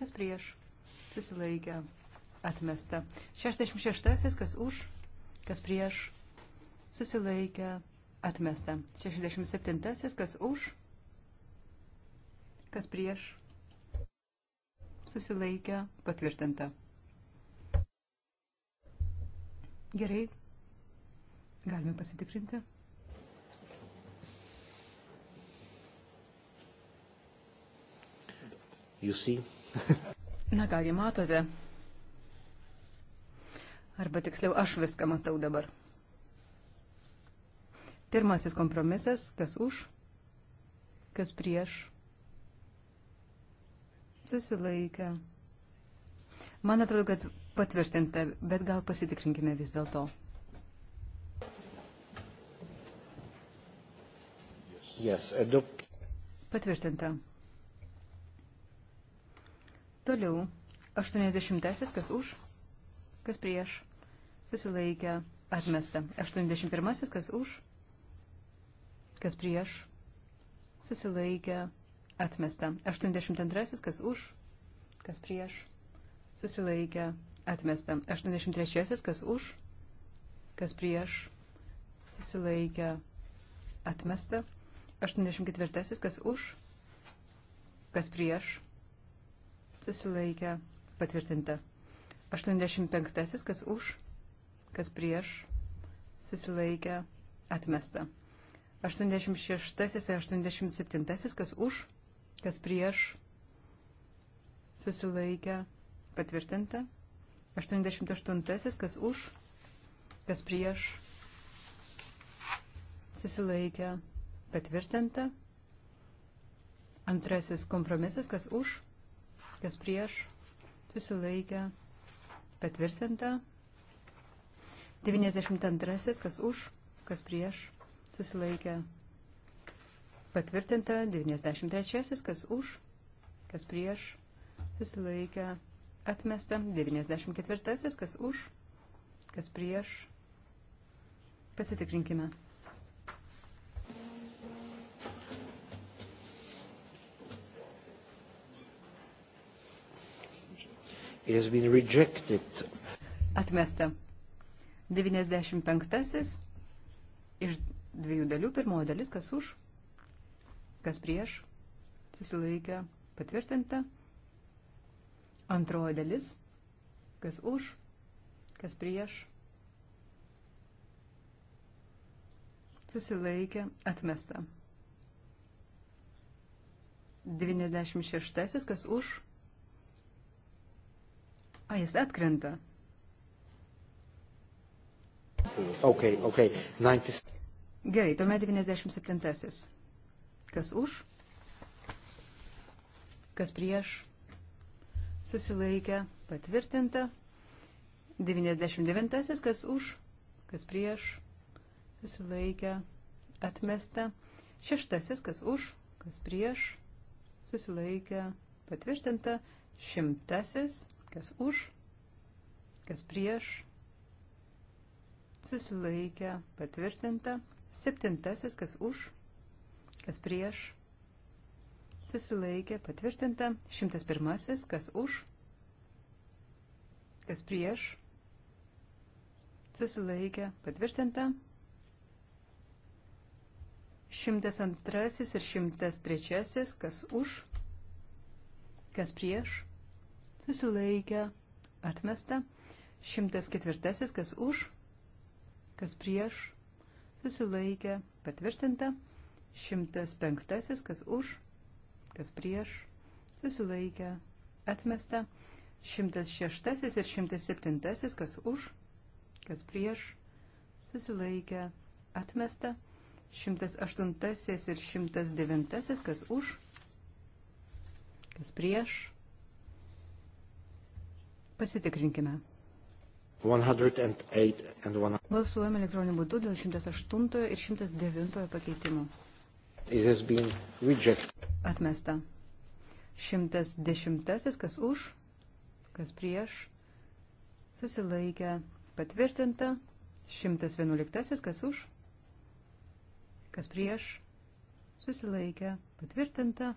kas prieš. Susilaikė. Atmesta. 66. Kas už, kas prieš. Susilaikė. Atmesta. 67. Kas už, kas prieš. Susilaikė. Patvirtinta. Gerai, galime pasitikrinti. Jūs į. Na kągi matote. Arba tiksliau, aš viską matau dabar. Pirmasis kompromisas, kas už, kas prieš, susilaikę. Man atrodo, kad patvirtinta, bet gal pasitikrinkime vis dėlto. Yes, patvirtinta. Toliau. 80. Kas už, kas prieš. Susilaikė. Atmesta. 81. Kas už, kas prieš. Susilaikė. Atmesta. 82. Kas už, kas prieš. Susilaikė atmesta. 83. Kas už, kas prieš, susilaikė, atmesta. 84. Kas už, kas prieš, susilaikė, patvirtinta. 85. Kas už, kas prieš, susilaikė, atmesta. 86 ir 87, kas už, kas prieš, susilaikę, patvirtinta. 88. Kas už, kas prieš, susilaikė, patvirtinta. Antrasis kompromisas, kas už, kas prieš, susilaikė, patvirtinta. 92. Kas už, kas prieš, susilaikė, patvirtinta. 93. Kas už, kas prieš, susilaikė, atmesta. 94. Kas už, kas prieš. Pasitikrinkime. Atmesta. 95. Iš dviejų dalių. Pirmoji dalis, kas už, kas prieš, susilaikė, patvirtinta. Antroji dalis. Kas už, kas prieš. Susilaikė, atmesta. 96, kas už. A, jis atkrenta. Okay, okay. 90. Gerai, tuomet 97. Kas už? Kas prieš? susilaikė, patvirtinta. 99, kas už, kas prieš, susilaikė, atmesta. Šeštasis, kas už, kas prieš, susilaikė, patvirtinta. Šimtasis, kas už, kas prieš, susilaikė, patvirtinta. Septintasis, kas už, kas prieš, susilaikė, patvirtinta. 101. Kas už, kas prieš, susilaikė, patvirtinta. 102 ir 103. Kas už, kas prieš, susilaikė, atmesta. 104. Kas už, kas prieš, susilaikė, patvirtinta. 105. Kas už, kas prieš, susilaikė, atmesta. 106 ir 107, kas už, kas prieš, susilaikė, atmesta. 108 ir 109, kas už, kas prieš. Pasitikrinkime. 108 and 100. Balsuojame elektroniniu būdu dėl 108 ir 109 pakeitimų. Atmesta. 110. Kas už, kas prieš. Susilaikę. Patvirtinta. 111. Kas už, kas prieš. Susilaikę. Patvirtinta.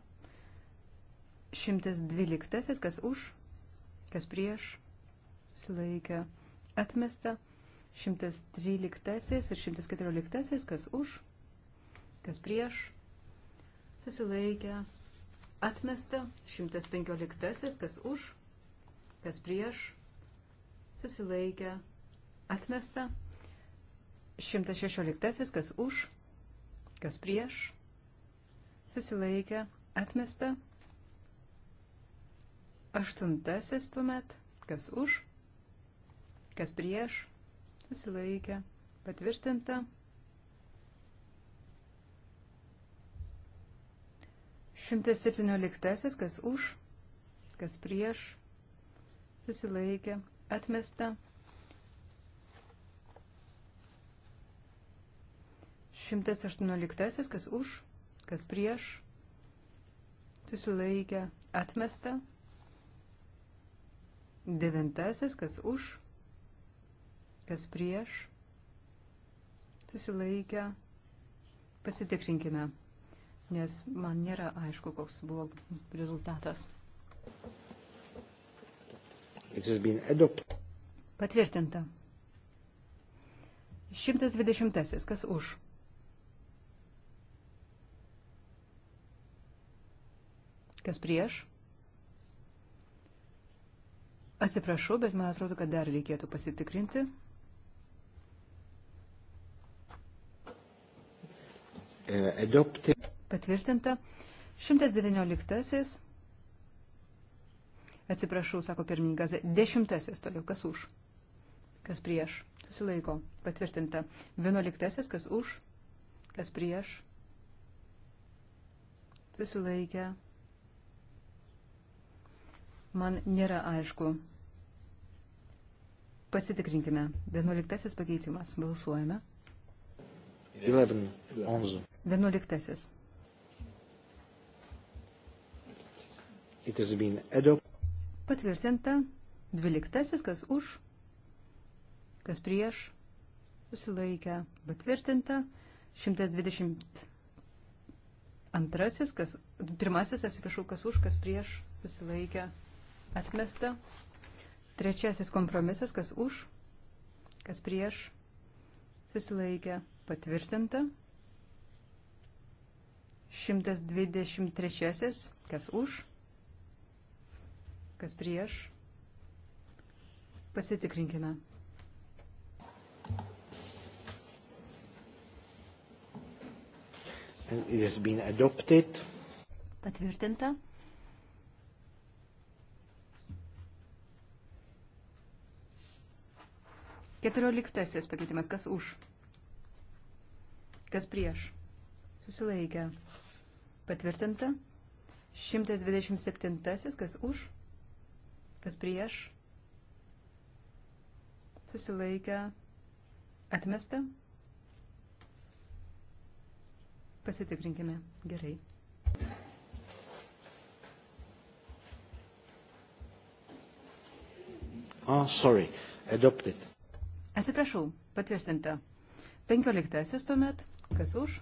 112. Kas už, kas prieš. Susilaikę. Atmesta. 113 ir 114. Kas už, kas prieš susilaikė, atmesta. 115, kas už, kas prieš, susilaikė, atmesta. 116, kas už, kas prieš, susilaikė, atmesta. Aštuntasis tuomet, kas už, kas prieš, susilaikė, patvirtinta. 117. Kas už, kas prieš, susilaikė, atmesta. 118. Kas už, kas prieš, susilaikė, atmesta. 9. Kas už, kas prieš, susilaikė, pasitikrinkime nes man nėra aišku, koks buvo rezultatas. Patvirtinta. 120. Kas už? Kas prieš? Atsiprašau, bet man atrodo, kad dar reikėtų pasitikrinti. Uh, Adopti patvirtinta. 119. Atsiprašau, sako pirmininkas, dešimtasis toliau, kas už, kas prieš, susilaiko, patvirtinta. Vienuoliktasis, kas už, kas prieš, susilaikę. Man nėra aišku. Pasitikrinkime. Vienuoliktasis pakeitimas. Balsuojame. 11. 11. Patvirtinta. Dvyliktasis, kas už, kas prieš, susilaikę. Patvirtinta. 122, kas, pirmasis, atsiprašau, kas už, kas prieš, susilaikę. Atmesta. Trečiasis kompromisas, kas už, kas prieš, susilaikę. Patvirtinta. 123, kas už, kas prieš. Pasitikrinkime. Patvirtinta. Keturioliktasis pakeitimas. Kas už? Kas prieš? Susilaikę. Patvirtinta. 127. Kas už? kas prieš, susilaikę, atmesta. Pasitikrinkime. Gerai. Oh, sorry. Adopted. Atsiprašau, patvirtinta. Penkioliktasis tuomet. Kas už?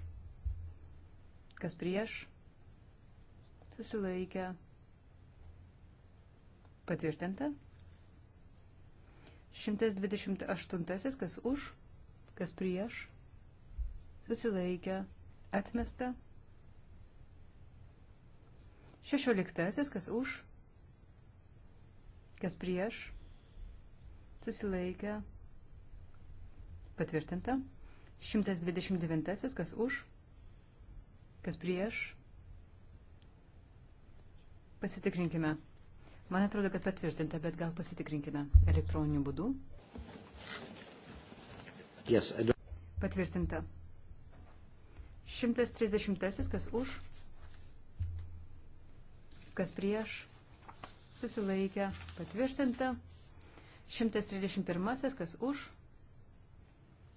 Kas prieš? Susilaikę. Patvirtinta. 128. Kas už, kas prieš. Susilaikė. Atmesta. 16. Kas už, kas prieš. Susilaikė. Patvirtinta. 129. Kas už, kas prieš. Pasitikrinkime. Man atrodo, kad patvirtinta, bet gal pasitikrinkime elektroniniu būdu. Yes, patvirtinta. 130, kas už, kas prieš, susilaikė, patvirtinta. 131, kas už,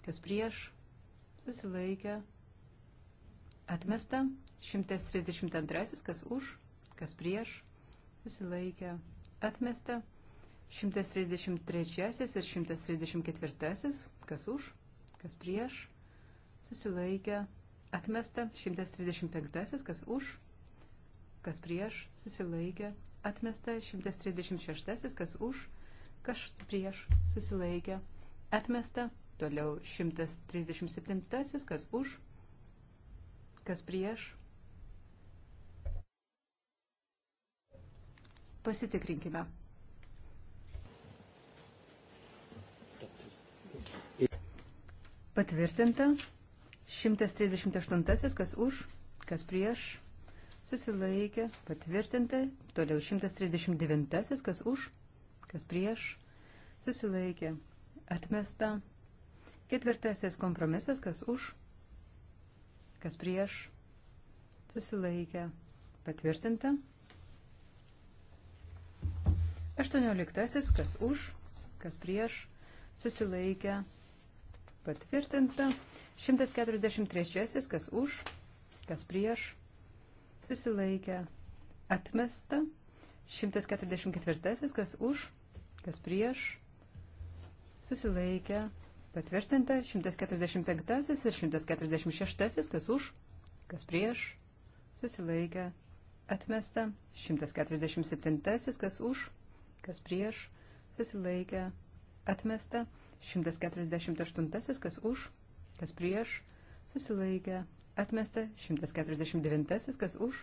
kas prieš, susilaikė, atmesta. 132, kas už, kas prieš, susilaikė, atmesta. 133 ir 134, kas už, kas prieš, susilaikė, atmesta. 135, kas už, kas prieš, susilaikė, atmesta. 136, kas už, kas prieš, susilaikė, atmesta. Toliau 137, kas už, kas prieš, Pasitikrinkime. Patvirtinta. 138. Kas už, kas prieš. Susilaikė. Patvirtinta. Toliau 139. Kas už, kas prieš. Susilaikė. Atmesta. Ketvirtasis kompromisas. Kas už, kas prieš. Susilaikė. Patvirtinta. 18. Kas už, kas prieš, susilaikė, patvirtinta. 143. Kas už, kas prieš, susilaikė, atmesta. 144. Kas už, kas prieš, susilaikė, patvirtinta. 145. ir 146. Kas už, kas prieš, susilaikė, atmesta. 147. Kas už, kas prieš, susilaikė, atmesta. 148, kas už, kas prieš, susilaikė, atmesta. 149, kas už,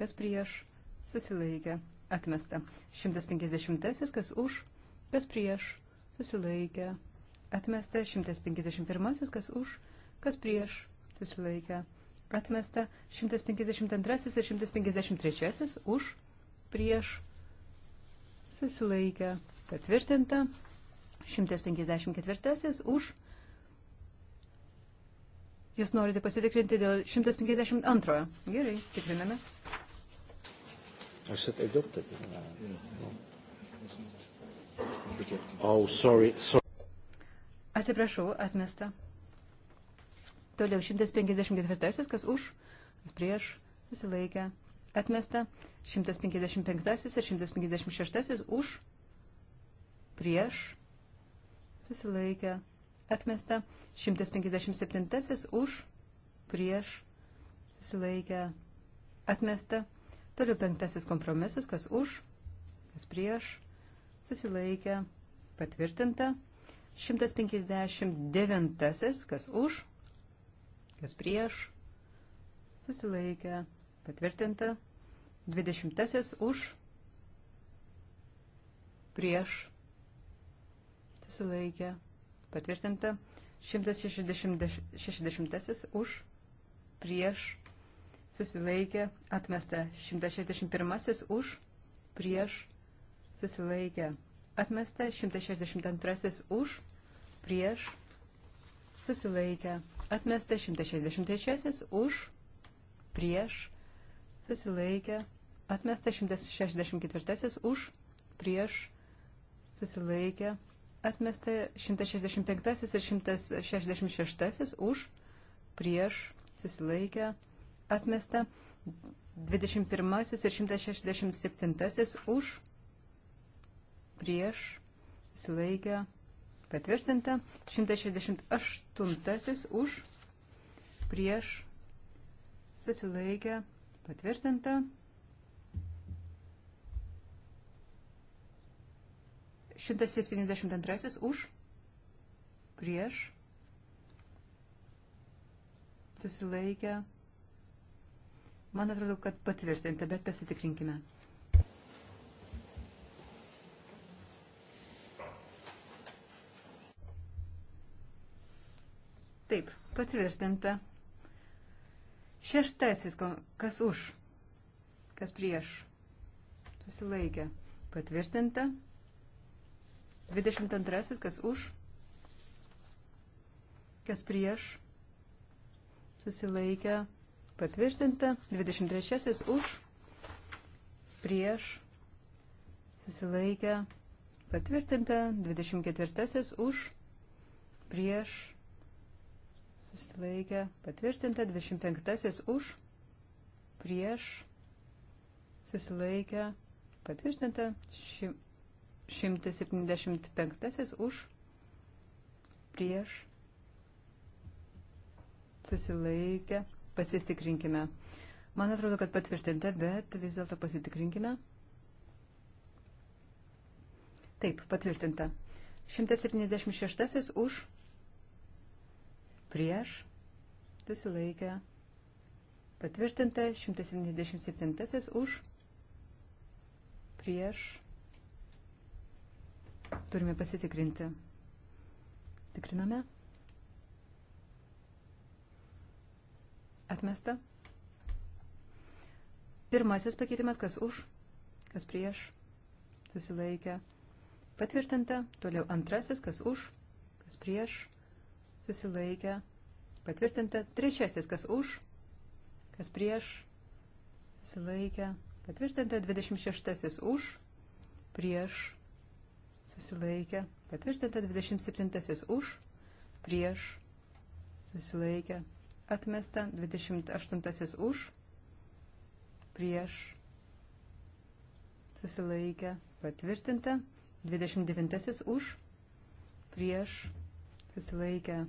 kas prieš, susilaikė, atmesta. 150, kas už, kas prieš, susilaikė, atmesta. 151, kas už, kas prieš, susilaikė, atmesta. 152 ir 153 už, prieš, susilaikė patvirtinta. 154 už. Jūs norite pasitikrinti dėl 152. Gerai, tikriname. Aš sakai daug tokių. Oh, sorry, sorry. Atsiprašau, atmesta. Toliau 154, kas už, kas prieš, susilaikė, atmesta, 155 ir 156 už, prieš, susilaikę, atmesta, 157 už, prieš, susilaikę, atmesta, toliau penktasis kompromisas, kas už, kas prieš, susilaikę, patvirtinta, 159, kas už, kas prieš, susilaikę, atmesta Patvirtinta. 20 už. Prieš. Susilaikė. Patvirtinta. 160 už. Prieš. Susilaikė. Atmesta. 161 už. Prieš. Susilaikė. Atmesta. 162 už. Prieš. Susilaikė. Atmesta 163 už, prieš, susilaikė, atmesta 164 už, prieš, susilaikė, atmesta 165 ir 166 už, prieš, susilaikė, atmesta 21 ir 167 už, prieš, susilaikė, patvirtinta 168 už, prieš, susilaikė, Patvirtinta. Šimtas septyniasdešimt antrasis už. Prieš. Susilaikę. Man atrodo, kad patvirtinta, bet pasitikrinkime. Taip, patvirtinta. Šeštasis, kas už, kas prieš, susilaikė, patvirtinta. 22, kas už, kas prieš, susilaikė, patvirtinta. 23, už, prieš, susilaikė, patvirtinta. 24, už, prieš, susilaikė patvirtinta, 25 už, prieš, susilaikė patvirtinta, 175 už, prieš, susilaikė, pasitikrinkime. Man atrodo, kad patvirtinta, bet vis dėlto pasitikrinkime. Taip, patvirtinta. 176 už, prieš, susilaikę, patvirtinta, 177 už, prieš, turime pasitikrinti. Tikriname. Atmesta. Pirmasis pakeitimas, kas už, kas prieš, susilaikę. Patvirtinta. Toliau antrasis, kas už, kas prieš, susilaikę, patvirtinta. Trečiasis, kas už, kas prieš, susilaikę, patvirtinta. 26 už, prieš, susilaikę, patvirtinta. 27 už, prieš, susilaikę, atmesta. 28 už, prieš, susilaikę, patvirtinta. 29 už, prieš, susilaikę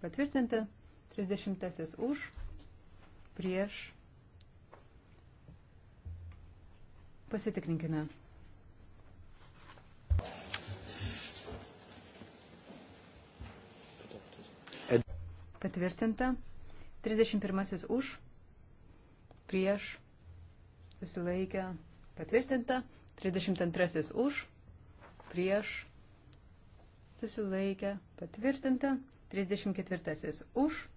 patvirtinta, 30 už, prieš. Pasitikrinkime. Patvirtinta. 31 už, prieš, susilaikę, patvirtinta. 32 už, prieš, susilaikę, patvirtinta. 34 už,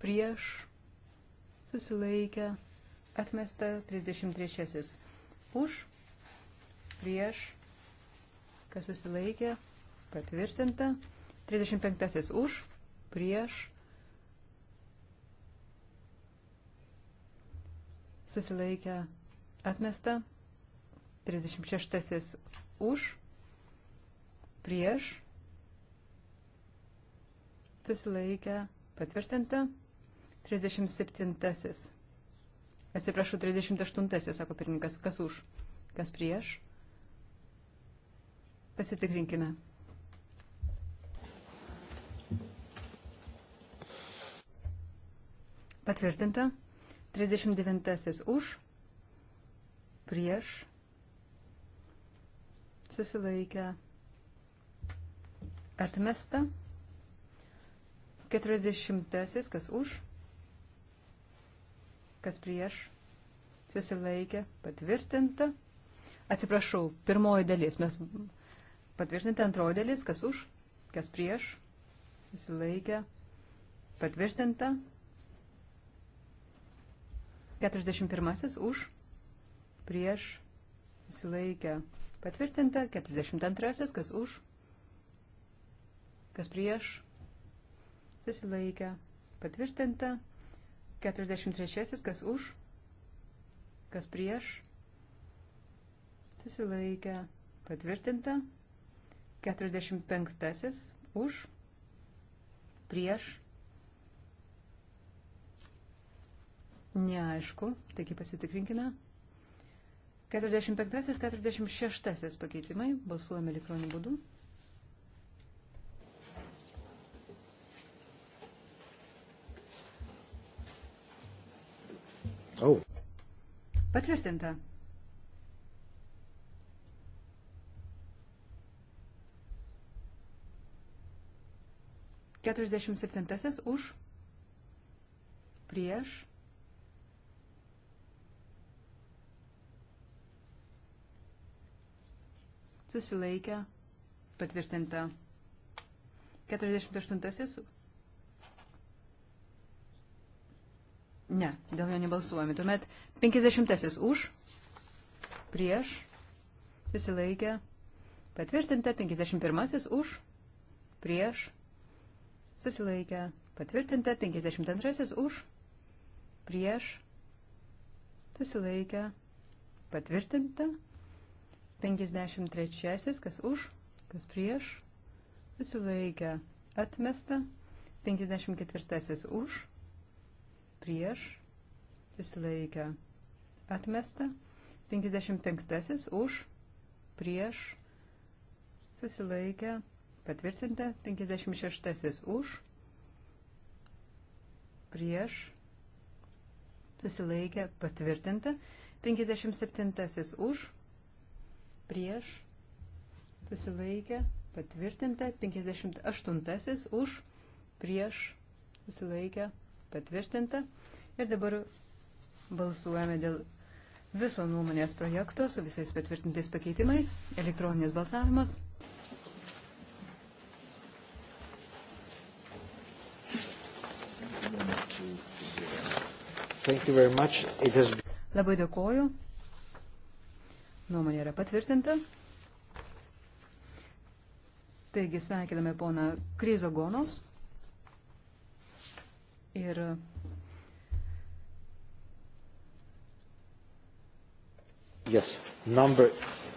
prieš, susilaikę, atmesta. 33 už, prieš, kas susilaikė, patvirtinta. 35 už, prieš, susilaikę, atmesta. 36 už, prieš, susilaikę, patvirtinta. 37. Atsiprašau, 38, sako pirmininkas, kas už, kas prieš. Pasitikrinkime. Patvirtinta. 39 už, prieš, susilaikę, Atmesta. 40. Kas už? Kas prieš? Susilaikė. Patvirtinta. Atsiprašau, pirmoji dalis. Mes patvirtinta antroji dalis. Kas už? Kas prieš? Susilaikė. Patvirtinta. 41. Už. Prieš. Susilaikė. Patvirtinta. 42. Kas už? kas prieš, susilaikė, patvirtinta. 43. kas už, kas prieš, susilaikė, patvirtinta. 45. už, prieš, neaišku, taigi pasitikrinkime. 45-46 pakeitimai balsuojame elektroniniu būdu. Oh. Patvirtinta. Keturiasdešimt septintasis už, prieš, susilaikę, patvirtinta. Keturiasdešimt aštuntasis už Ne, dėl jo nebalsuojame. Tuomet 50 už, prieš, susilaikė, patvirtinta, 51 už, prieš, susilaikė, patvirtinta, 52 už, prieš, susilaikė, patvirtinta, 53 kas už, kas prieš, susilaikė, atmesta, 54 už, prieš, susilaikę, atmesta. 55 už, prieš, susilaikę, patvirtinta. 56 už, prieš, susilaikę, patvirtinta. 57 už, prieš, susilaikę, patvirtinta. 58 už, prieš, susilaikę, patvirtinta. Ir dabar balsuojame dėl viso nuomonės projekto su visais patvirtintais pakeitimais. Elektroninis balsavimas. Has... Labai dėkoju. Nuomonė yra patvirtinta. Taigi sveikiname poną Kryzo Gonos. Ir Yes, number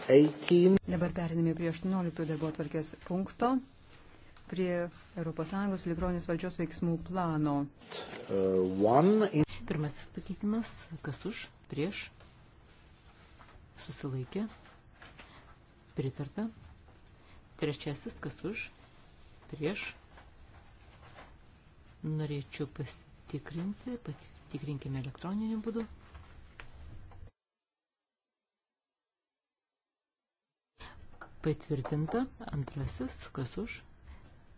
18. Dabar periname prie 18 darbo atvarkės punkto, prie ES Libronės valdžios veiksmų plano. Uh, in... Pirmasis pakeitimas, kas už, prieš, susilaikė, pritarta. Trečiasis, kas už, prieš, Norėčiau pasitikrinti, patikrinkime elektroniniu būdu. Patvirtinta, antrasis, kas už.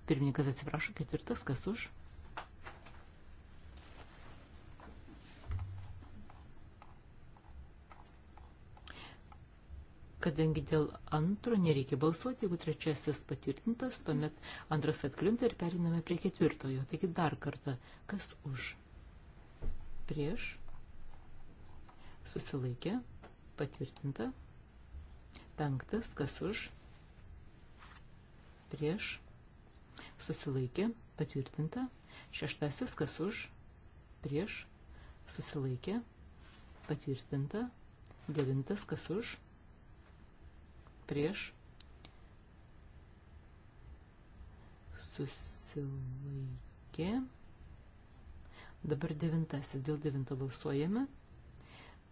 Pirmininkas atsiprašo, ketvirtas, kas už. kadangi dėl antro nereikia balsuoti, jeigu trečiasis patvirtintas, tuomet antras atkrinta ir periname prie ketvirtojo. Taigi dar kartą, kas už? Prieš? Susilaikė? Patvirtinta? Penktas, kas už? Prieš? Susilaikė? Patvirtinta? Šeštasis, kas už? Prieš? Susilaikė? Patvirtinta? Devintas, kas už? prieš susilaikė. Dabar devintasis, dėl devinto balsuojame.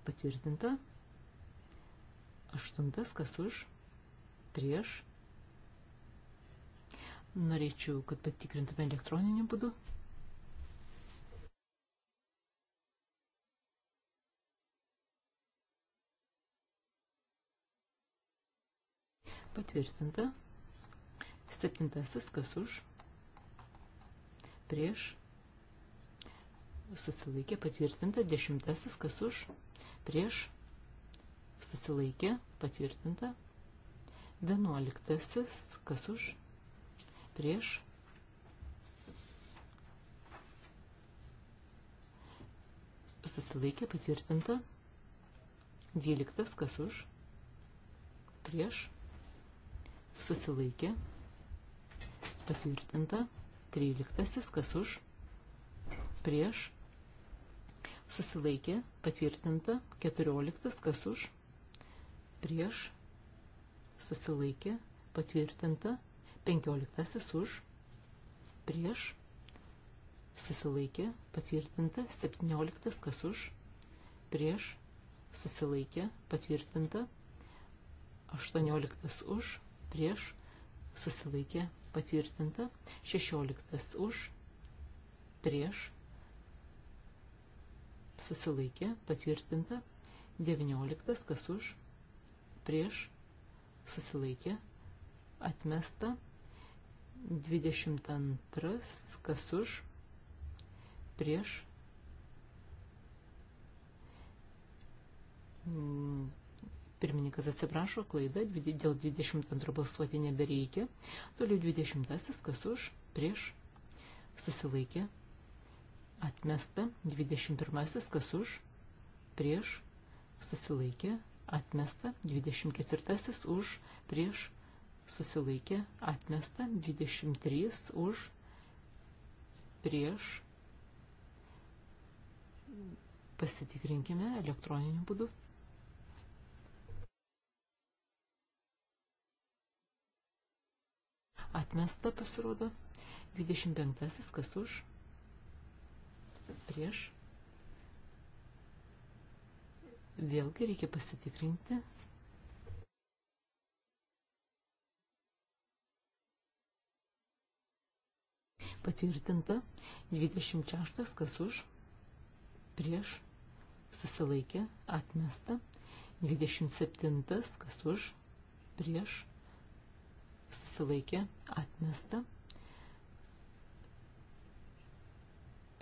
Patvirtinta. Aštuntas, kas už, prieš. Norėčiau, kad patikrintume elektroniniu būdu. Patvirtinta. Septintasis, kas už, prieš, susilaikė, patvirtinta. Dešimtasis, kas už, prieš, susilaikė, patvirtinta. Vienuoliktasis, kas už, prieš, susilaikė, patvirtinta. Dvyliktas, kas už, prieš, susilaikė, patvirtinta, 13, kas už, prieš, susilaikė, patvirtinta, 14, kas už, prieš, susilaikė, patvirtinta, 15 už, prieš, susilaikė, patvirtinta, 17 kas už, prieš, susilaikė, patvirtinta, 18 už, prieš, susilaikė, patvirtinta, 16 už, prieš, susilaikė, patvirtinta, 19 kas už, prieš, susilaikė, atmesta, 22 kas už, prieš, Pirmininkas atsiprašo, klaida, dėl 22 balsuoti nebereikia. Toliau 20, kas už, prieš, susilaikė, atmesta. 21, kas už, prieš, susilaikė, atmesta. 24, už, prieš, susilaikė, atmesta. 23, už, prieš, pasitikrinkime elektroniniu būdu. Atmesta pasirodo. 25. Kas už? Prieš. Vėlgi reikia pasitikrinti. Patvirtinta. 26. Kas už? Prieš. Susilaikė. Atmesta. 27. Kas už? Prieš susilaikė, atmesta.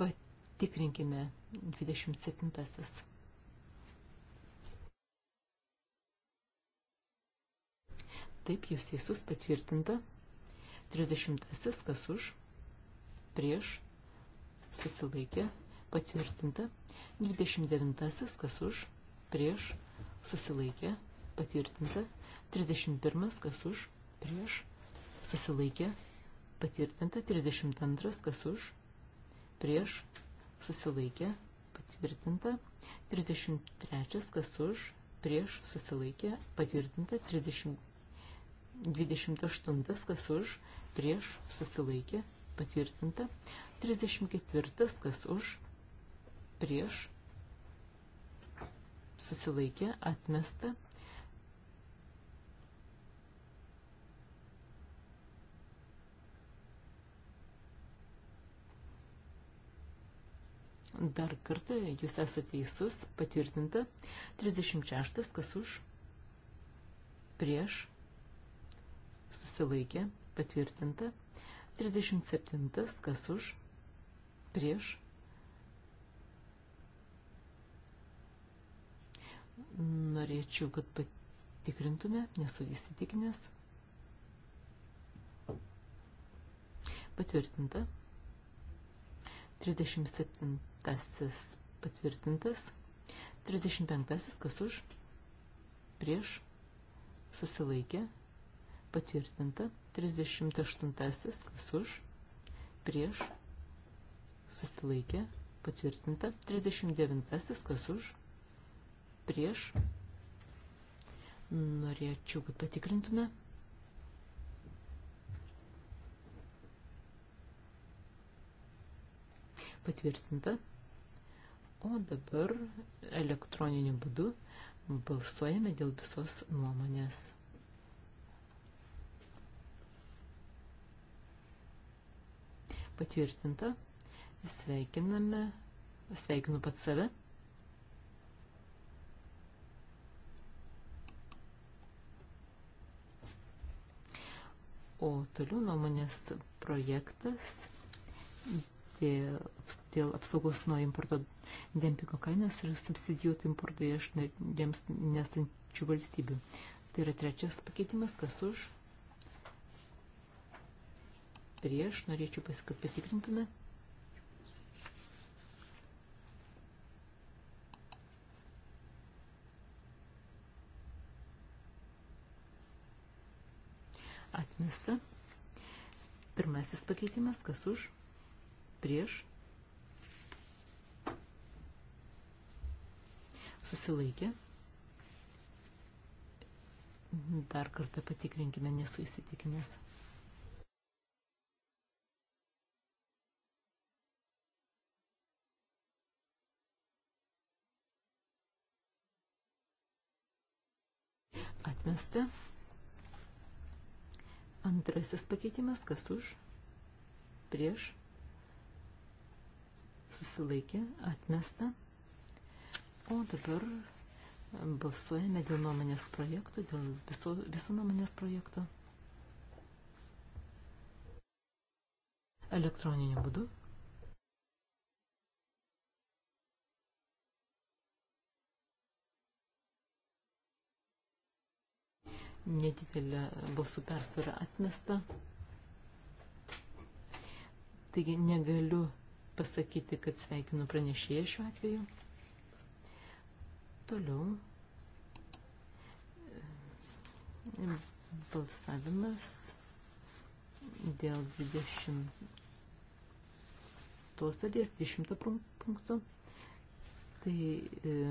Patikrinkime 27. Taip, jūs teisus patvirtinta. 30. Kas už, prieš, susilaikė, patvirtinta. 29. Kas už, prieš, susilaikė, patvirtinta. 31. Kas už, prieš, susilaikė, patvirtinta 32, kas už, prieš, susilaikė, patvirtinta 33, kas už, prieš, susilaikė, patvirtinta 30, 28, kas už, prieš, susilaikė, patvirtinta 34, kas už, prieš, susilaikė, atmesta 34 Dar kartą, jūs esate teisus, patvirtinta. 36. Kas už? Prieš. Susilaikė. Patvirtinta. 37. Kas už? Prieš. Norėčiau, kad patikrintume, nesu įsitikinęs. Patvirtinta. 37 patvirtintas. 35 kas už, prieš, susilaikė, patvirtinta. 38 kas už, prieš, susilaikė, patvirtinta. 39 kas už, prieš. Norėčiau, kad patikrintume. Patvirtinta. O dabar elektroniniu būdu balsuojame dėl visos nuomonės. Patvirtinta. Sveikiname. Sveikinu pat save. O toliau nuomonės projektas dėl apsaugos nuo importo dempingo kainos ir subsidijuotų importo iš narėms nesančių valstybių. Tai yra trečias pakeitimas, kas už. Prieš, norėčiau pasikad patikrintume. Atmesta. Pirmasis pakeitimas, kas už prieš, susilaikė. Dar kartą patikrinkime, nesu įsitikinęs. Atmesta. Antrasis pakeitimas, kas už, prieš, susilaikė, atmesta. O dabar balsuojame dėl nuomonės projekto, dėl viso, viso nuomonės projekto. Elektroniniu būdu. Nedidelė balsų persvara atmesta. Taigi negaliu pasakyti, kad sveikinu pranešėją šiuo atveju. Toliau. Balsavimas dėl 20 tos dalies, 20 punktų. Tai e,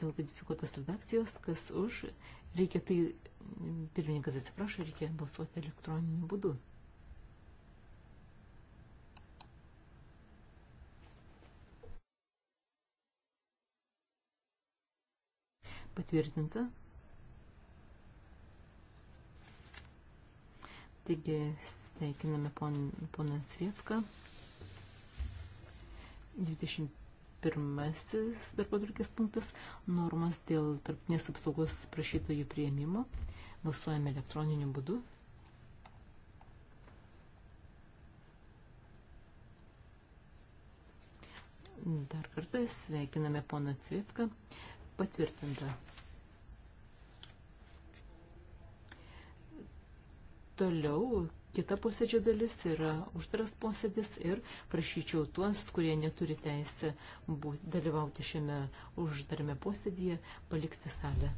dėl kodifikuotos redakcijos, kas už, reikia tai, pirmininkas atsiprašo, reikia balsuoti elektroniniu būdu. patvirtinta. Taigi sveikiname pon, poną Svievką. 21 darbo turkės punktas – normas dėl tarptinės apsaugos prašytojų prieimimo. Balsuojame elektroniniu būdu. Dar kartą sveikiname poną Cvipką patvirtinta. Toliau kita posėdžio dalis yra uždaras posėdis ir prašyčiau tuos, kurie neturi teisę dalyvauti šiame uždarame posėdėje, palikti salę.